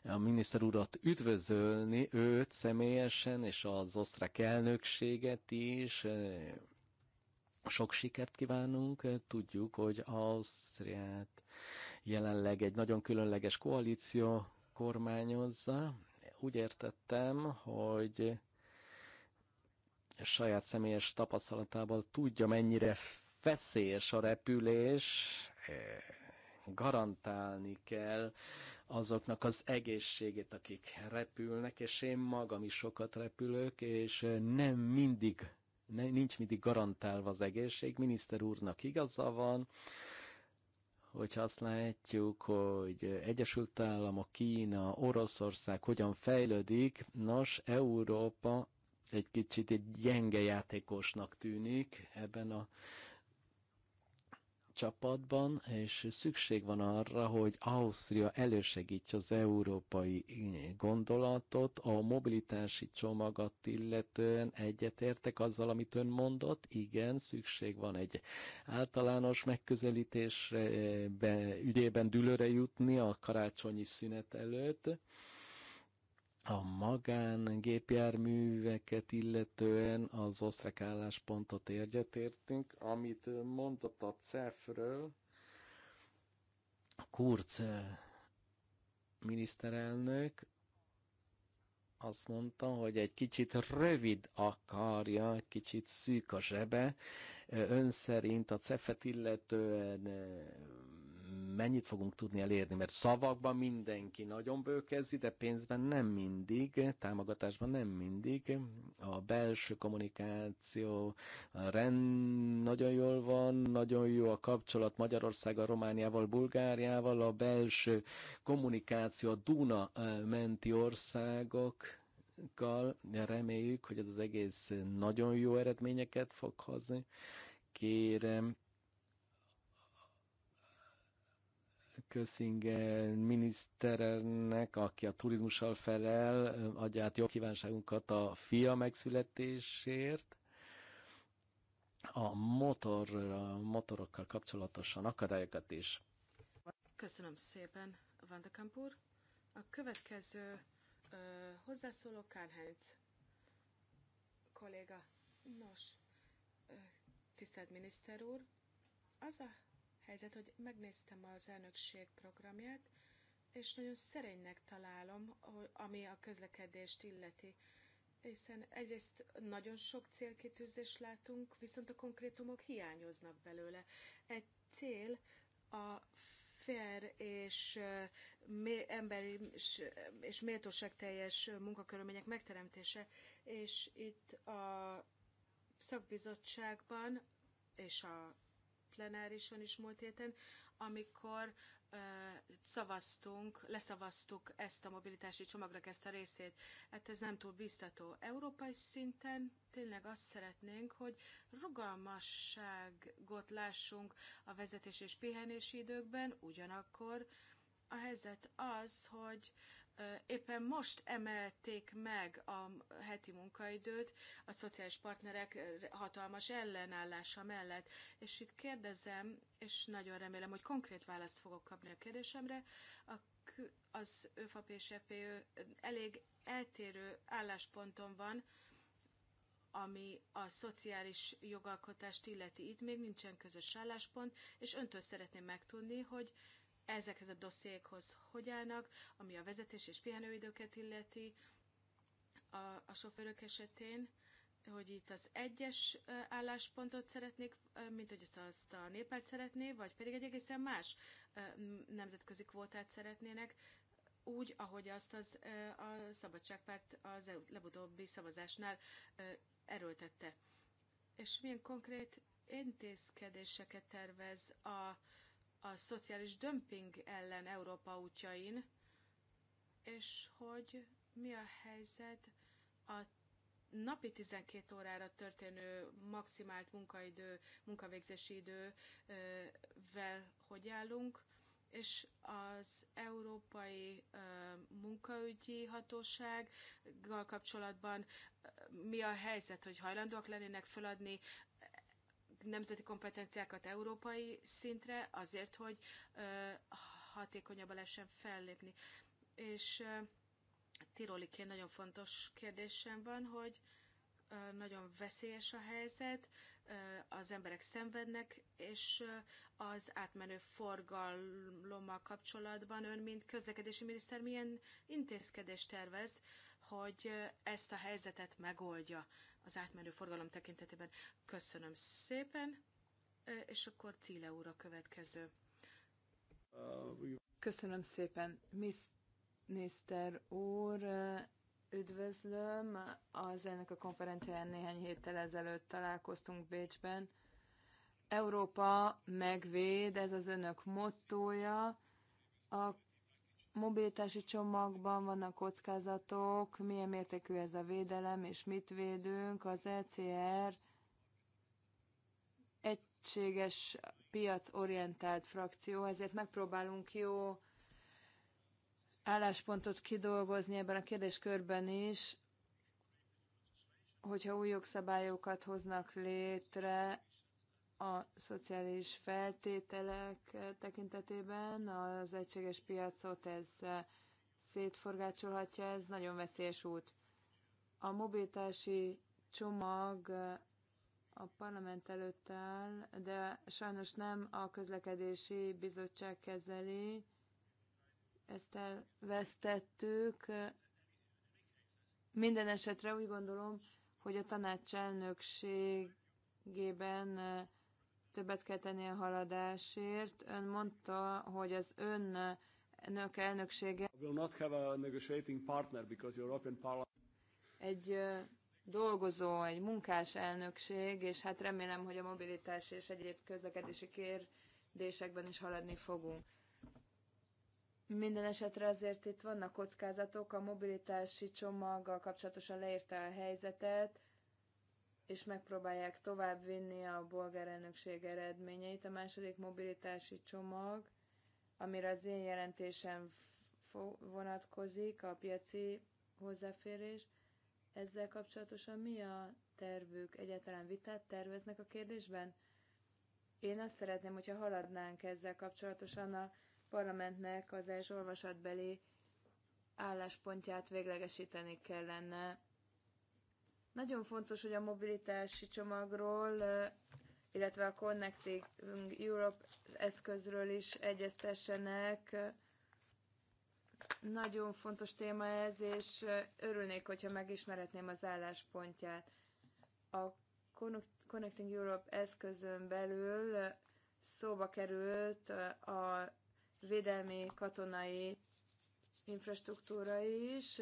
a miniszter urat üdvözölni, őt személyesen, és az osztrák elnökséget is. Sok sikert kívánunk, tudjuk, hogy Ausztriát jelenleg egy nagyon különleges koalíció kormányozza. Úgy értettem, hogy saját személyes tapasztalatából tudja, mennyire veszélyes a repülés, eh, garantálni kell azoknak az egészségét, akik repülnek, és én magam is sokat repülök, és eh, nem mindig, nem, nincs mindig garantálva az egészség. Miniszter úrnak igaza van, hogyha azt látjuk, hogy Egyesült Államok, Kína, Oroszország hogyan fejlődik, nos, Európa egy kicsit egy gyenge játékosnak tűnik ebben a csapatban, és szükség van arra, hogy Ausztria elősegítse az európai gondolatot, a mobilitási csomagat illetően egyetértek azzal, amit ön mondott. Igen, szükség van egy általános megközelítésre, be, ügyében dülőre jutni a karácsonyi szünet előtt a magángépjárműveket illetően az osztrák álláspontot egyetértünk, amit mondott a CEF-ről, Kurz eh, miniszterelnök azt mondta, hogy egy kicsit rövid akarja, egy kicsit szűk a zsebe. Ön szerint a cefet illetően eh, mennyit fogunk tudni elérni, mert szavakban mindenki nagyon bőkezi, de pénzben nem mindig, támogatásban nem mindig. A belső kommunikáció a rend nagyon jól van, nagyon jó a kapcsolat Magyarországgal, Romániával, Bulgáriával, a belső kommunikáció a Duna menti országok, reméljük, hogy ez az egész nagyon jó eredményeket fog hozni. Kérem, Kösszinger miniszternek, aki a turizmussal felel, adja át jó kívánságunkat a fia megszületésért. A, motor, a motorokkal kapcsolatosan akadályokat is. Köszönöm szépen, Vandekampur. úr. A következő ö, hozzászóló Kárhánc kolléga. Nos, ö, tisztelt miniszter úr, az a helyzet, hogy megnéztem az elnökség programját, és nagyon szerénynek találom, ami a közlekedést illeti, hiszen egyrészt nagyon sok célkitűzést látunk, viszont a konkrétumok hiányoznak belőle. Egy cél a fair és emberi és teljes munkakörülmények megteremtése, és itt a szakbizottságban és a plenárison is múlt héten, amikor szavaztunk, leszavaztuk ezt a mobilitási csomagnak ezt a részét. Hát ez nem túl biztató. Európai szinten tényleg azt szeretnénk, hogy rugalmasságot lássunk a vezetés és pihenési időkben, ugyanakkor a helyzet az, hogy Éppen most emelték meg a heti munkaidőt a szociális partnerek hatalmas ellenállása mellett, és itt kérdezem, és nagyon remélem, hogy konkrét választ fogok kapni a kérdésemre, a az ÖFAP és EP elég eltérő állásponton van, ami a szociális jogalkotást illeti. Itt még nincsen közös álláspont, és öntől szeretném megtudni, hogy ezekhez a dossziékhoz hogy állnak, ami a vezetés és pihenőidőket illeti a, a sofőrök esetén, hogy itt az egyes álláspontot szeretnék, mint hogy azt a népelt szeretné, vagy pedig egy egészen más nemzetközi kvótát szeretnének, úgy, ahogy azt az, a Szabadságpárt az e-, legutóbbi szavazásnál erőltette. És milyen konkrét intézkedéseket tervez a a szociális dömping ellen Európa útjain, és hogy mi a helyzet a napi 12 órára történő maximált munkaidő, munkavégzési idővel hogy állunk, és az Európai Munkaügyi Hatósággal kapcsolatban mi a helyzet, hogy hajlandóak lennének feladni nemzeti kompetenciákat európai szintre, azért, hogy hatékonyabban lehessen fellépni. És Tiroliként nagyon fontos kérdésem van, hogy nagyon veszélyes a helyzet, az emberek szenvednek, és az átmenő forgalommal kapcsolatban ön, mint közlekedési miniszter, milyen intézkedést tervez, hogy ezt a helyzetet megoldja? az átmenő forgalom tekintetében. Köszönöm szépen, és akkor Cíle úr a következő. Köszönöm szépen, miniszter úr. Üdvözlöm! Az ennek a konferencián néhány héttel ezelőtt találkoztunk Bécsben. Európa megvéd, ez az önök mottója. A mobilitási csomagban vannak kockázatok, milyen mértékű ez a védelem, és mit védünk. Az ECR egységes piacorientált frakció, ezért megpróbálunk jó álláspontot kidolgozni ebben a kérdéskörben is, hogyha új jogszabályokat hoznak létre, a szociális feltételek tekintetében az egységes piacot ez szétforgácsolhatja, ez nagyon veszélyes út. A mobiltási csomag a parlament előtt áll, de sajnos nem a közlekedési bizottság kezeli. Ezt elvesztettük. Minden esetre úgy gondolom, hogy a tanácselnökségében többet kell tenni a haladásért. Ön mondta, hogy az ön önök elnöksége egy dolgozó, egy munkás elnökség, és hát remélem, hogy a mobilitás és egyéb közlekedési kérdésekben is haladni fogunk. Minden esetre azért itt vannak kockázatok, a mobilitási csomaggal kapcsolatosan leírta a helyzetet, és megpróbálják továbbvinni a bolgár elnökség eredményeit. A második mobilitási csomag, amire az én jelentésem vonatkozik, a piaci hozzáférés, ezzel kapcsolatosan mi a tervük? Egyáltalán vitát terveznek a kérdésben? Én azt szeretném, hogyha haladnánk ezzel kapcsolatosan a parlamentnek az első olvasatbeli álláspontját véglegesíteni kellene nagyon fontos, hogy a mobilitási csomagról, illetve a Connecting Europe eszközről is egyeztessenek. Nagyon fontos téma ez, és örülnék, hogyha megismeretném az álláspontját. A Connecting Europe eszközön belül szóba került a védelmi katonai infrastruktúra is,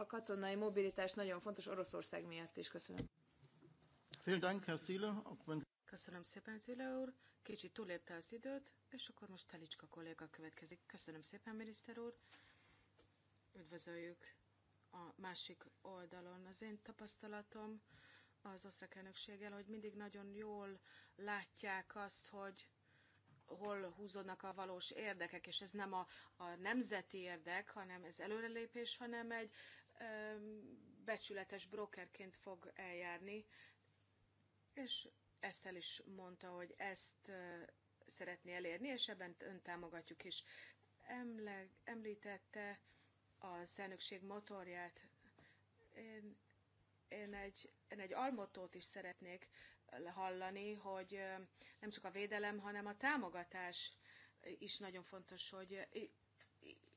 a katonai mobilitás nagyon fontos Oroszország miatt is. Köszönöm. Köszönöm szépen, Zile úr. Kicsit túlépte az időt, és akkor most Telicska kolléga következik. Köszönöm szépen, miniszter úr. Üdvözöljük a másik oldalon. Az én tapasztalatom az osztrák elnökséggel, hogy mindig nagyon jól látják azt, hogy hol húzódnak a valós érdekek, és ez nem a, a nemzeti érdek, hanem ez előrelépés, hanem egy becsületes brokerként fog eljárni, és ezt el is mondta, hogy ezt szeretné elérni, és ebben ön támogatjuk is. Emleg, említette a elnökség motorját. Én, én, egy, én egy almotót is szeretnék hallani, hogy nem csak a védelem, hanem a támogatás is nagyon fontos, hogy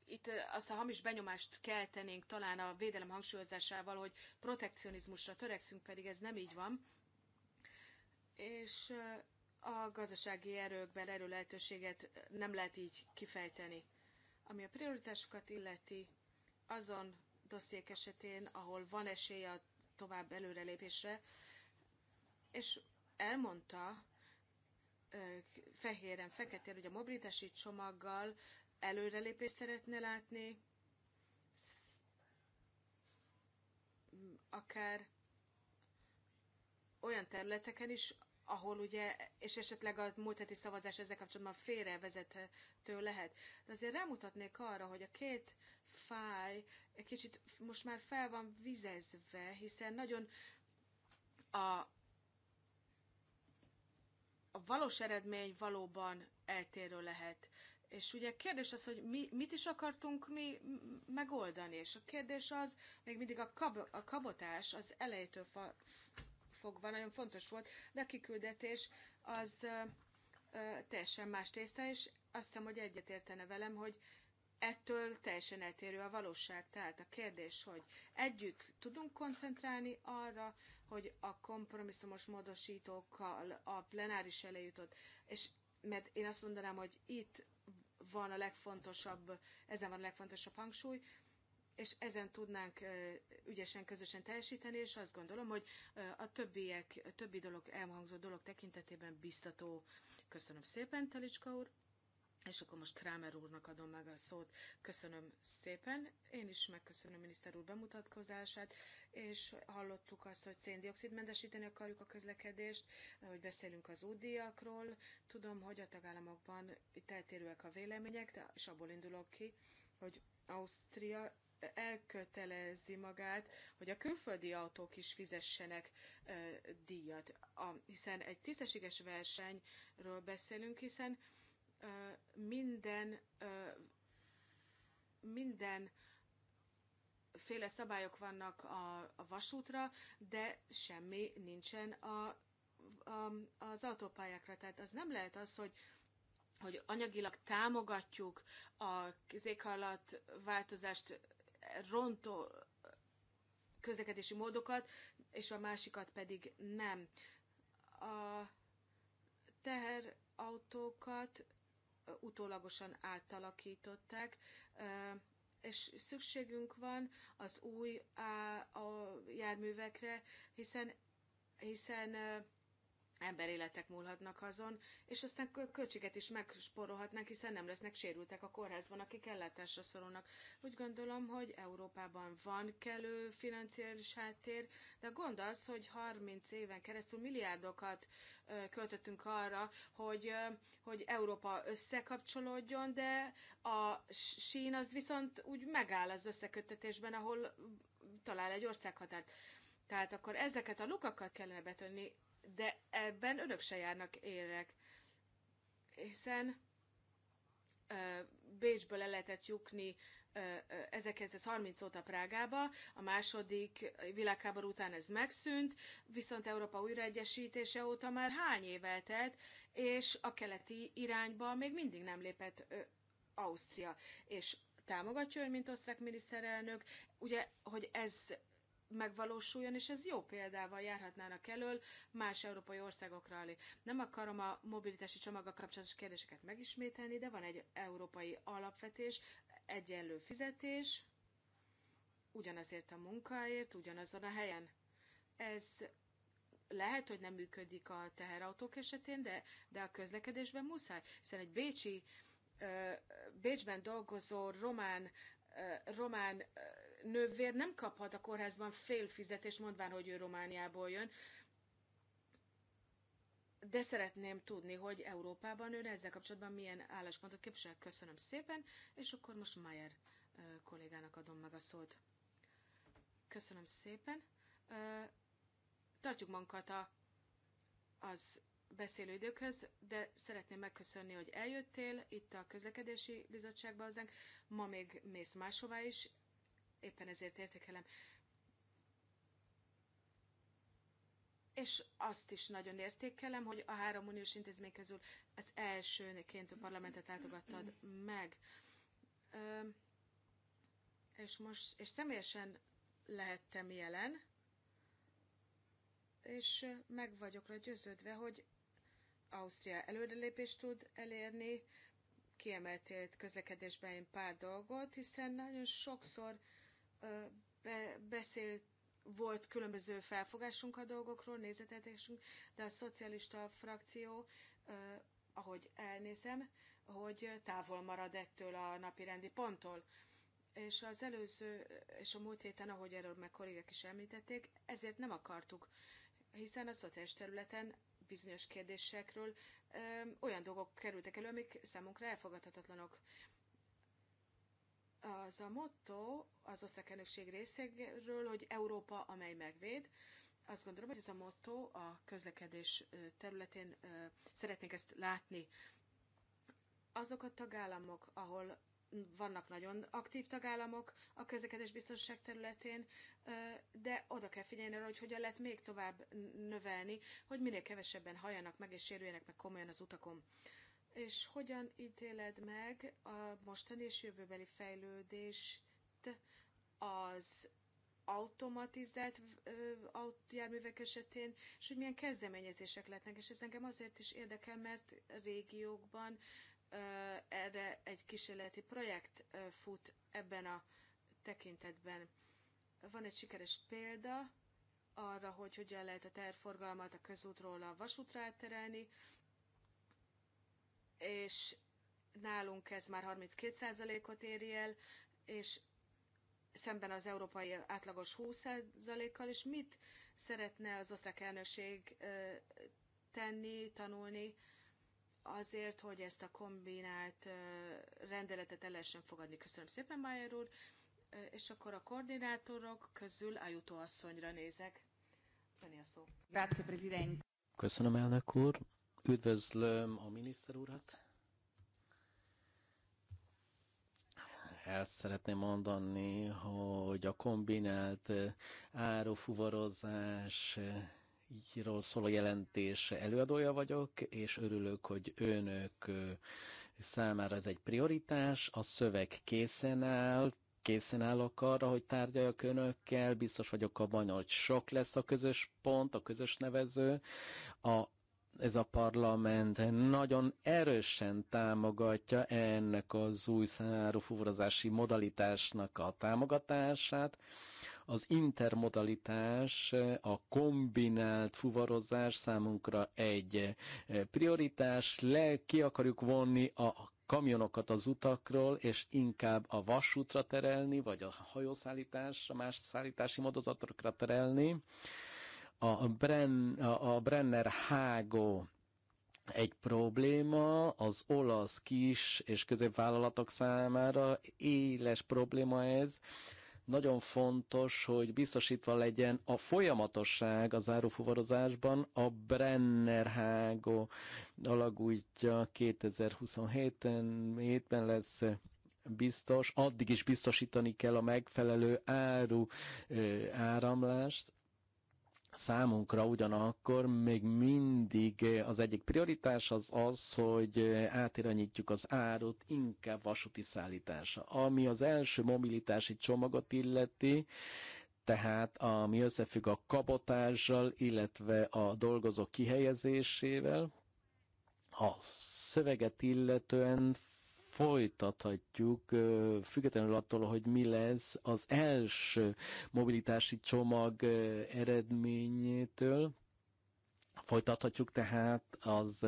itt azt a hamis benyomást keltenénk talán a védelem hangsúlyozásával, hogy protekcionizmusra törekszünk, pedig ez nem így van. És a gazdasági erőkben erő lehetőséget nem lehet így kifejteni. Ami a prioritásokat illeti, azon dossziék esetén, ahol van esély a tovább előrelépésre, és elmondta fehéren, feketén, hogy a mobilitási csomaggal előrelépést szeretne látni, akár olyan területeken is, ahol ugye, és esetleg a múlt heti szavazás ezzel kapcsolatban félrevezethető lehet. De azért rámutatnék arra, hogy a két fáj egy kicsit most már fel van vizezve, hiszen nagyon a, a valós eredmény valóban eltérő lehet. És ugye kérdés az, hogy mi, mit is akartunk mi megoldani, és a kérdés az, még mindig a, kab, a kabotás az elejétől fa, fogva nagyon fontos volt, de a kiküldetés az ö, ö, teljesen más tészta, és azt hiszem, hogy egyetértene velem, hogy ettől teljesen eltérő a valóság. Tehát a kérdés, hogy együtt tudunk koncentrálni arra, hogy a kompromisszumos módosítókkal a plenáris elejétől és mert én azt mondanám, hogy itt van a legfontosabb, ezen van a legfontosabb hangsúly, és ezen tudnánk ügyesen, közösen teljesíteni, és azt gondolom, hogy a többiek, a többi dolog, elhangzó dolog tekintetében biztató. Köszönöm szépen, Talicska úr! És akkor most Krámer úrnak adom meg a szót. Köszönöm szépen. Én is megköszönöm miniszter úr bemutatkozását, és hallottuk azt, hogy széndiokszidmentesíteni akarjuk a közlekedést, hogy beszélünk az útdíjakról. Tudom, hogy a tagállamokban itt eltérőek a vélemények, de, és abból indulok ki, hogy Ausztria elkötelezi magát, hogy a külföldi autók is fizessenek díjat, a, hiszen egy tisztességes versenyről beszélünk, hiszen minden, minden féle szabályok vannak a, a vasútra, de semmi nincsen a, a, az autópályákra. Tehát az nem lehet az, hogy hogy anyagilag támogatjuk a kizékhallat változást rontó közlekedési módokat, és a másikat pedig nem. A teherautókat utólagosan átalakították, és szükségünk van az új a, a járművekre, hiszen, hiszen emberéletek múlhatnak azon, és aztán költséget is megspórolhatnánk, hiszen nem lesznek sérültek a kórházban, akik ellátásra szorulnak. Úgy gondolom, hogy Európában van kellő financiális háttér, de a gond az, hogy 30 éven keresztül milliárdokat költöttünk arra, hogy, hogy Európa összekapcsolódjon, de a sín az viszont úgy megáll az összeköttetésben, ahol talál egy országhatárt. Tehát akkor ezeket a lukakat kellene betölni, de ebben önök se járnak élek, hiszen Bécsből el lehetett lyukni 1930 óta Prágába, a második világháború után ez megszűnt, viszont Európa újraegyesítése óta már hány év eltelt, és a keleti irányba még mindig nem lépett ö, Ausztria. És támogatja ő mint osztrák miniszterelnök, ugye, hogy ez megvalósuljon, és ez jó példával járhatnának elől más európai országokra Nem akarom a mobilitási csomaggal kapcsolatos kérdéseket megismételni, de van egy európai alapvetés, egyenlő fizetés, ugyanazért a munkáért, ugyanazon a helyen. Ez lehet, hogy nem működik a teherautók esetén, de, de a közlekedésben muszáj, hiszen egy bécsi Bécsben dolgozó román, román nővér nem kaphat a kórházban fél fizetést, mondván, hogy ő Romániából jön. De szeretném tudni, hogy Európában ő ezzel kapcsolatban milyen álláspontot képvisel. Köszönöm szépen, és akkor most Mayer kollégának adom meg a szót. Köszönöm szépen. Tartjuk magunkat a, az beszélőidőkhöz, de szeretném megköszönni, hogy eljöttél itt a közlekedési bizottságba hozzánk. Ma még mész máshová is, éppen ezért értékelem. És azt is nagyon értékelem, hogy a három uniós intézmény közül az elsőként a parlamentet látogattad meg. Ö, és most, és személyesen lehettem jelen, és meg vagyok rá győződve, hogy Ausztria előrelépést tud elérni, kiemeltél közlekedésben pár dolgot, hiszen nagyon sokszor be, beszélt, volt különböző felfogásunk a dolgokról, nézetetésünk, de a szocialista frakció, ahogy elnézem, hogy távol marad ettől a napirendi ponttól. És az előző, és a múlt héten, ahogy erről meg kollégák is említették, ezért nem akartuk, hiszen a szociális területen bizonyos kérdésekről ö, olyan dolgok kerültek elő, amik számunkra elfogadhatatlanok az a motto az osztrák elnökség részéről, hogy Európa, amely megvéd. Azt gondolom, hogy ez a motto a közlekedés területén szeretnénk ezt látni. Azok a tagállamok, ahol vannak nagyon aktív tagállamok a közlekedés biztonság területén, de oda kell figyelni arra, hogy hogyan lehet még tovább növelni, hogy minél kevesebben halljanak meg és sérüljenek meg komolyan az utakon és hogyan ítéled meg a mostani és jövőbeli fejlődést az automatizált járművek esetén, és hogy milyen kezdeményezések lehetnek. És ez engem azért is érdekel, mert régiókban erre egy kísérleti projekt fut ebben a tekintetben. Van egy sikeres példa arra, hogy hogyan lehet a terforgalmat a közútról a vasútra átterelni, és nálunk ez már 32%-ot éri el, és szemben az európai átlagos 20%-kal, és mit szeretne az osztrák elnökség tenni, tanulni azért, hogy ezt a kombinált rendeletet el lehessen fogadni. Köszönöm szépen, Májer úr, és akkor a koordinátorok közül a jutóasszonyra nézek. Grazie, Köszönöm, elnök úr. Üdvözlöm a miniszter urat. El szeretném mondani, hogy a kombinált eh, árufuvarozás ígyról szóló jelentés előadója vagyok, és örülök, hogy önök eh, számára ez egy prioritás. A szöveg készen áll, készen állok arra, hogy tárgyaljak önökkel, biztos vagyok abban, hogy sok lesz a közös pont, a közös nevező. A ez a parlament nagyon erősen támogatja ennek az új szárufúrozási modalitásnak a támogatását. Az intermodalitás, a kombinált fuvarozás számunkra egy prioritás, le ki akarjuk vonni a kamionokat az utakról, és inkább a vasútra terelni, vagy a hajószállításra, más szállítási módozatokra terelni a, Bren, a, Brenner hágó egy probléma az olasz kis és középvállalatok számára, éles probléma ez. Nagyon fontos, hogy biztosítva legyen a folyamatosság az árufuvarozásban, a Brenner hágó alagújtja 2027-ben lesz biztos, addig is biztosítani kell a megfelelő áru áramlást, Számunkra ugyanakkor még mindig az egyik prioritás az az, hogy átirányítjuk az árut inkább vasúti szállítása. Ami az első mobilitási csomagot illeti, tehát ami összefügg a kabotással, illetve a dolgozók kihelyezésével, a szöveget illetően folytathatjuk, függetlenül attól, hogy mi lesz az első mobilitási csomag eredményétől. Folytathatjuk tehát az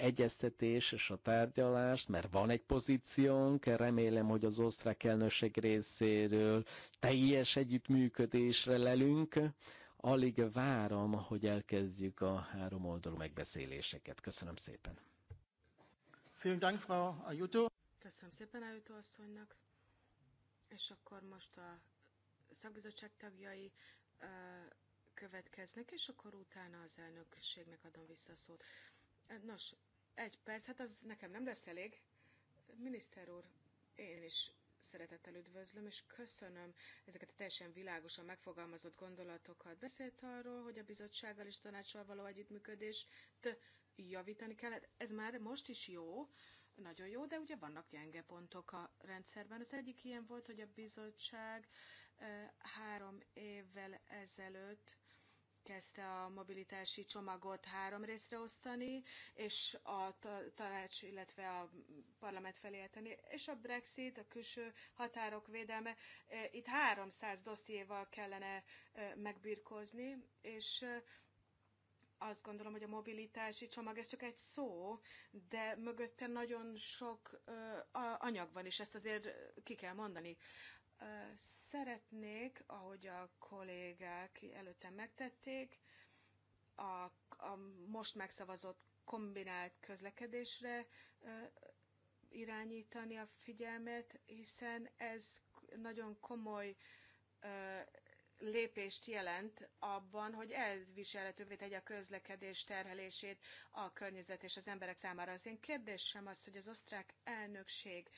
egyeztetés és a tárgyalást, mert van egy pozíciónk, remélem, hogy az osztrák elnökség részéről teljes együttműködésre lelünk. Alig várom, hogy elkezdjük a három oldalú megbeszéléseket. Köszönöm szépen! Köszönöm szépen Ajutó asszonynak. És akkor most a szakbizottság tagjai következnek, és akkor utána az elnökségnek adom vissza a szót. Nos, egy perc, hát az nekem nem lesz elég. Miniszter úr, én is szeretettel üdvözlöm, és köszönöm ezeket a teljesen világosan megfogalmazott gondolatokat. Beszélt arról, hogy a bizottsággal és tanácssal való együttműködést javítani kellett. Ez már most is jó, nagyon jó, de ugye vannak gyenge pontok a rendszerben. Az egyik ilyen volt, hogy a bizottság eh, három évvel ezelőtt kezdte a mobilitási csomagot három részre osztani, és a tanács, illetve a parlament felé eltenni, és a Brexit, a külső határok védelme, eh, itt 300 dossziéval kellene eh, megbirkózni, és azt gondolom, hogy a mobilitási csomag, ez csak egy szó, de mögötte nagyon sok anyag van, és ezt azért ki kell mondani. Szeretnék, ahogy a kollégák előttem megtették, a, a most megszavazott kombinált közlekedésre irányítani a figyelmet, hiszen ez nagyon komoly lépést jelent abban, hogy elviselhetővé tegye a közlekedés terhelését a környezet és az emberek számára. Az én kérdésem az, hogy az osztrák elnökség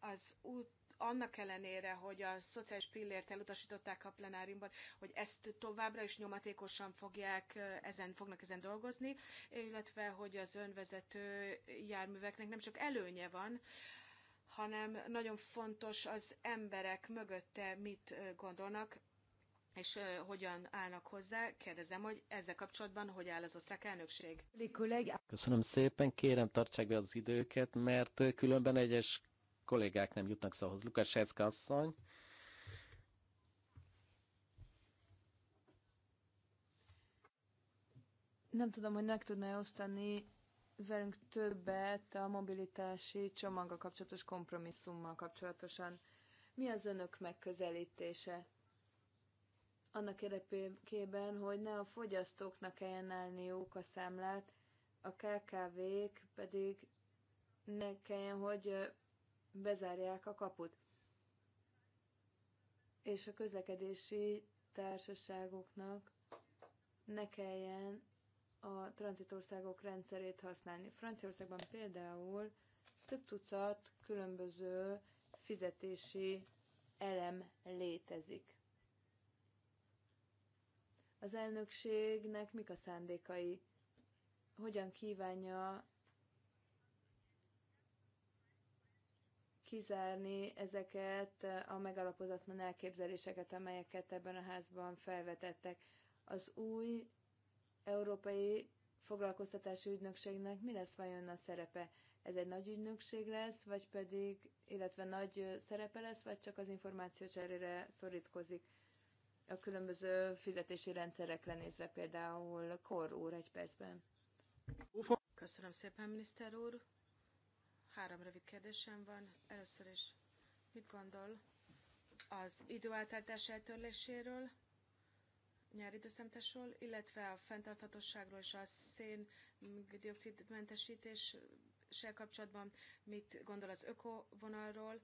az út annak ellenére, hogy a szociális pillért elutasították a plenáriumban, hogy ezt továbbra is nyomatékosan fogják, eh, ezen fognak ezen dolgozni, illetve hogy az önvezető járműveknek nem csak előnye van, hanem nagyon fontos az emberek mögötte mit eh, gondolnak, és hogyan állnak hozzá. Kérdezem, hogy ezzel kapcsolatban hogy áll az osztrák elnökség? Köszönöm szépen, kérem tartsák be az időket, mert különben egyes kollégák nem jutnak szóhoz. Lukasecka asszony. Nem tudom, hogy meg tudná osztani velünk többet a mobilitási csomaggal kapcsolatos kompromisszummal kapcsolatosan. Mi az önök megközelítése? annak érdekében, hogy ne a fogyasztóknak kelljen állniuk a számlát, a KKV-k pedig ne kelljen, hogy bezárják a kaput. És a közlekedési társaságoknak ne kelljen a tranzitországok rendszerét használni. Franciaországban például több tucat különböző fizetési elem létezik. Az elnökségnek mik a szándékai? Hogyan kívánja kizárni ezeket a megalapozatlan elképzeléseket, amelyeket ebben a házban felvetettek. Az új európai foglalkoztatási ügynökségnek mi lesz vajon a szerepe? Ez egy nagy ügynökség lesz, vagy pedig, illetve nagy szerepe lesz, vagy csak az információ cserére szorítkozik? a különböző fizetési rendszerekre nézve például Kor úr egy percben. Köszönöm szépen, miniszter úr. Három rövid kérdésem van. Először is, mit gondol az időáltáltás eltörléséről, nyári időszámításról, illetve a fenntarthatóságról és a szén-dioxidmentesítéssel kapcsolatban mit gondol az ökovonalról,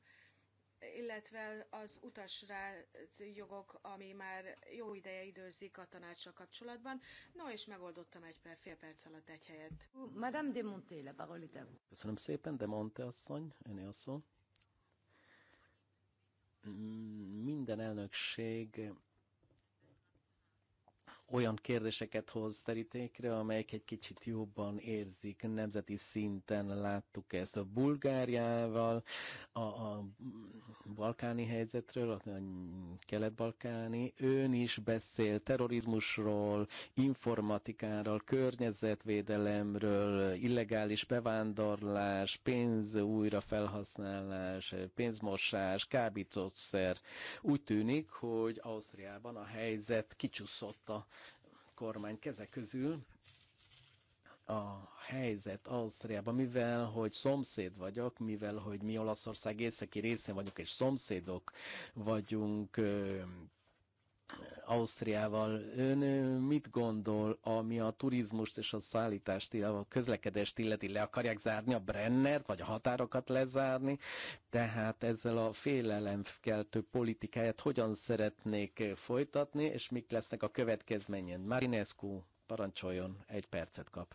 illetve az utasrác jogok, ami már jó ideje időzik a tanácssal kapcsolatban. No, és megoldottam egy per, fél perc alatt egy helyet. Madame de Monté, la parole est Köszönöm szépen, de Monté asszony, öné a szó. Minden elnökség olyan kérdéseket hoz terítékre, amelyek egy kicsit jobban érzik nemzeti szinten. Láttuk ezt a Bulgáriával, a, a balkáni helyzetről, a kelet-balkáni. Ön is beszél terrorizmusról, informatikáról, környezetvédelemről, illegális bevándorlás, pénz újrafelhasználás, pénzmosás, kábítószer. Úgy tűnik, hogy Ausztriában a helyzet kicsúszott a kormány keze közül a helyzet Ausztriában, mivel hogy szomszéd vagyok, mivel hogy mi Olaszország északi részén vagyunk, és szomszédok vagyunk Ausztriával. Ön mit gondol, ami a turizmust és a szállítást, a közlekedést illeti, le akarják zárni a Brennert, vagy a határokat lezárni? Tehát ezzel a félelemkeltő politikáját hogyan szeretnék folytatni, és mik lesznek a következményen? Marinescu, parancsoljon, egy percet kap.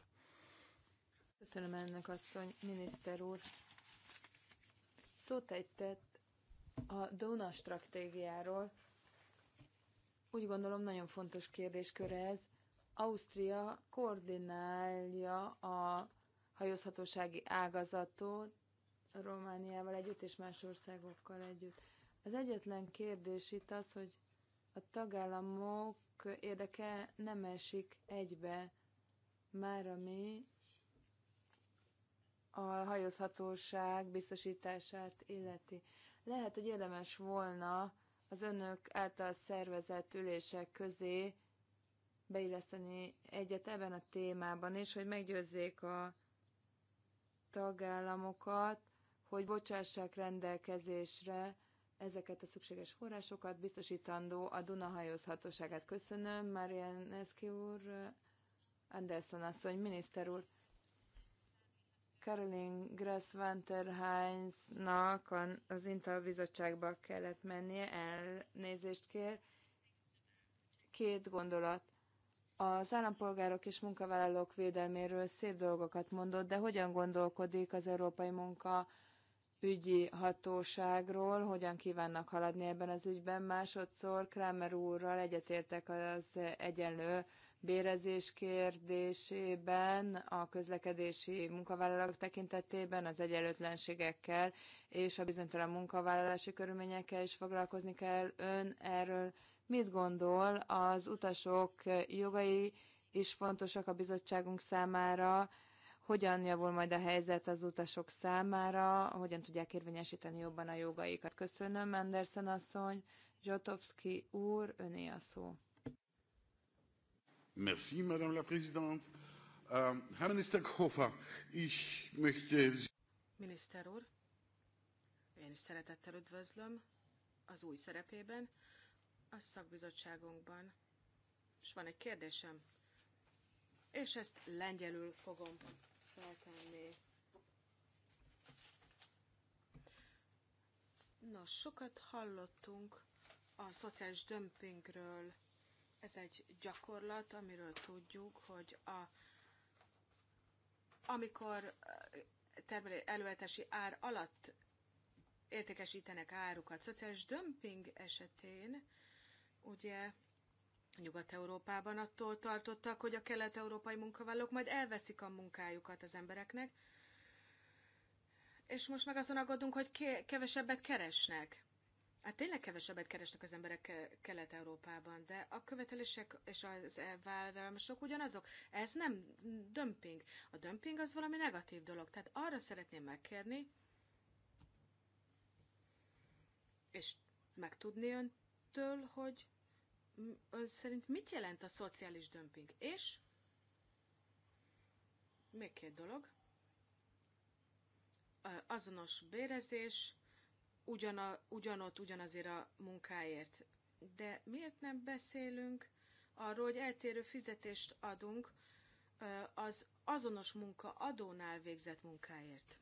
Köszönöm ennek asszony, miniszter úr. Szót tett a Duna stratégiáról, úgy gondolom, nagyon fontos kérdéskör ez. Ausztria koordinálja a hajózhatósági ágazatot Romániával együtt és más országokkal együtt. Az egyetlen kérdés itt az, hogy a tagállamok érdeke nem esik egybe már ami a hajózhatóság biztosítását illeti. Lehet, hogy érdemes volna az önök által szervezett ülések közé beilleszteni egyet ebben a témában is, hogy meggyőzzék a tagállamokat, hogy bocsássák rendelkezésre ezeket a szükséges forrásokat, biztosítandó a Dunahajózhatóságát. Köszönöm, Marian Eszki úr, Anderson asszony, miniszter úr. Caroline Grass nak az Intel bizottságba kellett mennie, elnézést kér. Két gondolat. Az állampolgárok és munkavállalók védelméről szép dolgokat mondott, de hogyan gondolkodik az Európai Munka ügyi hatóságról, hogyan kívánnak haladni ebben az ügyben. Másodszor Kramer úrral egyetértek az egyenlő bérezés kérdésében, a közlekedési munkavállalók tekintetében, az egyenlőtlenségekkel és a bizonytalan munkavállalási körülményekkel is foglalkozni kell. Ön erről mit gondol? Az utasok jogai is fontosak a bizottságunk számára. Hogyan javul majd a helyzet az utasok számára? Hogyan tudják érvényesíteni jobban a jogaikat? Köszönöm, Andersen asszony. Zsotowski úr, öné a szó. Merci, Madame la Présidente. Uh, Herr Minister Kofa, ich möchte... Miniszter úr, én is szeretettel üdvözlöm az új szerepében, a szakbizottságunkban. És van egy kérdésem, és ezt lengyelül fogom feltenni. Nos, sokat hallottunk a szociális dömpingről, ez egy gyakorlat, amiről tudjuk, hogy a, amikor eh, termelő előállítási ár alatt értékesítenek árukat, szociális dömping esetén, ugye Nyugat-Európában attól tartottak, hogy a kelet-európai munkavállalók majd elveszik a munkájukat az embereknek, és most meg azon aggódunk, hogy kevesebbet keresnek. Hát tényleg kevesebbet keresnek az emberek Kelet-Európában, de a követelések és az elvárások ugyanazok. Ez nem dömping. A dömping az valami negatív dolog. Tehát arra szeretném megkérni, és megtudni öntől, hogy ön szerint mit jelent a szociális dömping. És még két dolog. Azonos bérezés, ugyana, ugyanott, ugyanazért a munkáért. De miért nem beszélünk arról, hogy eltérő fizetést adunk az azonos munka adónál végzett munkáért?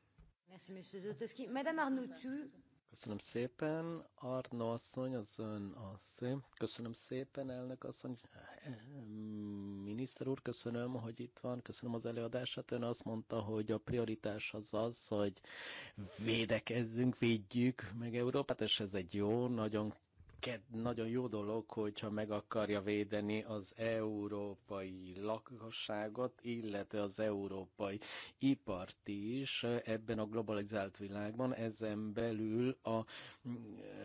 Merci, Monsieur Zotowski. Madame Arnautu, Köszönöm szépen, Arno asszony, az ön asszony. Köszönöm szépen, elnök asszony, miniszter úr, köszönöm, hogy itt van, köszönöm az előadását. Ön azt mondta, hogy a prioritás az az, hogy védekezzünk, védjük meg Európát, és ez egy jó, nagyon nagyon jó dolog, hogyha meg akarja védeni az európai lakosságot, illetve az európai ipart is ebben a globalizált világban, ezen belül a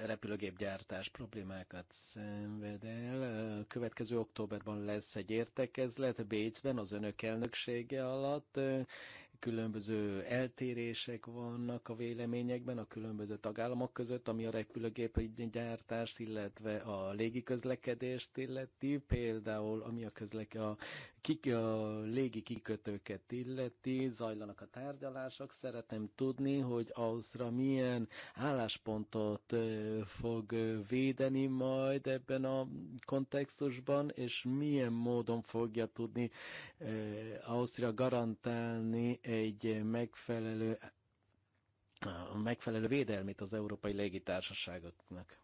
repülőgépgyártás problémákat szenved el. Következő októberben lesz egy értekezlet Bécsben az önök elnöksége alatt különböző eltérések vannak a véleményekben a különböző tagállamok között, ami a repülőgép gyártást, illetve a légiközlekedést illeti, például ami a, közlek- a kik, a légi kikötőket illeti, zajlanak a tárgyalások. Szeretném tudni, hogy Ausztra milyen álláspontot fog védeni majd ebben a kontextusban, és milyen módon fogja tudni Ausztria garantálni egy megfelelő megfelelő védelmét az európai légitársaságoknak.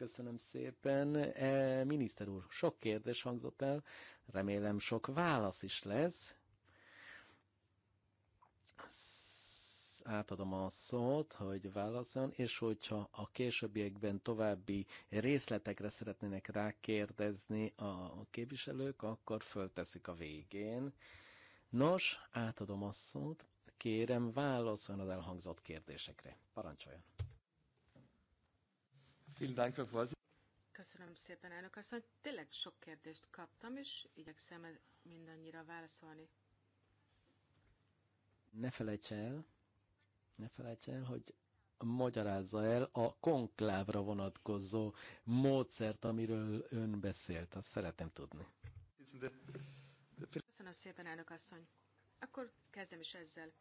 Köszönöm szépen. E, miniszter úr, sok kérdés hangzott el, remélem sok válasz is lesz. átadom a szót, hogy válaszol, és hogyha a későbbiekben további részletekre szeretnének rákérdezni a képviselők, akkor fölteszik a végén. Nos, átadom a szót, kérem válaszoljon az elhangzott kérdésekre. Parancsoljon! Köszönöm szépen, elnök asszony. Tényleg sok kérdést kaptam, és igyekszem mindannyira válaszolni. Ne felejts el, ne felejts el, hogy magyarázza el a konklávra vonatkozó módszert, amiről ön beszélt. Azt szeretem tudni. Köszönöm szépen, elnök asszony. Akkor kezdem is ezzel.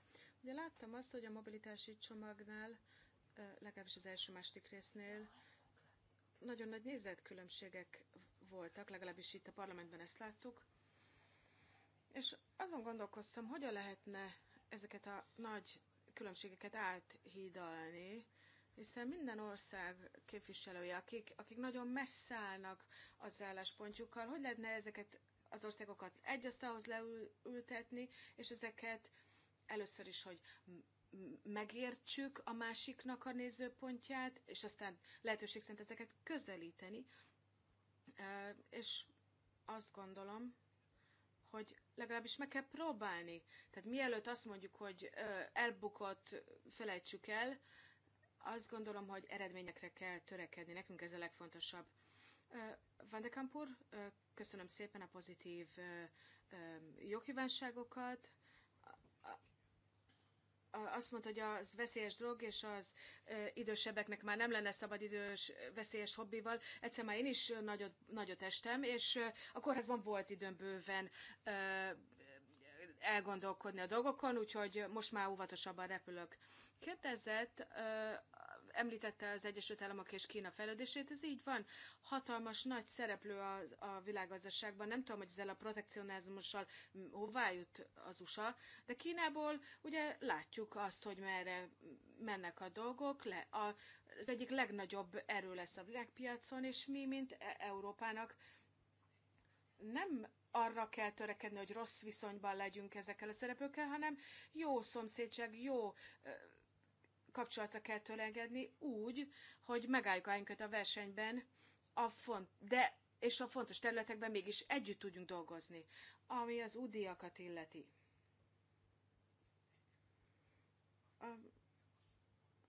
Ugye láttam azt, hogy a mobilitási csomagnál, legalábbis az első-második résznél nagyon nagy nézetkülönbségek voltak, legalábbis itt a parlamentben ezt láttuk, és azon gondolkoztam, hogyan lehetne ezeket a nagy különbségeket áthidalni, hiszen minden ország képviselője, akik, akik nagyon messze állnak az álláspontjukkal, hogy lehetne ezeket az országokat egy asztalhoz leültetni, és ezeket először is, hogy megértsük a másiknak a nézőpontját, és aztán lehetőség szerint ezeket közelíteni. És azt gondolom, hogy legalábbis meg kell próbálni. Tehát mielőtt azt mondjuk, hogy elbukott, felejtsük el, azt gondolom, hogy eredményekre kell törekedni. Nekünk ez a legfontosabb. Van de Kampur, köszönöm szépen a pozitív jogkívánságokat azt mondta, hogy az veszélyes drog, és az idősebbeknek már nem lenne szabad idős veszélyes hobbival. Egyszer már én is nagyot, nagyot estem, és a kórházban volt időm bőven elgondolkodni a dolgokon, úgyhogy most már óvatosabban repülök. Kérdezett említette az Egyesült Államok és Kína fejlődését, ez így van. Hatalmas, nagy szereplő a, a világgazdaságban. Nem tudom, hogy ezzel a protekcionizmussal hová jut az USA, de Kínából ugye látjuk azt, hogy merre mennek a dolgok. Le, a, az egyik legnagyobb erő lesz a világpiacon, és mi, mint e, Európának nem arra kell törekedni, hogy rossz viszonyban legyünk ezekkel a szereplőkkel, hanem jó szomszédság, jó kapcsolatra kell törekedni úgy, hogy megálljuk a a versenyben, a font, de és a fontos területekben mégis együtt tudjunk dolgozni, ami az údiakat illeti.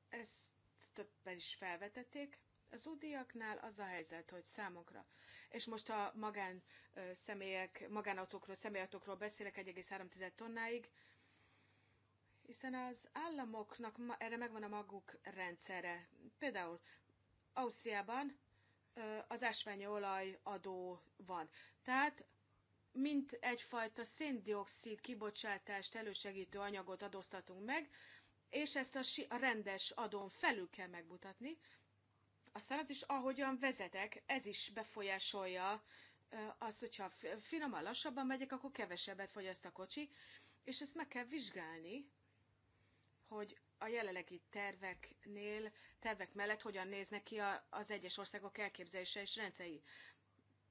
ezt többen is felvetették. Az údiaknál az a helyzet, hogy számokra, és most a magán személyek, magánautókról, személyautókról beszélek 1,3 tonnáig, hiszen az államoknak ma, erre megvan a maguk rendszere. Például Ausztriában az ásványi olaj adó van. Tehát mint egyfajta széndiokszid kibocsátást elősegítő anyagot adóztatunk meg, és ezt a, a rendes adón felül kell megmutatni. Aztán az is, ahogyan vezetek, ez is befolyásolja azt, hogyha finoman, lassabban megyek, akkor kevesebbet fogyaszt a kocsi, és ezt meg kell vizsgálni, hogy a jelenlegi terveknél, tervek mellett hogyan néznek ki a, az egyes országok elképzelése és rendszerei.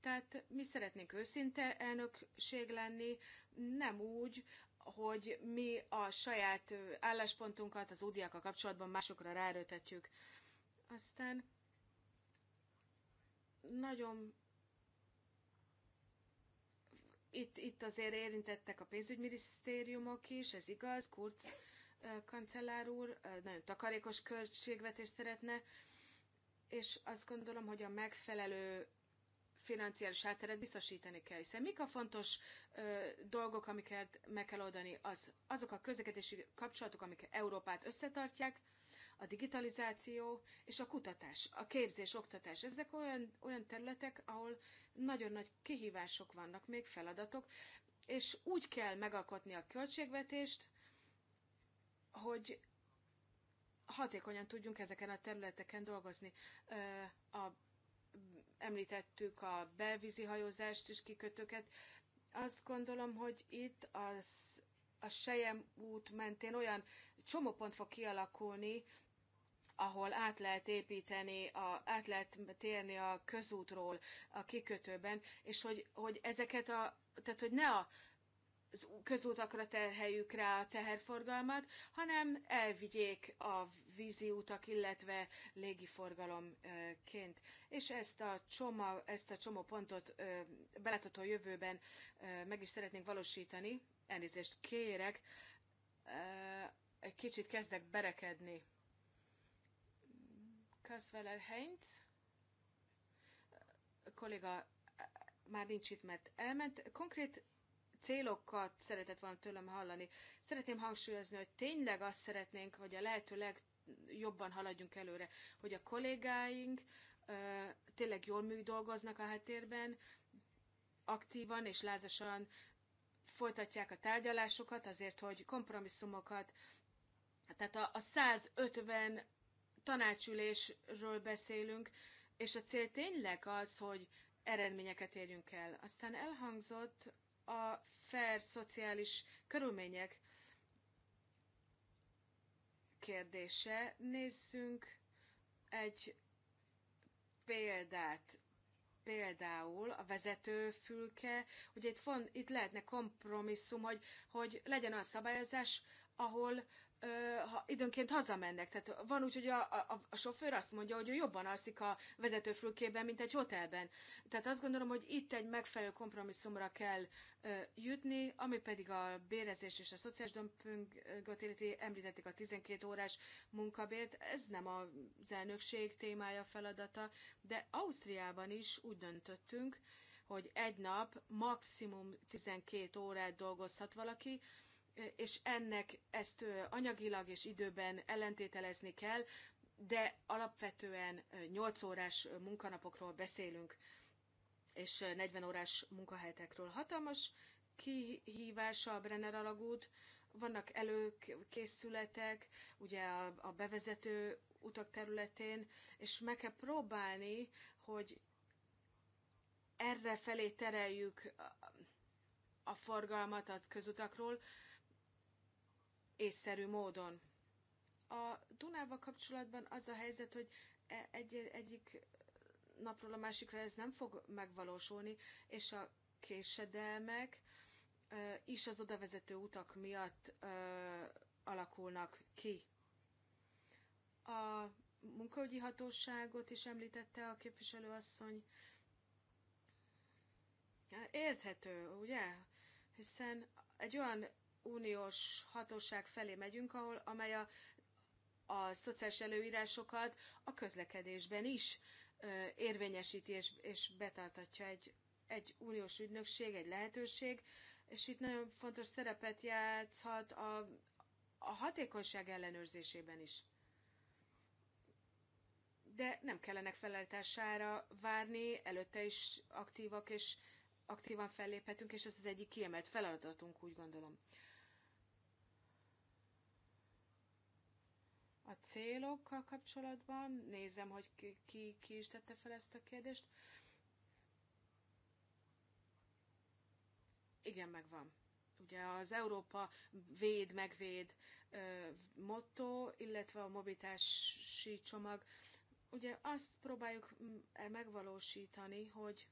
Tehát mi szeretnénk őszinte elnökség lenni, nem úgy, hogy mi a saját álláspontunkat az údiakkal kapcsolatban másokra ráerőtetjük. Aztán nagyon itt, itt azért érintettek a pénzügyminisztériumok is, ez igaz, Kurz kancellár úr, nagyon takarékos költségvetést szeretne, és azt gondolom, hogy a megfelelő financiális hátteret biztosítani kell, hiszen mik a fontos ö, dolgok, amiket meg kell oldani, az, azok a közlekedési kapcsolatok, amik Európát összetartják, a digitalizáció és a kutatás, a képzés, oktatás. Ezek olyan, olyan területek, ahol nagyon nagy kihívások vannak, még feladatok, és úgy kell megalkotni a költségvetést, hogy hatékonyan tudjunk ezeken a területeken dolgozni. A, említettük a belvízi hajózást és kikötőket. Azt gondolom, hogy itt az, a Sejem út mentén olyan csomópont fog kialakulni, ahol át lehet építeni, a, át lehet térni a közútról a kikötőben, és hogy, hogy ezeket a, tehát hogy ne a, közútakra terheljük rá a teherforgalmat, hanem elvigyék a vízi utak, illetve légiforgalomként. És ezt a, csoma, ezt a csomó pontot beletható jövőben meg is szeretnénk valósítani. Elnézést kérek, egy kicsit kezdek berekedni. Kaszveler Heinz, kolléga már nincs itt, mert elment. Konkrét célokat szeretett volna tőlem hallani. Szeretném hangsúlyozni, hogy tényleg azt szeretnénk, hogy a lehető legjobban haladjunk előre, hogy a kollégáink tényleg jól dolgoznak a háttérben, aktívan és lázasan folytatják a tárgyalásokat azért, hogy kompromisszumokat, tehát a, a 150 tanácsülésről beszélünk, és a cél tényleg az, hogy eredményeket érjünk el. Aztán elhangzott a fair szociális körülmények kérdése. Nézzünk egy példát például a vezetőfülke, ugye itt, font, itt lehetne kompromisszum, hogy, hogy legyen olyan szabályozás, ahol ö, ha, időnként hazamennek. Tehát van úgy, hogy a, a, a sofőr azt mondja, hogy ő jobban alszik a vezetőfülkében, mint egy hotelben. Tehát azt gondolom, hogy itt egy megfelelő kompromisszumra kell ö, jutni, ami pedig a bérezés és a szociális dömpingot illeti, említették a 12 órás munkabért, ez nem az elnökség témája, feladata, de Ausztriában is úgy döntöttünk, hogy egy nap maximum 12 órát dolgozhat valaki, és ennek ezt anyagilag és időben ellentételezni kell, de alapvetően 8 órás munkanapokról beszélünk, és 40 órás munkahelyekről. Hatalmas kihívása a Brenner alagút, vannak előkészületek, ugye a, a bevezető utak területén, és meg kell próbálni, hogy erre felé tereljük a forgalmat az közutakról, észszerű módon. A Dunával kapcsolatban az a helyzet, hogy e- egy, egyik napról a másikra ez nem fog megvalósulni, és a késedelmek is az odavezető utak miatt alakulnak ki. A munkaügyi hatóságot is említette a képviselőasszony. Érthető, ugye? Hiszen egy olyan uniós hatóság felé megyünk, ahol, amely a, a szociális előírásokat a közlekedésben is ö, érvényesíti és, és betartatja egy, egy uniós ügynökség, egy lehetőség, és itt nagyon fontos szerepet játszhat a, a hatékonyság ellenőrzésében is. De nem kellene felállítására várni, előtte is aktívak és aktívan felléphetünk, és ez az egyik kiemelt feladatunk, úgy gondolom. a célokkal kapcsolatban, nézem, hogy ki, ki, ki is tette fel ezt a kérdést. Igen, megvan. Ugye az Európa véd, megvéd ö, motto, illetve a mobilitási csomag. Ugye azt próbáljuk megvalósítani, hogy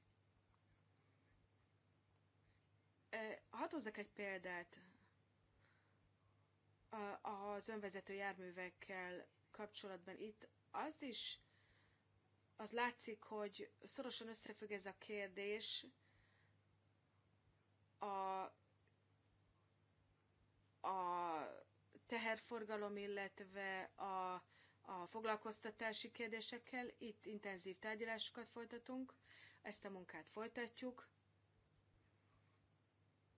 hadd hozzak egy példát az önvezető járművekkel kapcsolatban itt az is, az látszik, hogy szorosan összefügg ez a kérdés a, a teherforgalom, illetve a, a foglalkoztatási kérdésekkel. Itt intenzív tárgyalásokat folytatunk, ezt a munkát folytatjuk,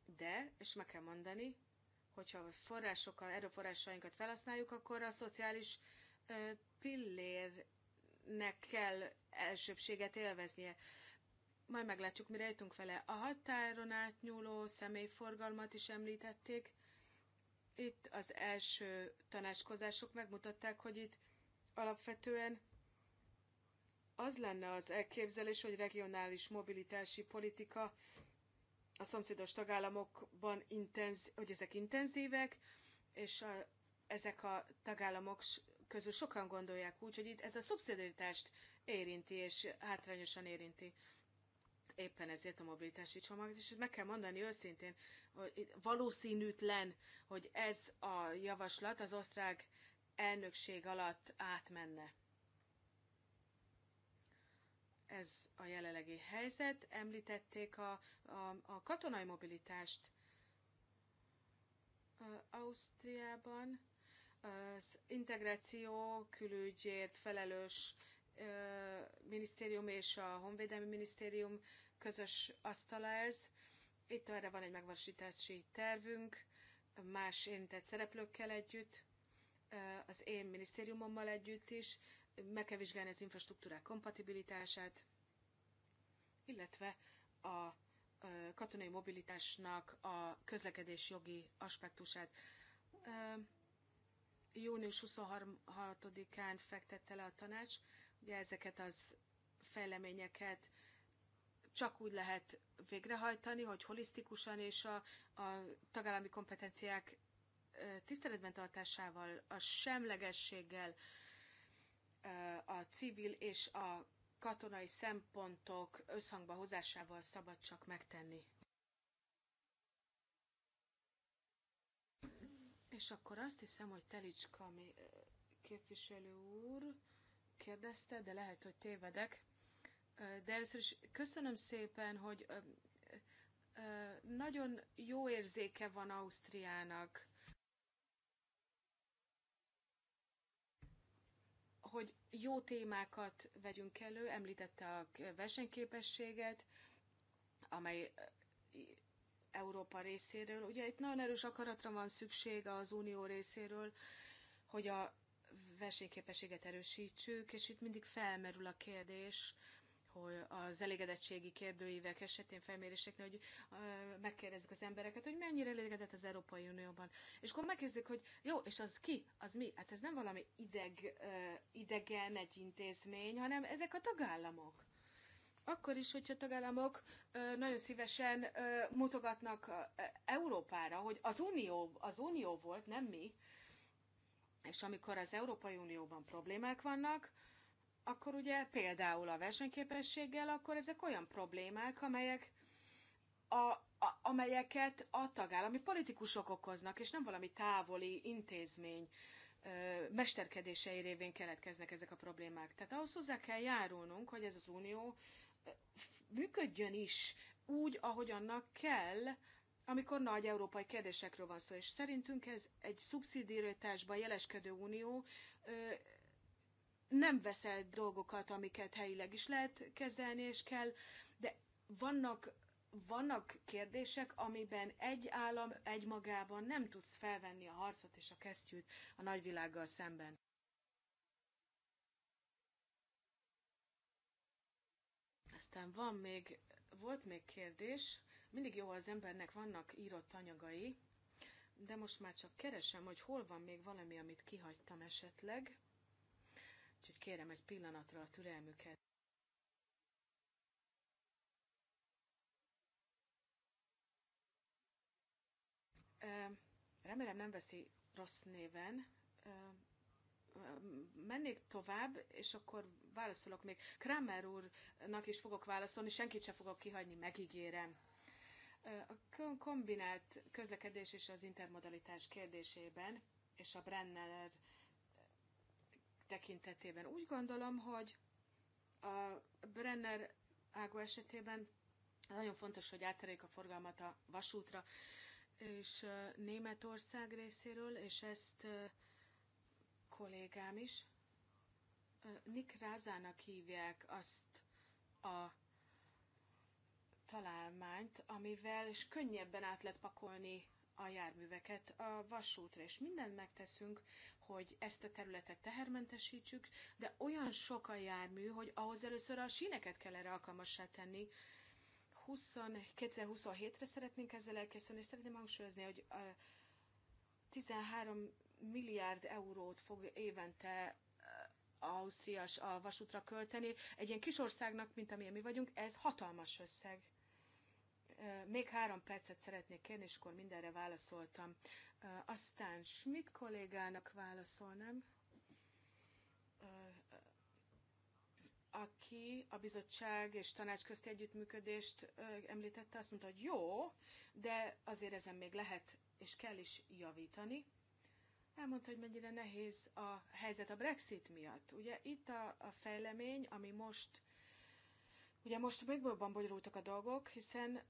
de, és meg kell mondani, hogyha forrásokkal, erőforrásainkat felhasználjuk, akkor a szociális pillérnek kell elsőbséget élveznie. Majd meglátjuk, mire jutunk vele. A határon átnyúló személyforgalmat is említették. Itt az első tanácskozások megmutatták, hogy itt alapvetően az lenne az elképzelés, hogy regionális mobilitási politika a szomszédos tagállamokban, intenz, hogy ezek intenzívek, és a, ezek a tagállamok közül sokan gondolják úgy, hogy itt ez a szubszidiaritást érinti, és hátrányosan érinti. Éppen ezért a mobilitási csomag, és meg kell mondani őszintén, hogy valószínűtlen, hogy ez a javaslat az osztrák elnökség alatt átmenne ez a jelenlegi helyzet. Említették a, a, a katonai mobilitást Ausztriában. Az integráció külügyért felelős minisztérium és a Honvédelmi Minisztérium közös asztala ez. Itt erre van egy megvalósítási tervünk, más érintett szereplőkkel együtt, az én minisztériumommal együtt is, meg kell vizsgálni az infrastruktúrák kompatibilitását, illetve a katonai mobilitásnak a közlekedés jogi aspektusát. Június 26-án fektette le a tanács, ugye ezeket az fejleményeket csak úgy lehet végrehajtani, hogy holisztikusan és a, a tagállami kompetenciák tiszteletben tartásával, a semlegességgel, a civil és a katonai szempontok összhangba hozásával szabad csak megtenni. És akkor azt hiszem, hogy Telicska képviselő úr kérdezte, de lehet, hogy tévedek. De először is köszönöm szépen, hogy nagyon jó érzéke van Ausztriának jó témákat vegyünk elő, említette a versenyképességet, amely eh, Európa részéről. Ugye itt nagyon erős akaratra van szükség az Unió részéről, hogy a versenyképességet erősítsük, és itt mindig felmerül a kérdés, hogy az elégedettségi kérdőívek esetén felméréseknél, hogy megkérdezzük az embereket, hogy mennyire elégedett az Európai Unióban. És akkor megkérdezzük, hogy jó, és az ki, az mi? Hát ez nem valami ideg, idegen egy intézmény, hanem ezek a tagállamok akkor is, hogyha tagállamok nagyon szívesen mutogatnak Európára, hogy az Unió, az Unió volt, nem mi. És amikor az Európai Unióban problémák vannak, akkor ugye például a versenyképességgel, akkor ezek olyan problémák, amelyek a, a, amelyeket a tagállami politikusok okoznak, és nem valami távoli intézmény ö, mesterkedései révén keletkeznek ezek a problémák. Tehát ahhoz hozzá kell járulnunk, hogy ez az unió működjön is úgy, ahogy annak kell, amikor nagy európai kérdésekről van szó, és szerintünk ez egy szubszidírőtásban jeleskedő unió ö, nem veszel dolgokat, amiket helyileg is lehet kezelni és kell, de vannak vannak kérdések, amiben egy állam egymagában nem tudsz felvenni a harcot és a kesztyűt a nagyvilággal szemben. Aztán van még, volt még kérdés, mindig jó, az embernek vannak írott anyagai, de most már csak keresem, hogy hol van még valami, amit kihagytam esetleg. Úgyhogy kérem egy pillanatra a türelmüket. Remélem nem veszi rossz néven. Mennék tovább, és akkor válaszolok még. Kramer úrnak is fogok válaszolni, senkit sem fogok kihagyni, megígérem. A kombinált közlekedés és az intermodalitás kérdésében és a Brenner tekintetében. Úgy gondolom, hogy a Brenner ágó esetében nagyon fontos, hogy áttereljük a forgalmat a vasútra és Németország részéről, és ezt kollégám is. Nick Rázának hívják azt a találmányt, amivel és könnyebben át lehet pakolni a járműveket a vasútra, és mindent megteszünk, hogy ezt a területet tehermentesítsük, de olyan sok a jármű, hogy ahhoz először a síneket kell erre alkalmassá tenni. 20, 2027-re szeretnénk ezzel elkészülni, és szeretném hangsúlyozni, hogy 13 milliárd eurót fog évente Ausztrias a vasútra költeni. Egy ilyen kis országnak, mint amilyen mi vagyunk, ez hatalmas összeg még három percet szeretnék kérni, és akkor mindenre válaszoltam. Aztán Schmidt kollégának válaszolnám, aki a bizottság és tanács közti együttműködést említette, azt mondta, hogy jó, de azért ezen még lehet és kell is javítani. Elmondta, hogy mennyire nehéz a helyzet a Brexit miatt. Ugye itt a, a fejlemény, ami most Ugye most még jobban bonyolultak a dolgok, hiszen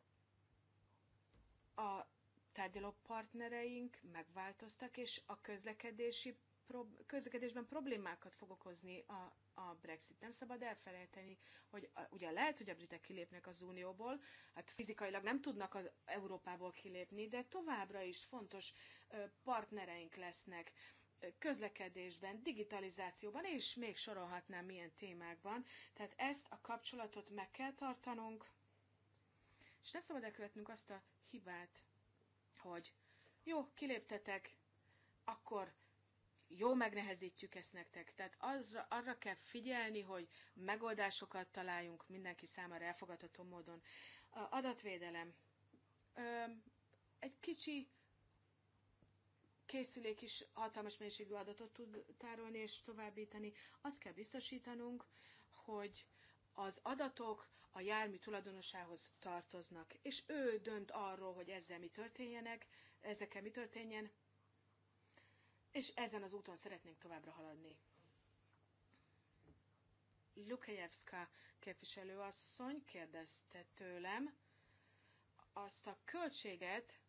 a tárgyaló partnereink megváltoztak, és a közlekedési prob- közlekedésben problémákat fog okozni a, a Brexit. Nem szabad elfelejteni, hogy a, ugye lehet, hogy a britek kilépnek az Unióból, hát fizikailag nem tudnak az Európából kilépni, de továbbra is fontos partnereink lesznek közlekedésben, digitalizációban, és még sorolhatnám milyen témákban. Tehát ezt a kapcsolatot meg kell tartanunk, és nem szabad elkövetnünk azt a hibát, hogy jó, kiléptetek, akkor jó megnehezítjük ezt nektek. Tehát azra, arra kell figyelni, hogy megoldásokat találjunk mindenki számára elfogadható módon. A adatvédelem. Ö, egy kicsi készülék is hatalmas mennyiségű adatot tud tárolni és továbbítani. Azt kell biztosítanunk, hogy az adatok a jármű tulajdonosához tartoznak, és ő dönt arról, hogy ezzel mi történjenek, ezekkel mi történjen, és ezen az úton szeretnénk továbbra haladni. Lukajevska képviselőasszony kérdezte tőlem azt a költséget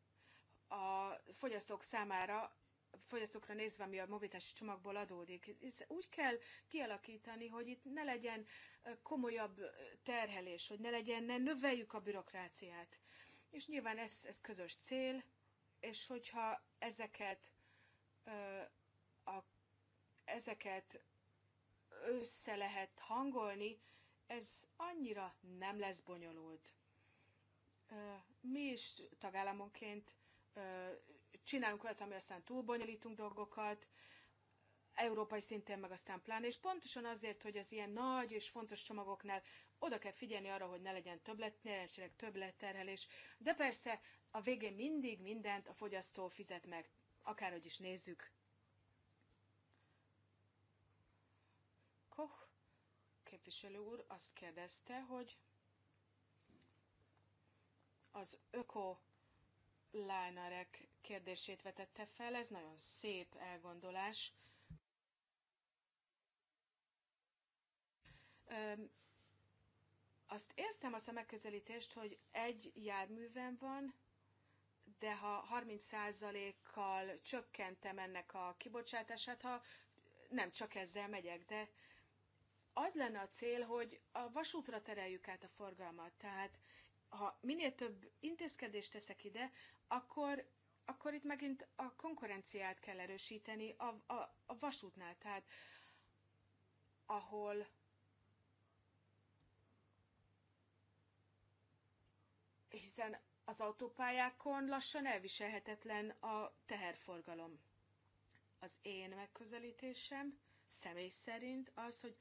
a fogyasztók számára, fogyasztókra nézve, ami a mobilitási csomagból adódik. Úgy kell kialakítani, hogy itt ne legyen komolyabb terhelés, hogy ne legyen, ne növeljük a bürokráciát. És nyilván ez, ez közös cél, és hogyha ezeket, a, ezeket össze lehet hangolni, ez annyira nem lesz bonyolult. Mi is tagállamonként csinálunk olyat, ami aztán túlbonyolítunk dolgokat, európai szinten, meg aztán pláne, és pontosan azért, hogy az ilyen nagy és fontos csomagoknál oda kell figyelni arra, hogy ne legyen többlet, ne legyen többletterhelés, de persze a végén mindig mindent a fogyasztó fizet meg, akárhogy is nézzük. Koch képviselő úr azt kérdezte, hogy az öko Lájnarek kérdését vetette fel, ez nagyon szép elgondolás. azt értem azt a megközelítést, hogy egy járművem van, de ha 30%-kal csökkentem ennek a kibocsátását, ha nem csak ezzel megyek, de az lenne a cél, hogy a vasútra tereljük át a forgalmat. Tehát ha minél több intézkedést teszek ide, akkor, akkor itt megint a konkurenciát kell erősíteni a, a, a vasútnál, tehát ahol hiszen az autópályákon lassan elviselhetetlen a teherforgalom. Az én megközelítésem személy szerint az, hogy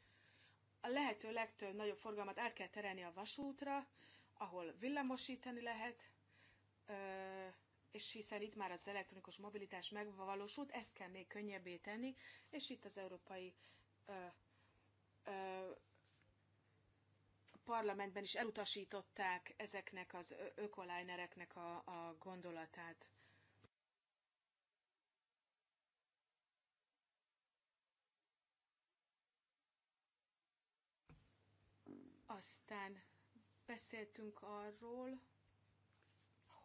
a lehető legtöbb nagyobb forgalmat át kell terelni a vasútra, ahol villamosítani lehet, és hiszen itt már az elektronikus mobilitás megvalósult, ezt kell még könnyebbé tenni, és itt az Európai ö, ö, Parlamentben is elutasították ezeknek az ökolájnereknek a, a gondolatát. Aztán beszéltünk arról,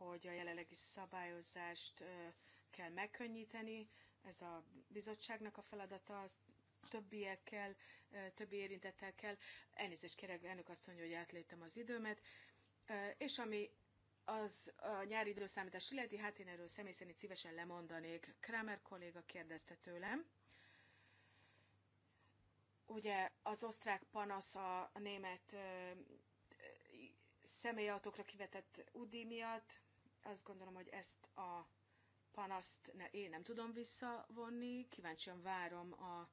hogy a jelenlegi szabályozást kell megkönnyíteni, ez a bizottságnak a feladata, az többiekkel, többi érintettel kell. Elnézést kérek, elnök mondja, hogy átléptem az időmet. És ami az a nyári időszámítás illeti, hát én erről személy szerint szívesen lemondanék. Kramer kolléga kérdezte tőlem. Ugye az osztrák panasz a német személyautókra kivetett UDI miatt, azt gondolom, hogy ezt a panaszt ne, én nem tudom visszavonni, kíváncsian várom a,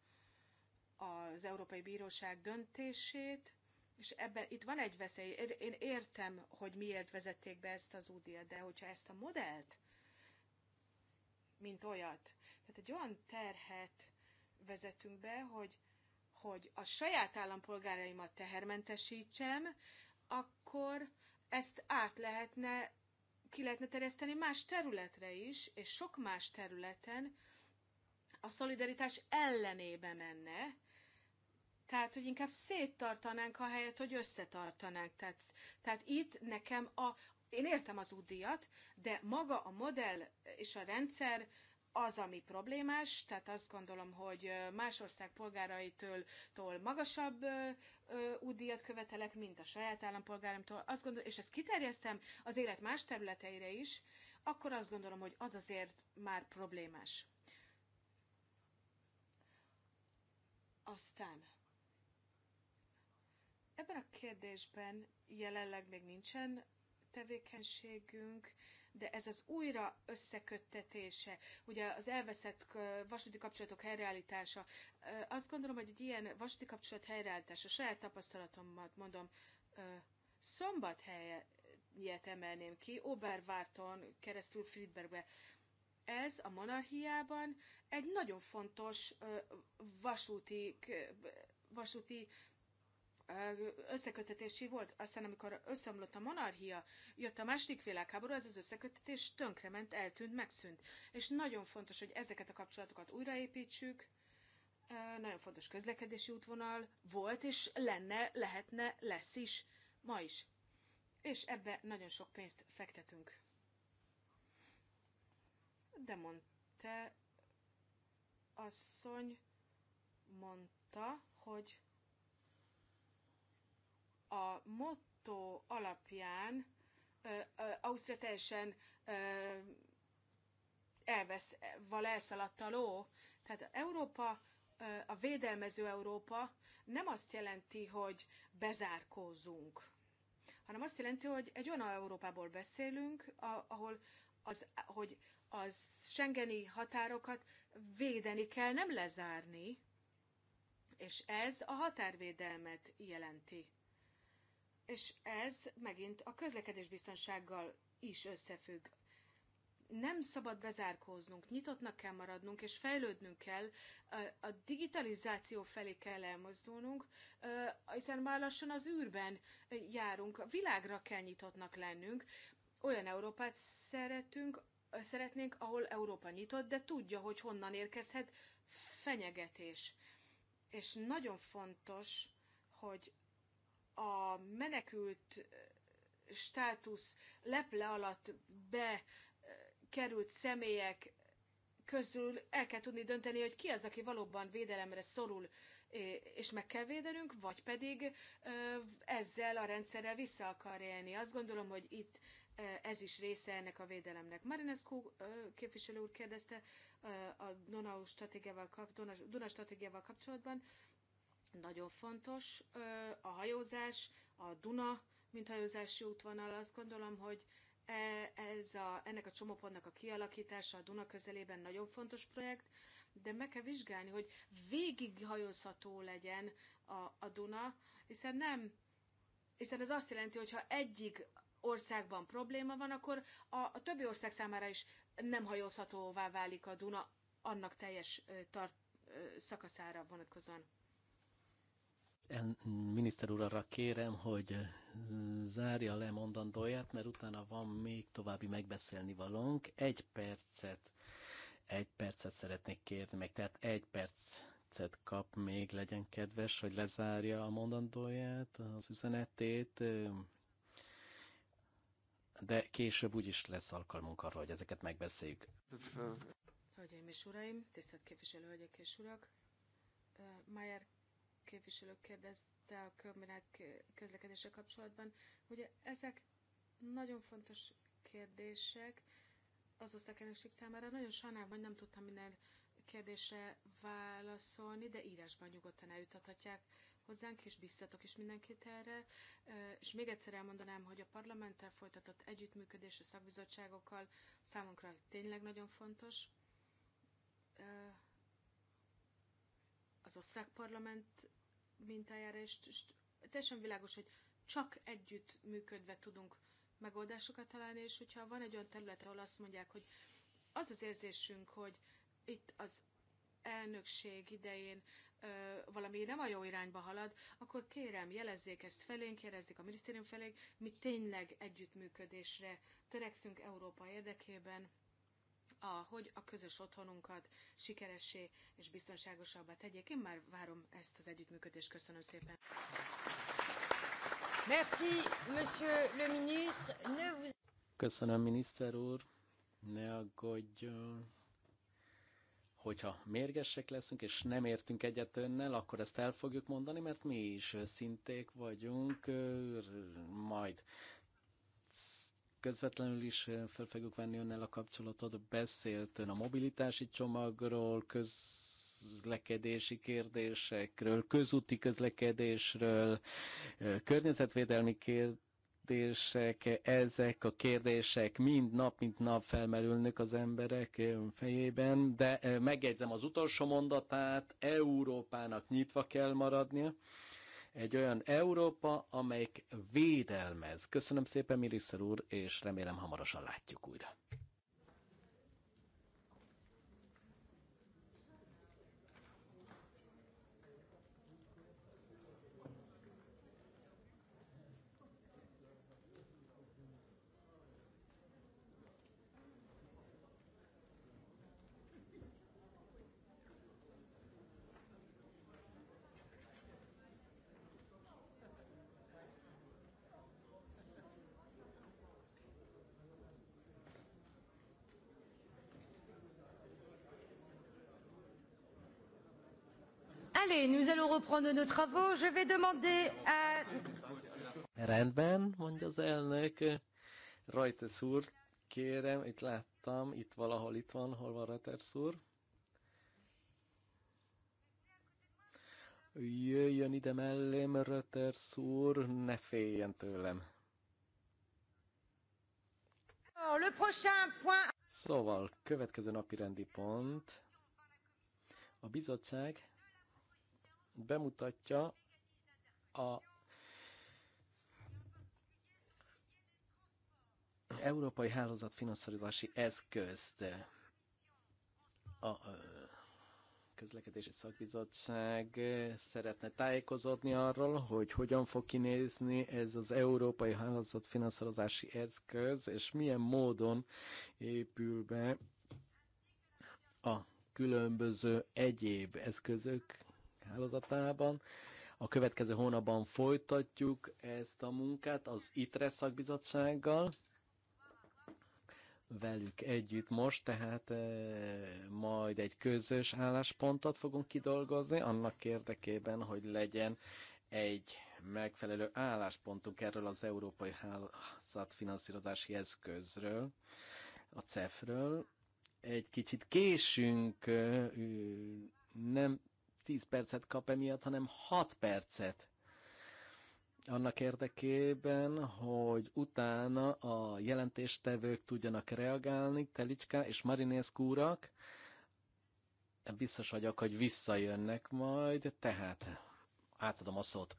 az Európai Bíróság döntését, és ebben itt van egy veszély. Én értem, hogy miért vezették be ezt az údiat, de hogyha ezt a modellt, mint olyat, tehát egy olyan terhet vezetünk be, hogy, hogy a saját állampolgáraimat tehermentesítsem, akkor ezt át lehetne ki lehetne terjeszteni más területre is, és sok más területen a szolidaritás ellenébe menne, tehát, hogy inkább széttartanánk a helyet, hogy összetartanánk. Tehát, tehát itt nekem a, én értem az útdíjat, de maga a modell és a rendszer az, ami problémás, tehát azt gondolom, hogy más ország polgáraitól tól magasabb útdíjat követelek, mint a saját állampolgáramtól, azt gondolom, és ezt kiterjesztem az élet más területeire is, akkor azt gondolom, hogy az azért már problémás. Aztán ebben a kérdésben jelenleg még nincsen tevékenységünk, de ez az újra összeköttetése, ugye az elveszett vasúti kapcsolatok helyreállítása. Azt gondolom, hogy egy ilyen vasúti kapcsolat helyreállítása, saját tapasztalatomat mondom, szombathelyet emelném ki, Obervárton keresztül Friedbergbe. Ez a monarchiában egy nagyon fontos vasúti, vasúti összekötetési volt. Aztán, amikor összeomlott a monarchia, jött a második világháború, ez az összekötetés tönkrement, eltűnt, megszűnt. És nagyon fontos, hogy ezeket a kapcsolatokat újraépítsük, nagyon fontos közlekedési útvonal volt, és lenne, lehetne, lesz is, ma is. És ebbe nagyon sok pénzt fektetünk. De mondta, asszony mondta, hogy a motto alapján Ausztria teljesen elvesz, val elszaladt a ló. Tehát Európa, a védelmező Európa nem azt jelenti, hogy bezárkózunk, hanem azt jelenti, hogy egy olyan Európából beszélünk, ahol az, hogy az Schengeni határokat védeni kell, nem lezárni, és ez a határvédelmet jelenti és ez megint a közlekedés biztonsággal is összefügg. Nem szabad bezárkóznunk, nyitottnak kell maradnunk, és fejlődnünk kell, a digitalizáció felé kell elmozdulnunk, hiszen már lassan az űrben járunk, a világra kell nyitottnak lennünk, olyan Európát szeretünk, szeretnénk, ahol Európa nyitott, de tudja, hogy honnan érkezhet fenyegetés. És nagyon fontos, hogy a menekült eh, státusz leple alatt bekerült eh, személyek közül el kell tudni dönteni, hogy ki az, aki valóban védelemre szorul, eh, és meg kell védenünk, vagy pedig ezzel a rendszerrel vissza akar élni. Azt gondolom, hogy itt ez is része ennek a védelemnek. Marinescu képviselő úr kérdezte a Donau stratégiával, Duna stratégiával kapcsolatban, nagyon fontos a hajózás, a Duna, mint hajózási útvonal. Azt gondolom, hogy e, ez a, ennek a csomópontnak a kialakítása a Duna közelében nagyon fontos projekt, de meg kell vizsgálni, hogy végig hajózható legyen a, a Duna, hiszen nem, hiszen ez azt jelenti, hogy ha egyik országban probléma van, akkor a, a többi ország számára is nem hajózhatóvá válik a Duna annak teljes tart, szakaszára vonatkozóan el, miniszter úr, arra kérem, hogy zárja le mondandóját, mert utána van még további megbeszélni valónk. Egy percet, egy percet szeretnék kérni meg, tehát egy percet kap még, legyen kedves, hogy lezárja a mondandóját, az üzenetét, de később úgyis lesz alkalmunk arra, hogy ezeket megbeszéljük. Hölgyeim és uraim, tisztelt hölgyek és urak, Mayer képviselő kérdezte a kombinált közlekedése kapcsolatban. Ugye ezek nagyon fontos kérdések az osztályelnökség számára. Nagyon sajnálom, hogy nem tudtam minden kérdésre válaszolni, de írásban nyugodtan eljutathatják hozzánk, és biztatok is mindenkit erre. És még egyszer elmondanám, hogy a parlamenttel folytatott együttműködés a szakbizottságokkal számunkra tényleg nagyon fontos az osztrák parlament mintájára, és teljesen világos, hogy csak együtt működve tudunk megoldásokat találni, és hogyha van egy olyan terület, ahol azt mondják, hogy az az érzésünk, hogy itt az elnökség idején ö, valami nem a jó irányba halad, akkor kérem, jelezzék ezt felénk, jelezzék a minisztérium felénk, mi tényleg együttműködésre törekszünk Európa érdekében, ahogy a közös otthonunkat sikeressé és biztonságosabbá tegyék. Én már várom ezt az együttműködést. Köszönöm szépen. Merci, monsieur le ministre. Ne vous... Köszönöm, miniszter úr. Ne aggódjon hogyha mérgesek leszünk, és nem értünk egyet önnel, akkor ezt el fogjuk mondani, mert mi is szinték vagyunk, majd közvetlenül is eh, fel fogjuk venni önnel a kapcsolatot. Beszélt ön a mobilitási csomagról, közlekedési kérdésekről, közúti közlekedésről, eh, környezetvédelmi kérdések. Ezek a kérdések mind nap, mint nap felmerülnek az emberek eh, fejében, de megjegyzem az utolsó mondatát, Európának nyitva kell maradnia egy olyan Európa, amelyik védelmez. Köszönöm szépen, miniszter úr, és remélem hamarosan látjuk újra. nous allons reprendre nos travaux. Je vais demander à... Rendben, mondja az elnök. Reuters úr, kérem, itt láttam, itt valahol itt van, hol van Reuters úr. Jöjjön ide mellém, Reuters úr, ne féljen tőlem. Szóval, következő napi rendi pont. A bizottság bemutatja a Európai Hálózat finanszírozási eszközt a közlekedési szakbizottság szeretne tájékozódni arról, hogy hogyan fog kinézni ez az Európai Hálózat finanszírozási eszköz, és milyen módon épül be a különböző egyéb eszközök hálózatában. A következő hónapban folytatjuk ezt a munkát az ITRE szakbizottsággal. Velük együtt most, tehát eh, majd egy közös álláspontot fogunk kidolgozni, annak érdekében, hogy legyen egy megfelelő álláspontunk erről az Európai Hálózatfinanszírozási Eszközről, a CEF-ről. Egy kicsit késünk, eh, nem 10 percet kap emiatt, hanem 6 percet. Annak érdekében, hogy utána a jelentéstevők tudjanak reagálni, Telicska és Marinész kúrak, biztos vagyok, hogy visszajönnek majd, tehát átadom a szót.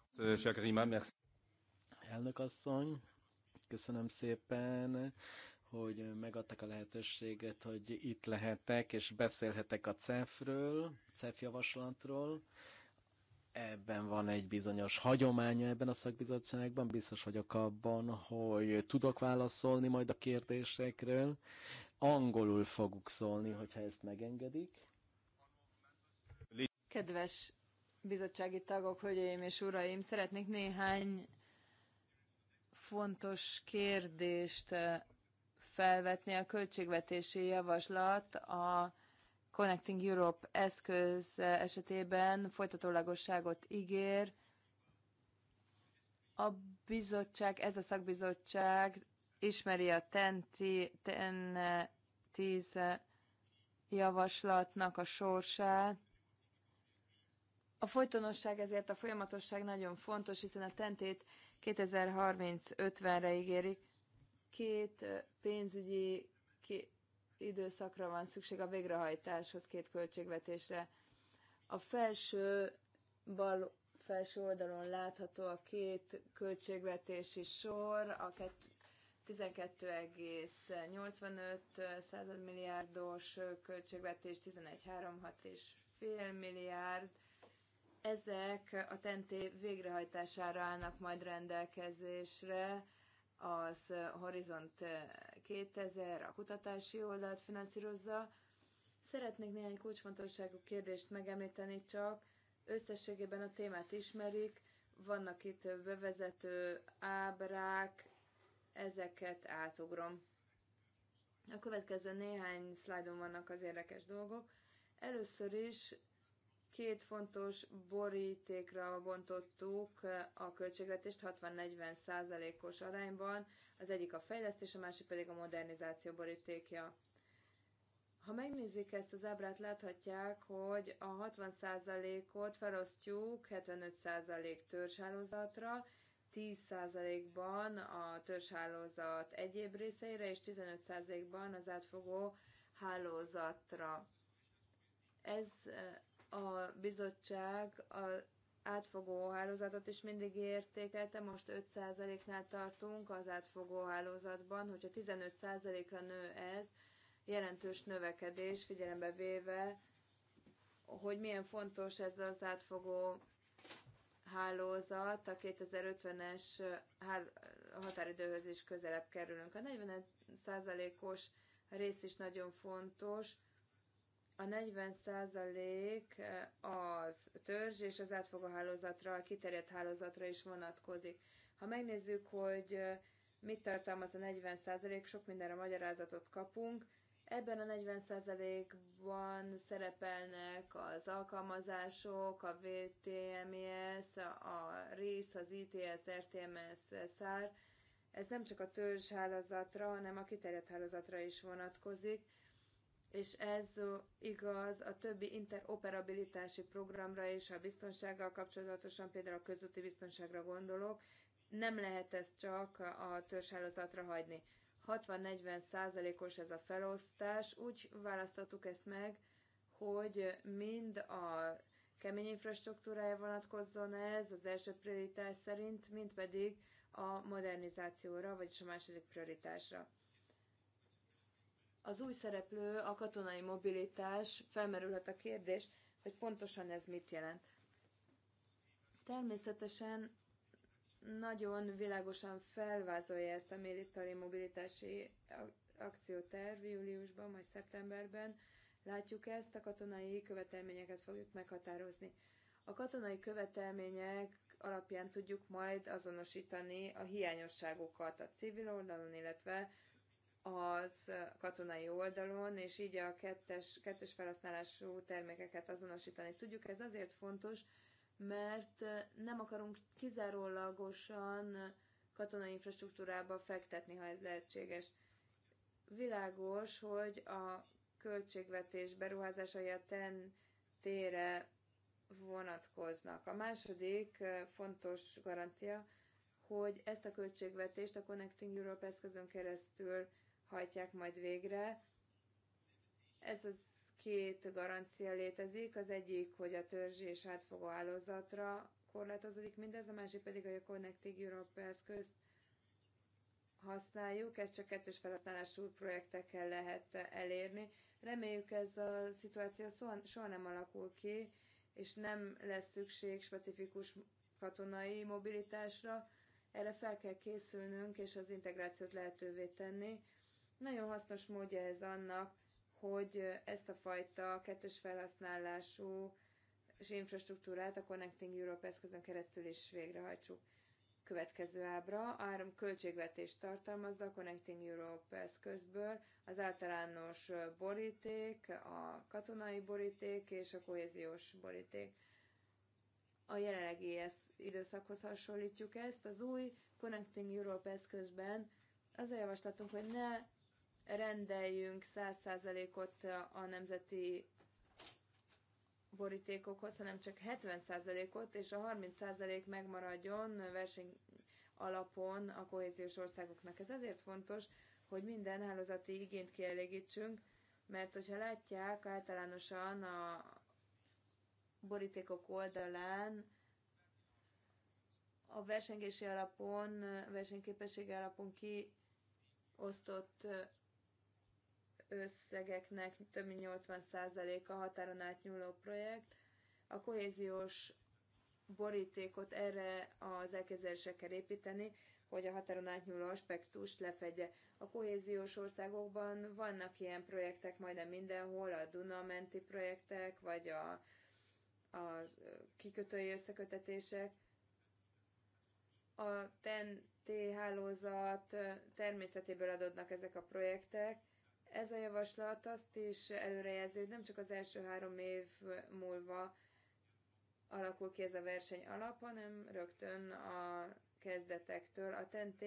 Elnök asszony, köszönöm szépen hogy megadtak a lehetőséget, hogy itt lehetek és beszélhetek a CEF-ről, CEF javaslatról. Ebben van egy bizonyos hagyománya ebben a szakbizottságban, biztos vagyok abban, hogy tudok válaszolni majd a kérdésekről. Angolul fogok szólni, hogyha ezt megengedik. Kedves bizottsági tagok, hölgyeim és uraim, szeretnék néhány fontos kérdést felvetni a költségvetési javaslat a Connecting Europe eszköz esetében folytatólagosságot ígér. A bizottság, ez a szakbizottság ismeri a TEN-10 javaslatnak a sorsát. A folytonosság ezért a folyamatosság nagyon fontos, hiszen a tentét 2030-50-re ígérik. Két pénzügyi időszakra van szükség a végrehajtáshoz, két költségvetésre. A felső bal felső oldalon látható a két költségvetési sor, a 12,85 milliárdos költségvetés, 1136 és fél milliárd. Ezek a tenté végrehajtására állnak majd rendelkezésre az Horizont 2000 a kutatási oldalt finanszírozza. Szeretnék néhány kulcsfontosságú kérdést megemlíteni csak. Összességében a témát ismerik, vannak itt bevezető ábrák, ezeket átugrom. A következő néhány szlájdon vannak az érdekes dolgok. Először is Két fontos borítékra bontottuk a költségvetést 60-40 százalékos arányban, az egyik a fejlesztés, a másik pedig a modernizáció borítékja. Ha megnézik ezt az ábrát, láthatják, hogy a 60%-ot felosztjuk 75% törzshálózatra, 10%-ban a törzshálózat egyéb részeire, és 15%-ban az átfogó hálózatra. Ez a bizottság a átfogó hálózatot is mindig értékelte, most 5%-nál tartunk az átfogó hálózatban, hogyha 15%-ra nő ez, jelentős növekedés, figyelembe véve, hogy milyen fontos ez az átfogó hálózat, a 2050-es határidőhöz is közelebb kerülünk. A 40%-os rész is nagyon fontos, a 40 százalék eh, az törzs és az átfogó hálózatra, a kiterjedt hálózatra is vonatkozik. Ha megnézzük, hogy eh, mit tartalmaz a 40 százalék, sok mindenre magyarázatot kapunk. Ebben a 40 százalékban szerepelnek az alkalmazások, a VTMS, e a rész, az ITS, RTMS, SR. Ez nem csak a törzs hálózatra, hanem a kiterjedt hálózatra is vonatkozik és ez igaz a többi interoperabilitási programra és a biztonsággal kapcsolatosan, például a közúti biztonságra gondolok, nem lehet ezt csak a törzshálózatra hagyni. 60-40 százalékos ez a felosztás, úgy választottuk ezt meg, hogy mind a kemény infrastruktúrája vonatkozzon ez az első prioritás szerint, mint pedig a modernizációra, vagyis a második prioritásra az új szereplő, a katonai mobilitás, felmerülhet a kérdés, hogy pontosan ez mit jelent. Természetesen nagyon világosan felvázolja ezt a militári mobilitási akcióterv júliusban, majd szeptemberben. Látjuk ezt, a katonai követelményeket fogjuk meghatározni. A katonai követelmények alapján tudjuk majd azonosítani a hiányosságokat a civil oldalon, illetve az katonai oldalon, és így a kettes, kettős felhasználású termékeket azonosítani tudjuk. Ez azért fontos, mert nem akarunk kizárólagosan katonai infrastruktúrába fektetni, ha ez lehetséges. Világos, hogy a költségvetés beruházásai a TEN tére vonatkoznak. A második fontos garancia, hogy ezt a költségvetést a Connecting Europe eszközön keresztül hajtják majd végre. Ez az két garancia létezik, az egyik, hogy a törzs és átfogó állózatra korlátozódik mindez, a másik pedig, hogy a Connecting Europe eszközt használjuk, ezt csak kettős felhasználású projektekkel lehet elérni. Reméljük ez a szituáció soha nem alakul ki, és nem lesz szükség specifikus katonai mobilitásra. Erre fel kell készülnünk, és az integrációt lehetővé tenni. Nagyon hasznos módja ez annak, hogy ezt a fajta kettős felhasználású és infrastruktúrát a Connecting Europe eszközön keresztül is végrehajtsuk. Következő ábra három költségvetés tartalmazza a Connecting Europe eszközből, az általános boríték, a katonai boríték és a kohéziós boríték. A jelenlegi időszakhoz hasonlítjuk ezt. Az új Connecting Europe eszközben az a javaslatunk, hogy ne rendeljünk 100%-ot a nemzeti borítékokhoz, hanem csak 70%-ot, és a 30% megmaradjon verseny alapon a kohéziós országoknak. Ez azért fontos, hogy minden hálózati igényt kielégítsünk, mert hogyha látják általánosan a borítékok oldalán, a versengési alapon, versenyképességi alapon kiosztott összegeknek több mint 80%-a határon átnyúló projekt. A kohéziós borítékot erre az elképzelésre kell építeni, hogy a határon átnyúló aspektust lefedje. A kohéziós országokban vannak ilyen projektek majdnem mindenhol, a Dunamenti projektek, vagy a, a kikötői összekötetések. A TEN-T hálózat természetéből adódnak ezek a projektek, ez a javaslat azt is előrejelzi, hogy nem csak az első három év múlva alakul ki ez a verseny alap, hanem rögtön a kezdetektől. A TNT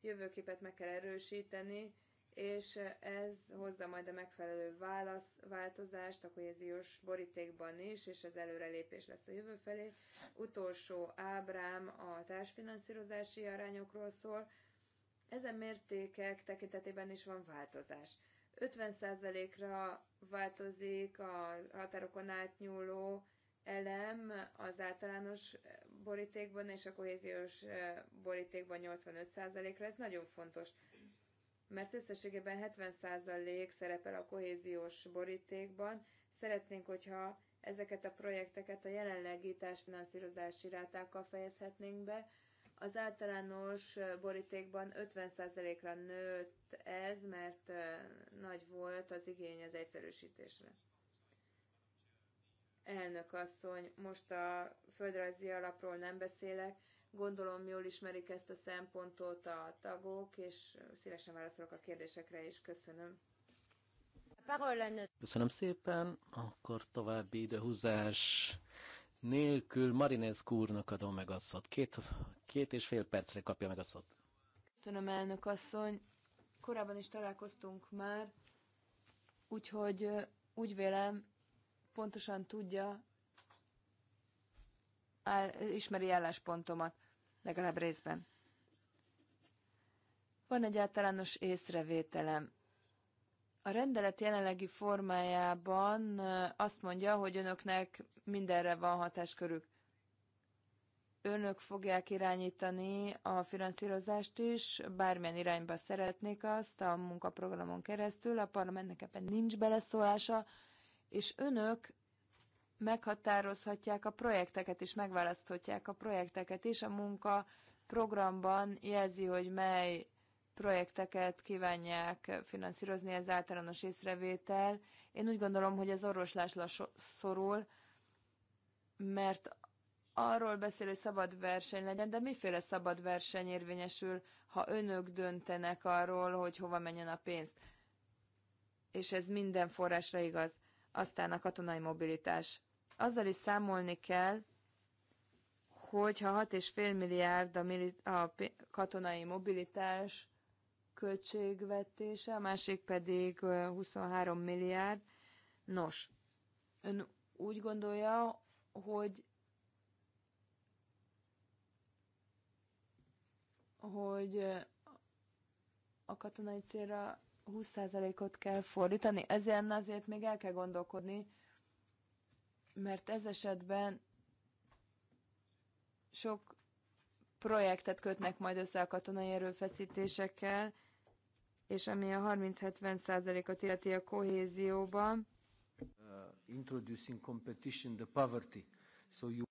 jövőképet meg kell erősíteni, és ez hozza majd a megfelelő válasz, változást a kohéziós borítékban is, és ez előrelépés lesz a jövő felé. Utolsó ábrám a társfinanszírozási arányokról szól. Ezen mértékek tekintetében is van változás. 50%-ra változik a határokon átnyúló elem az általános borítékban, és a kohéziós eh, borítékban 85%-ra. Ez nagyon fontos, mert összességében 70% szerepel a kohéziós borítékban. Szeretnénk, hogyha ezeket a projekteket a jelenlegi társfinanszírozási rátákkal fejezhetnénk be, az általános borítékban 50%-ra nőtt ez, mert nagy volt az igény az egyszerűsítésre. Elnök asszony, most a földrajzi alapról nem beszélek, gondolom jól ismerik ezt a szempontot a tagok, és szívesen válaszolok a kérdésekre is. Köszönöm. Köszönöm szépen, akkor további időhúzás nélkül Marinez úrnak adom meg a szót. Két, két és fél percre kapja meg a szót. Köszönöm, elnök asszony. Korábban is találkoztunk már, úgyhogy úgy vélem, pontosan tudja, áll, ismeri álláspontomat, legalább részben. Van egy általános észrevételem. A rendelet jelenlegi formájában azt mondja, hogy önöknek mindenre van hatáskörük. Önök fogják irányítani a finanszírozást is, bármilyen irányba szeretnék azt a munkaprogramon keresztül, a parlamentnek ebben nincs beleszólása, és önök meghatározhatják a projekteket is, megválaszthatják a projekteket is, a munka programban jelzi, hogy mely projekteket kívánják finanszírozni, ez általános észrevétel. Én úgy gondolom, hogy ez orvoslásra szorul, mert arról beszél, hogy szabad verseny legyen, de miféle szabad verseny érvényesül, ha önök döntenek arról, hogy hova menjen a pénz. És ez minden forrásra igaz. Aztán a katonai mobilitás. Azzal is számolni kell, hogyha 6,5 milliárd a, mili- a katonai mobilitás, költségvetése, a másik pedig 23 milliárd. Nos, ön úgy gondolja, hogy hogy a katonai célra 20%-ot kell fordítani. Ezen azért még el kell gondolkodni, mert ez esetben sok projektet kötnek majd össze a katonai erőfeszítésekkel, és ami a 30-70%-ot illeti a kohézióban. Uh, introducing competition, the poverty. So you...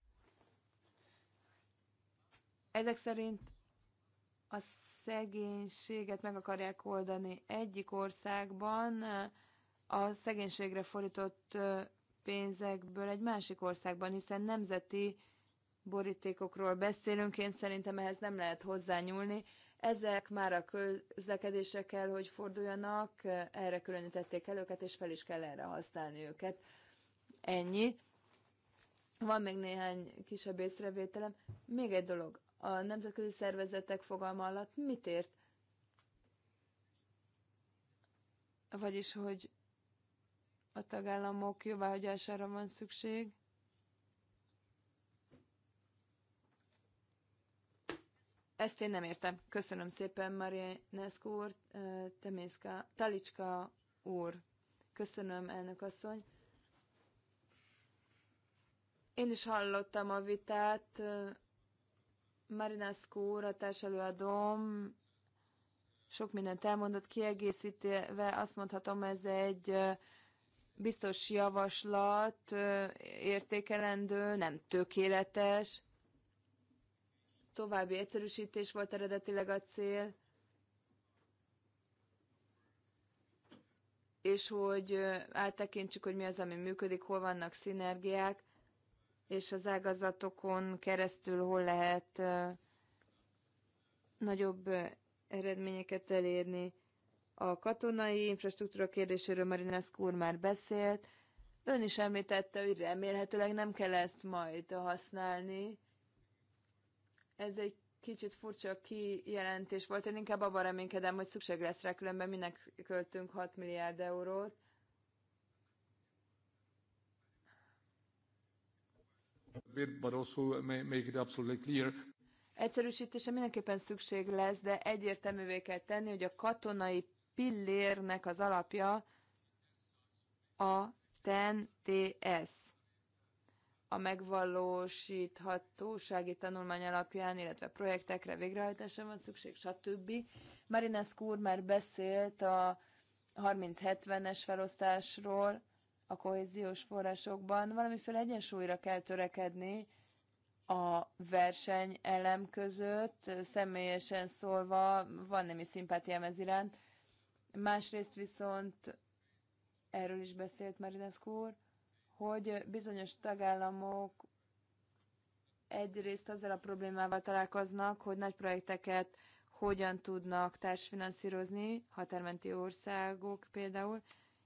Ezek szerint a szegénységet meg akarják oldani egyik országban, uh, a szegénységre fordított uh, pénzekből egy másik országban, hiszen nemzeti borítékokról beszélünk, én szerintem ehhez nem lehet hozzányúlni, ezek már a közlekedésre kell, hogy forduljanak, erre különítették el őket, és fel is kell erre használni őket. Ennyi. Van még néhány kisebb észrevételem. Még egy dolog. A nemzetközi szervezetek fogalma alatt mit ért? Vagyis, hogy a tagállamok jóváhagyására van szükség. Ezt én nem értem. Köszönöm szépen, Marinescu úr, Temészka, Talicska úr. Köszönöm, elnök asszony. Én is hallottam a vitát. Marinescu úr, a társelőadóm, sok mindent elmondott, kiegészítve azt mondhatom, ez egy biztos javaslat, értékelendő, nem tökéletes, további egyszerűsítés volt eredetileg a cél, és hogy áttekintsük, hogy mi az, ami működik, hol vannak szinergiák, és az ágazatokon keresztül hol lehet nagyobb eredményeket elérni. A katonai infrastruktúra kérdéséről Marinescu úr már beszélt. Ön is említette, hogy remélhetőleg nem kell ezt majd használni, ez egy kicsit furcsa kijelentés volt. Én inkább abban reménykedem, hogy szükség lesz rá, különben minek költünk 6 milliárd eurót. Egyszerűsítése mindenképpen szükség lesz, de egyértelművé kell tenni, hogy a katonai pillérnek az alapja a TNTS a megvalósíthatósági tanulmány alapján, illetve projektekre végrehajtásra van szükség, stb. Marines úr már beszélt a 30-70-es felosztásról a kohéziós forrásokban. Valamiféle egyensúlyra kell törekedni a verseny elem között, személyesen szólva van némi szimpátiám ez iránt. Másrészt viszont, erről is beszélt Marines úr, hogy bizonyos tagállamok egyrészt azzal a problémával találkoznak, hogy nagy projekteket hogyan tudnak társfinanszírozni, határmenti országok például,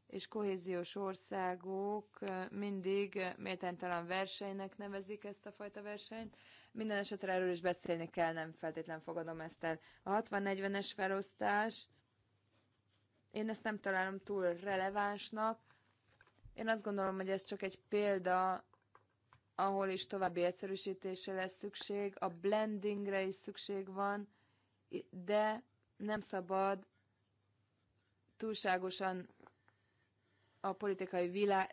és kohéziós országok mindig méltánytalan versenynek nevezik ezt a fajta versenyt. Minden esetre erről is beszélni kell, nem feltétlen fogadom ezt el. A 60-40-es felosztás, én ezt nem találom túl relevánsnak, én azt gondolom, hogy ez csak egy példa, ahol is további egyszerűsítésre lesz szükség, a blendingre is szükség van, de nem szabad túlságosan a politikai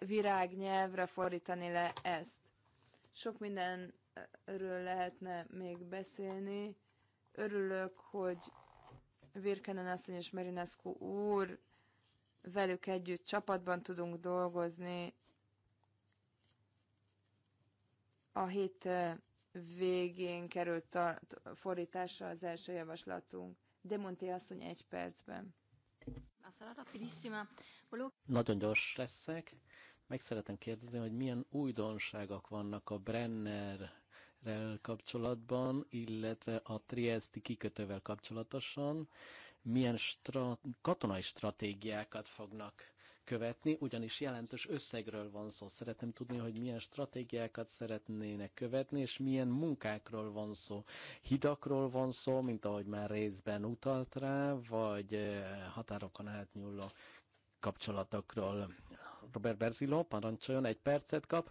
virágnyelvre fordítani le ezt. Sok mindenről lehetne még beszélni. Örülök, hogy Virkenen asszony és Marinescu úr velük együtt csapatban tudunk dolgozni a hét végén került a fordításra az első javaslatunk. De azt, asszony egy percben. Nagyon gyors leszek. Meg szeretem kérdezni, hogy milyen újdonságok vannak a Brennerrel kapcsolatban, illetve a Triesti kikötővel kapcsolatosan milyen stra- katonai stratégiákat fognak követni, ugyanis jelentős összegről van szó. Szeretném tudni, hogy milyen stratégiákat szeretnének követni, és milyen munkákról van szó. Hidakról van szó, mint ahogy már részben utalt rá, vagy eh, határokon átnyúló kapcsolatokról. Robert Berziló, parancsoljon, egy percet kap.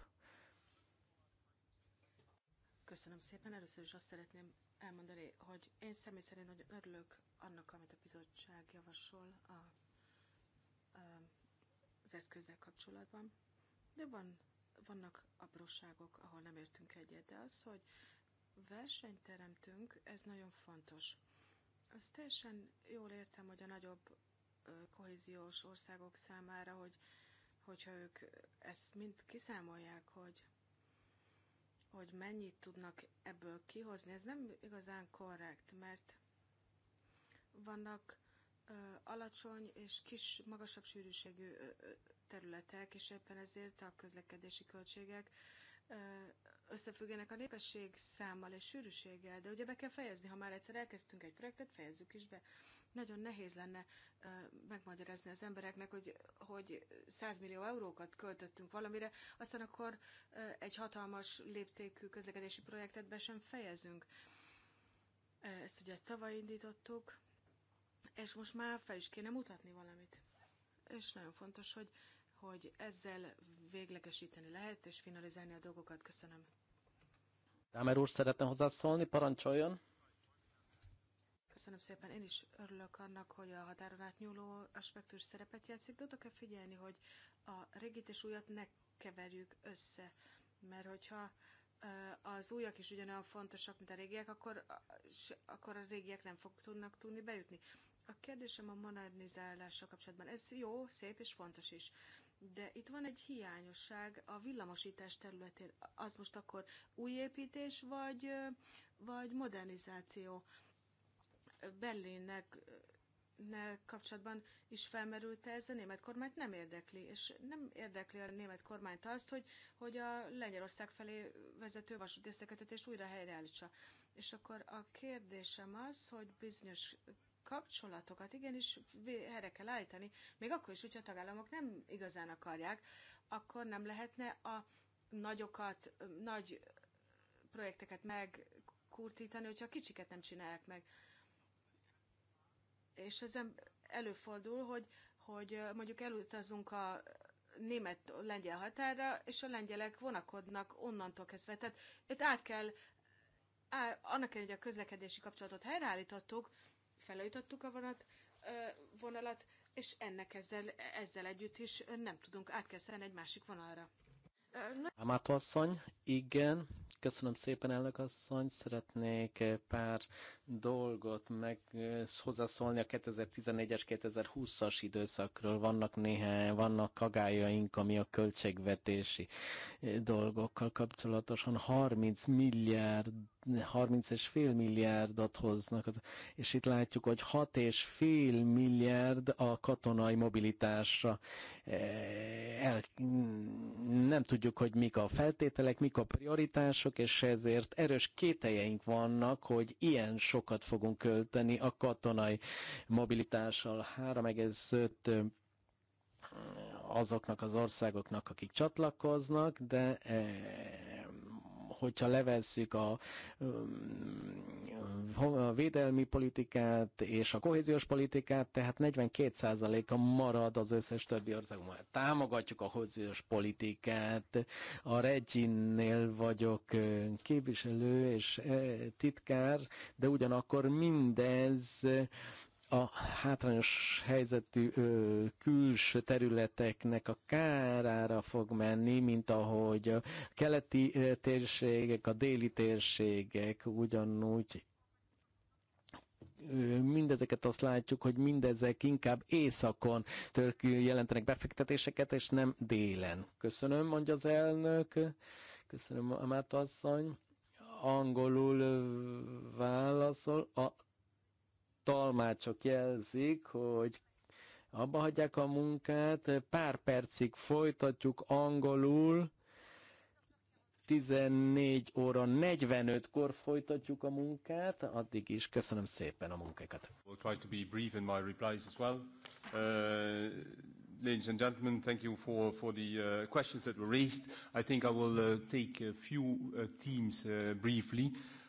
Köszönöm szépen. Először is azt szeretném elmondani, hogy én személy szerint nagyon örülök annak, amit a bizottság javasol a, a, az eszközzel kapcsolatban, de van, vannak apróságok, ahol nem értünk egyet, de az, hogy versenyt teremtünk, ez nagyon fontos. Azt teljesen jól értem, hogy a nagyobb kohéziós országok számára, hogy hogyha ők ezt mind kiszámolják, hogy hogy mennyit tudnak ebből kihozni, ez nem igazán korrekt, mert vannak ö, alacsony és kis, magasabb sűrűségű ö, ö, területek, és éppen ezért a közlekedési költségek ö, összefüggenek a népesség számmal és sűrűséggel, de ugye be kell fejezni, ha már egyszer elkezdtünk egy projektet, fejezzük is be nagyon nehéz lenne megmagyarázni az embereknek, hogy, hogy 100 millió eurókat költöttünk valamire, aztán akkor egy hatalmas léptékű közlekedési projektet be sem fejezünk. Ezt ugye tavaly indítottuk, és most már fel is kéne mutatni valamit. És nagyon fontos, hogy, hogy ezzel véglegesíteni lehet, és finalizálni a dolgokat. Köszönöm. Dámer úr szeretne hozzászólni, parancsoljon. Köszönöm szépen. Én is örülök annak, hogy a határon átnyúló aspektus szerepet játszik, de oda kell figyelni, hogy a régit és újat ne keverjük össze. Mert hogyha az újak is ugyanolyan fontosak, mint a régiek, akkor, akkor a régiek nem fog tudnak tudni bejutni. A kérdésem a modernizálással kapcsolatban. Ez jó, szép és fontos is. De itt van egy hiányosság a villamosítás területén. Az most akkor új építés, vagy, vagy modernizáció? Berlinnek kapcsolatban is felmerült ez, a német kormányt nem érdekli, és nem érdekli a német kormányt azt, hogy, hogy a Lengyelország felé vezető vasúti összekötetést újra helyreállítsa. És akkor a kérdésem az, hogy bizonyos kapcsolatokat igenis erre kell állítani, még akkor is, hogyha a tagállamok nem igazán akarják, akkor nem lehetne a nagyokat, nagy projekteket megkurtítani, hogyha a kicsiket nem csinálják meg és ezen előfordul, hogy, hogy mondjuk elutazunk a német-lengyel határa, és a lengyelek vonakodnak onnantól kezdve. Tehát itt át kell, á, annak ellenére, hogy a közlekedési kapcsolatot helyreállítottuk, felújítottuk a vonat, vonalat, és ennek ezzel, ezzel együtt is nem tudunk, át kell egy másik vonalra. Ámátó asszony, igen, köszönöm szépen, elnök asszony. Szeretnék eh, pár dolgot meg eh, hozzászólni a 2014-es, 2020-as időszakról. Vannak néhány, vannak kagályaink, ami a költségvetési eh, dolgokkal kapcsolatosan 30 milliárd 30 és fél milliárdot hoznak. És itt látjuk, hogy 6 és fél milliárd a katonai mobilitásra. E, el, nem tudjuk, hogy mik a feltételek, mik a prioritások, és ezért erős kételjeink vannak, hogy ilyen sokat fogunk költeni a katonai mobilitással. 3,5 azoknak az országoknak, akik csatlakoznak, de e, hogyha levesszük a, a védelmi politikát és a kohéziós politikát, tehát 42%-a marad az összes többi országban. Hát támogatjuk a kohéziós politikát, a Reginnél vagyok képviselő és titkár, de ugyanakkor mindez a hátrányos helyzetű ö, külső területeknek a kárára fog menni, mint ahogy a keleti ö, térségek, a déli térségek ugyanúgy mindezeket azt látjuk, hogy mindezek inkább északon jelentenek befektetéseket, és nem délen. Köszönöm, mondja az elnök. Köszönöm, Amát asszony. Angolul válaszol a talmácsok jelzik, hogy abba hagyják a munkát, pár percig folytatjuk angolul, 14 óra 45-kor folytatjuk a munkát, addig is köszönöm szépen a munkákat. We'll try to be brief in my replies as well. Uh, ladies and gentlemen, thank you for, for the uh, questions that were raised. I think I will uh, take a few uh, themes uh, briefly. Uh,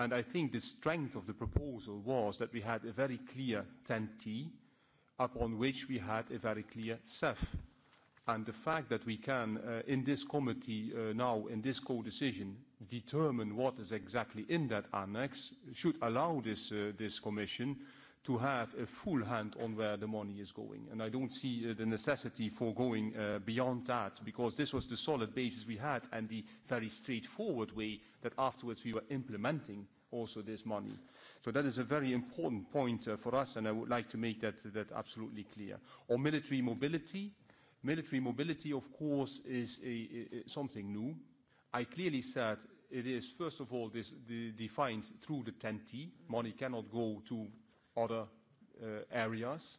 And I think the strength of the proposal was that we had a very clear 10T, upon which we had a very clear CEF. And the fact that we can, uh, in this committee uh, now, in this co-decision, determine what is exactly in that annex should allow this, uh, this commission to have a full hand on where the money is going. And I don't see uh, the necessity for going uh, beyond that because this was the solid basis we had and the very straightforward way that afterwards we were implementing also this money. So that is a very important point uh, for us, and I would like to make that, that absolutely clear. On military mobility, military mobility, of course, is a, a, something new. I clearly said it is, first of all, this, the, defined through the 10T. Money cannot go to other uh, areas.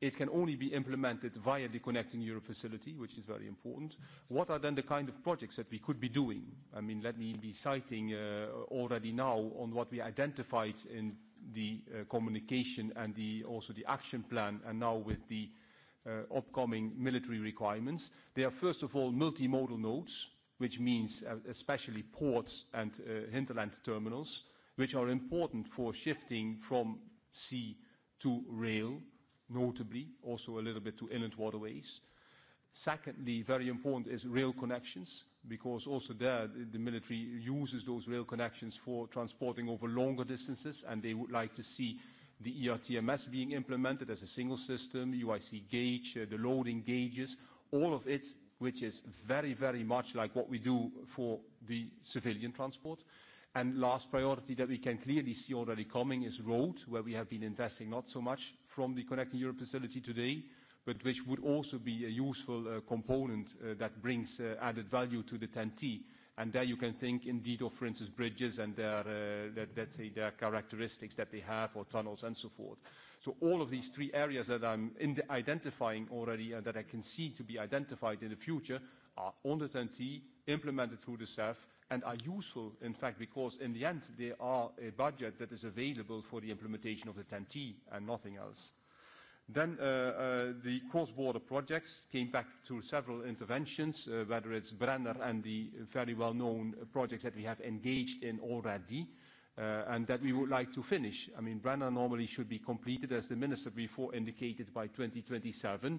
It can only be implemented via the Connecting Europe facility, which is very important. What are then the kind of projects that we could be doing? I mean, let me be citing uh, already now on what we identified in the uh, communication and the, also the action plan, and now with the uh, upcoming military requirements. They are, first of all, multimodal nodes, which means uh, especially ports and uh, hinterland terminals, which are important for shifting from sea to rail, notably also a little bit to inland waterways. Secondly, very important is rail connections, because also there the military uses those rail connections for transporting over longer distances, and they would like to see the ERTMS being implemented as a single system, UIC gauge, uh, the loading gauges, all of it, which is very, very much like what we do for the civilian transport. And last priority that we can clearly see already coming is road, where we have been investing not so much from the Connecting Europe facility today, but which would also be a useful uh, component uh, that brings uh, added value to the TEN-T. And there you can think indeed of, for instance, bridges and their, uh, let, let's say, their characteristics that they have or tunnels and so forth. So all of these three areas that I'm in the identifying already and that I can see to be identified in the future are on the TEN-T, implemented through the SEF and are useful, in fact, because in the end they are a budget that is available for the implementation of the 10T e and nothing else. Then uh, uh, the cross-border projects came back to several interventions, uh, whether it's Brenner and the very well-known projects that we have engaged in already, uh, and that we would like to finish. I mean, Brenner normally should be completed, as the Minister before indicated, by 2027.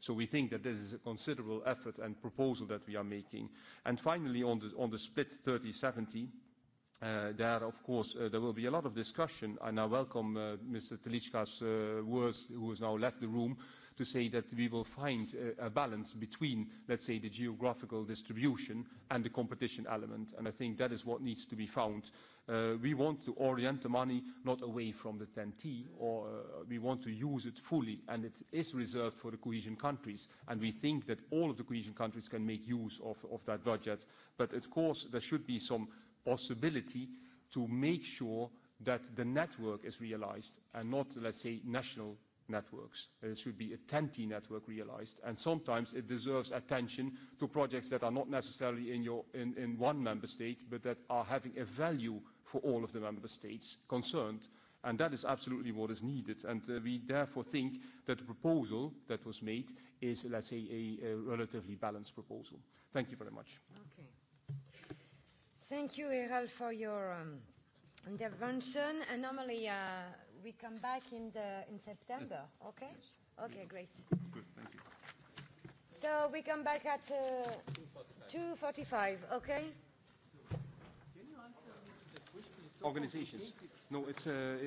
So we think that this is a considerable effort and proposal that we are making. And finally, on the, on the split 30-70, Uh, there, of course, uh, there will be a lot of discussion, and I welcome uh, Mr. Telichka's uh, words, who has now left the room, to say that we will find uh, a balance between, let's say, the geographical distribution and the competition element. And I think that is what needs to be found uh, we want to orient the money not away from the 10T, or uh, we want to use it fully, and it is reserved for the cohesion countries, and we think that all of the cohesion countries can make use of, of that budget. But of course, there should be some possibility to make sure that the network is realized and not, let's say, national networks. It should be a 10T network realized. And sometimes it deserves attention to projects that are not necessarily in, your, in, in one member state, but that are having a value for all of the member states concerned. And that is absolutely what is needed. And uh, we therefore think that the proposal that was made is, let's say, a, a relatively balanced proposal. Thank you very much. Okay. Thank you, Eral, for your um, intervention. And normally uh, we come back in, the, in September, yes. okay? Yes. Okay, yes. great. Good, thank you. So we come back at uh, 2.45, okay? organizations. No, it's uh,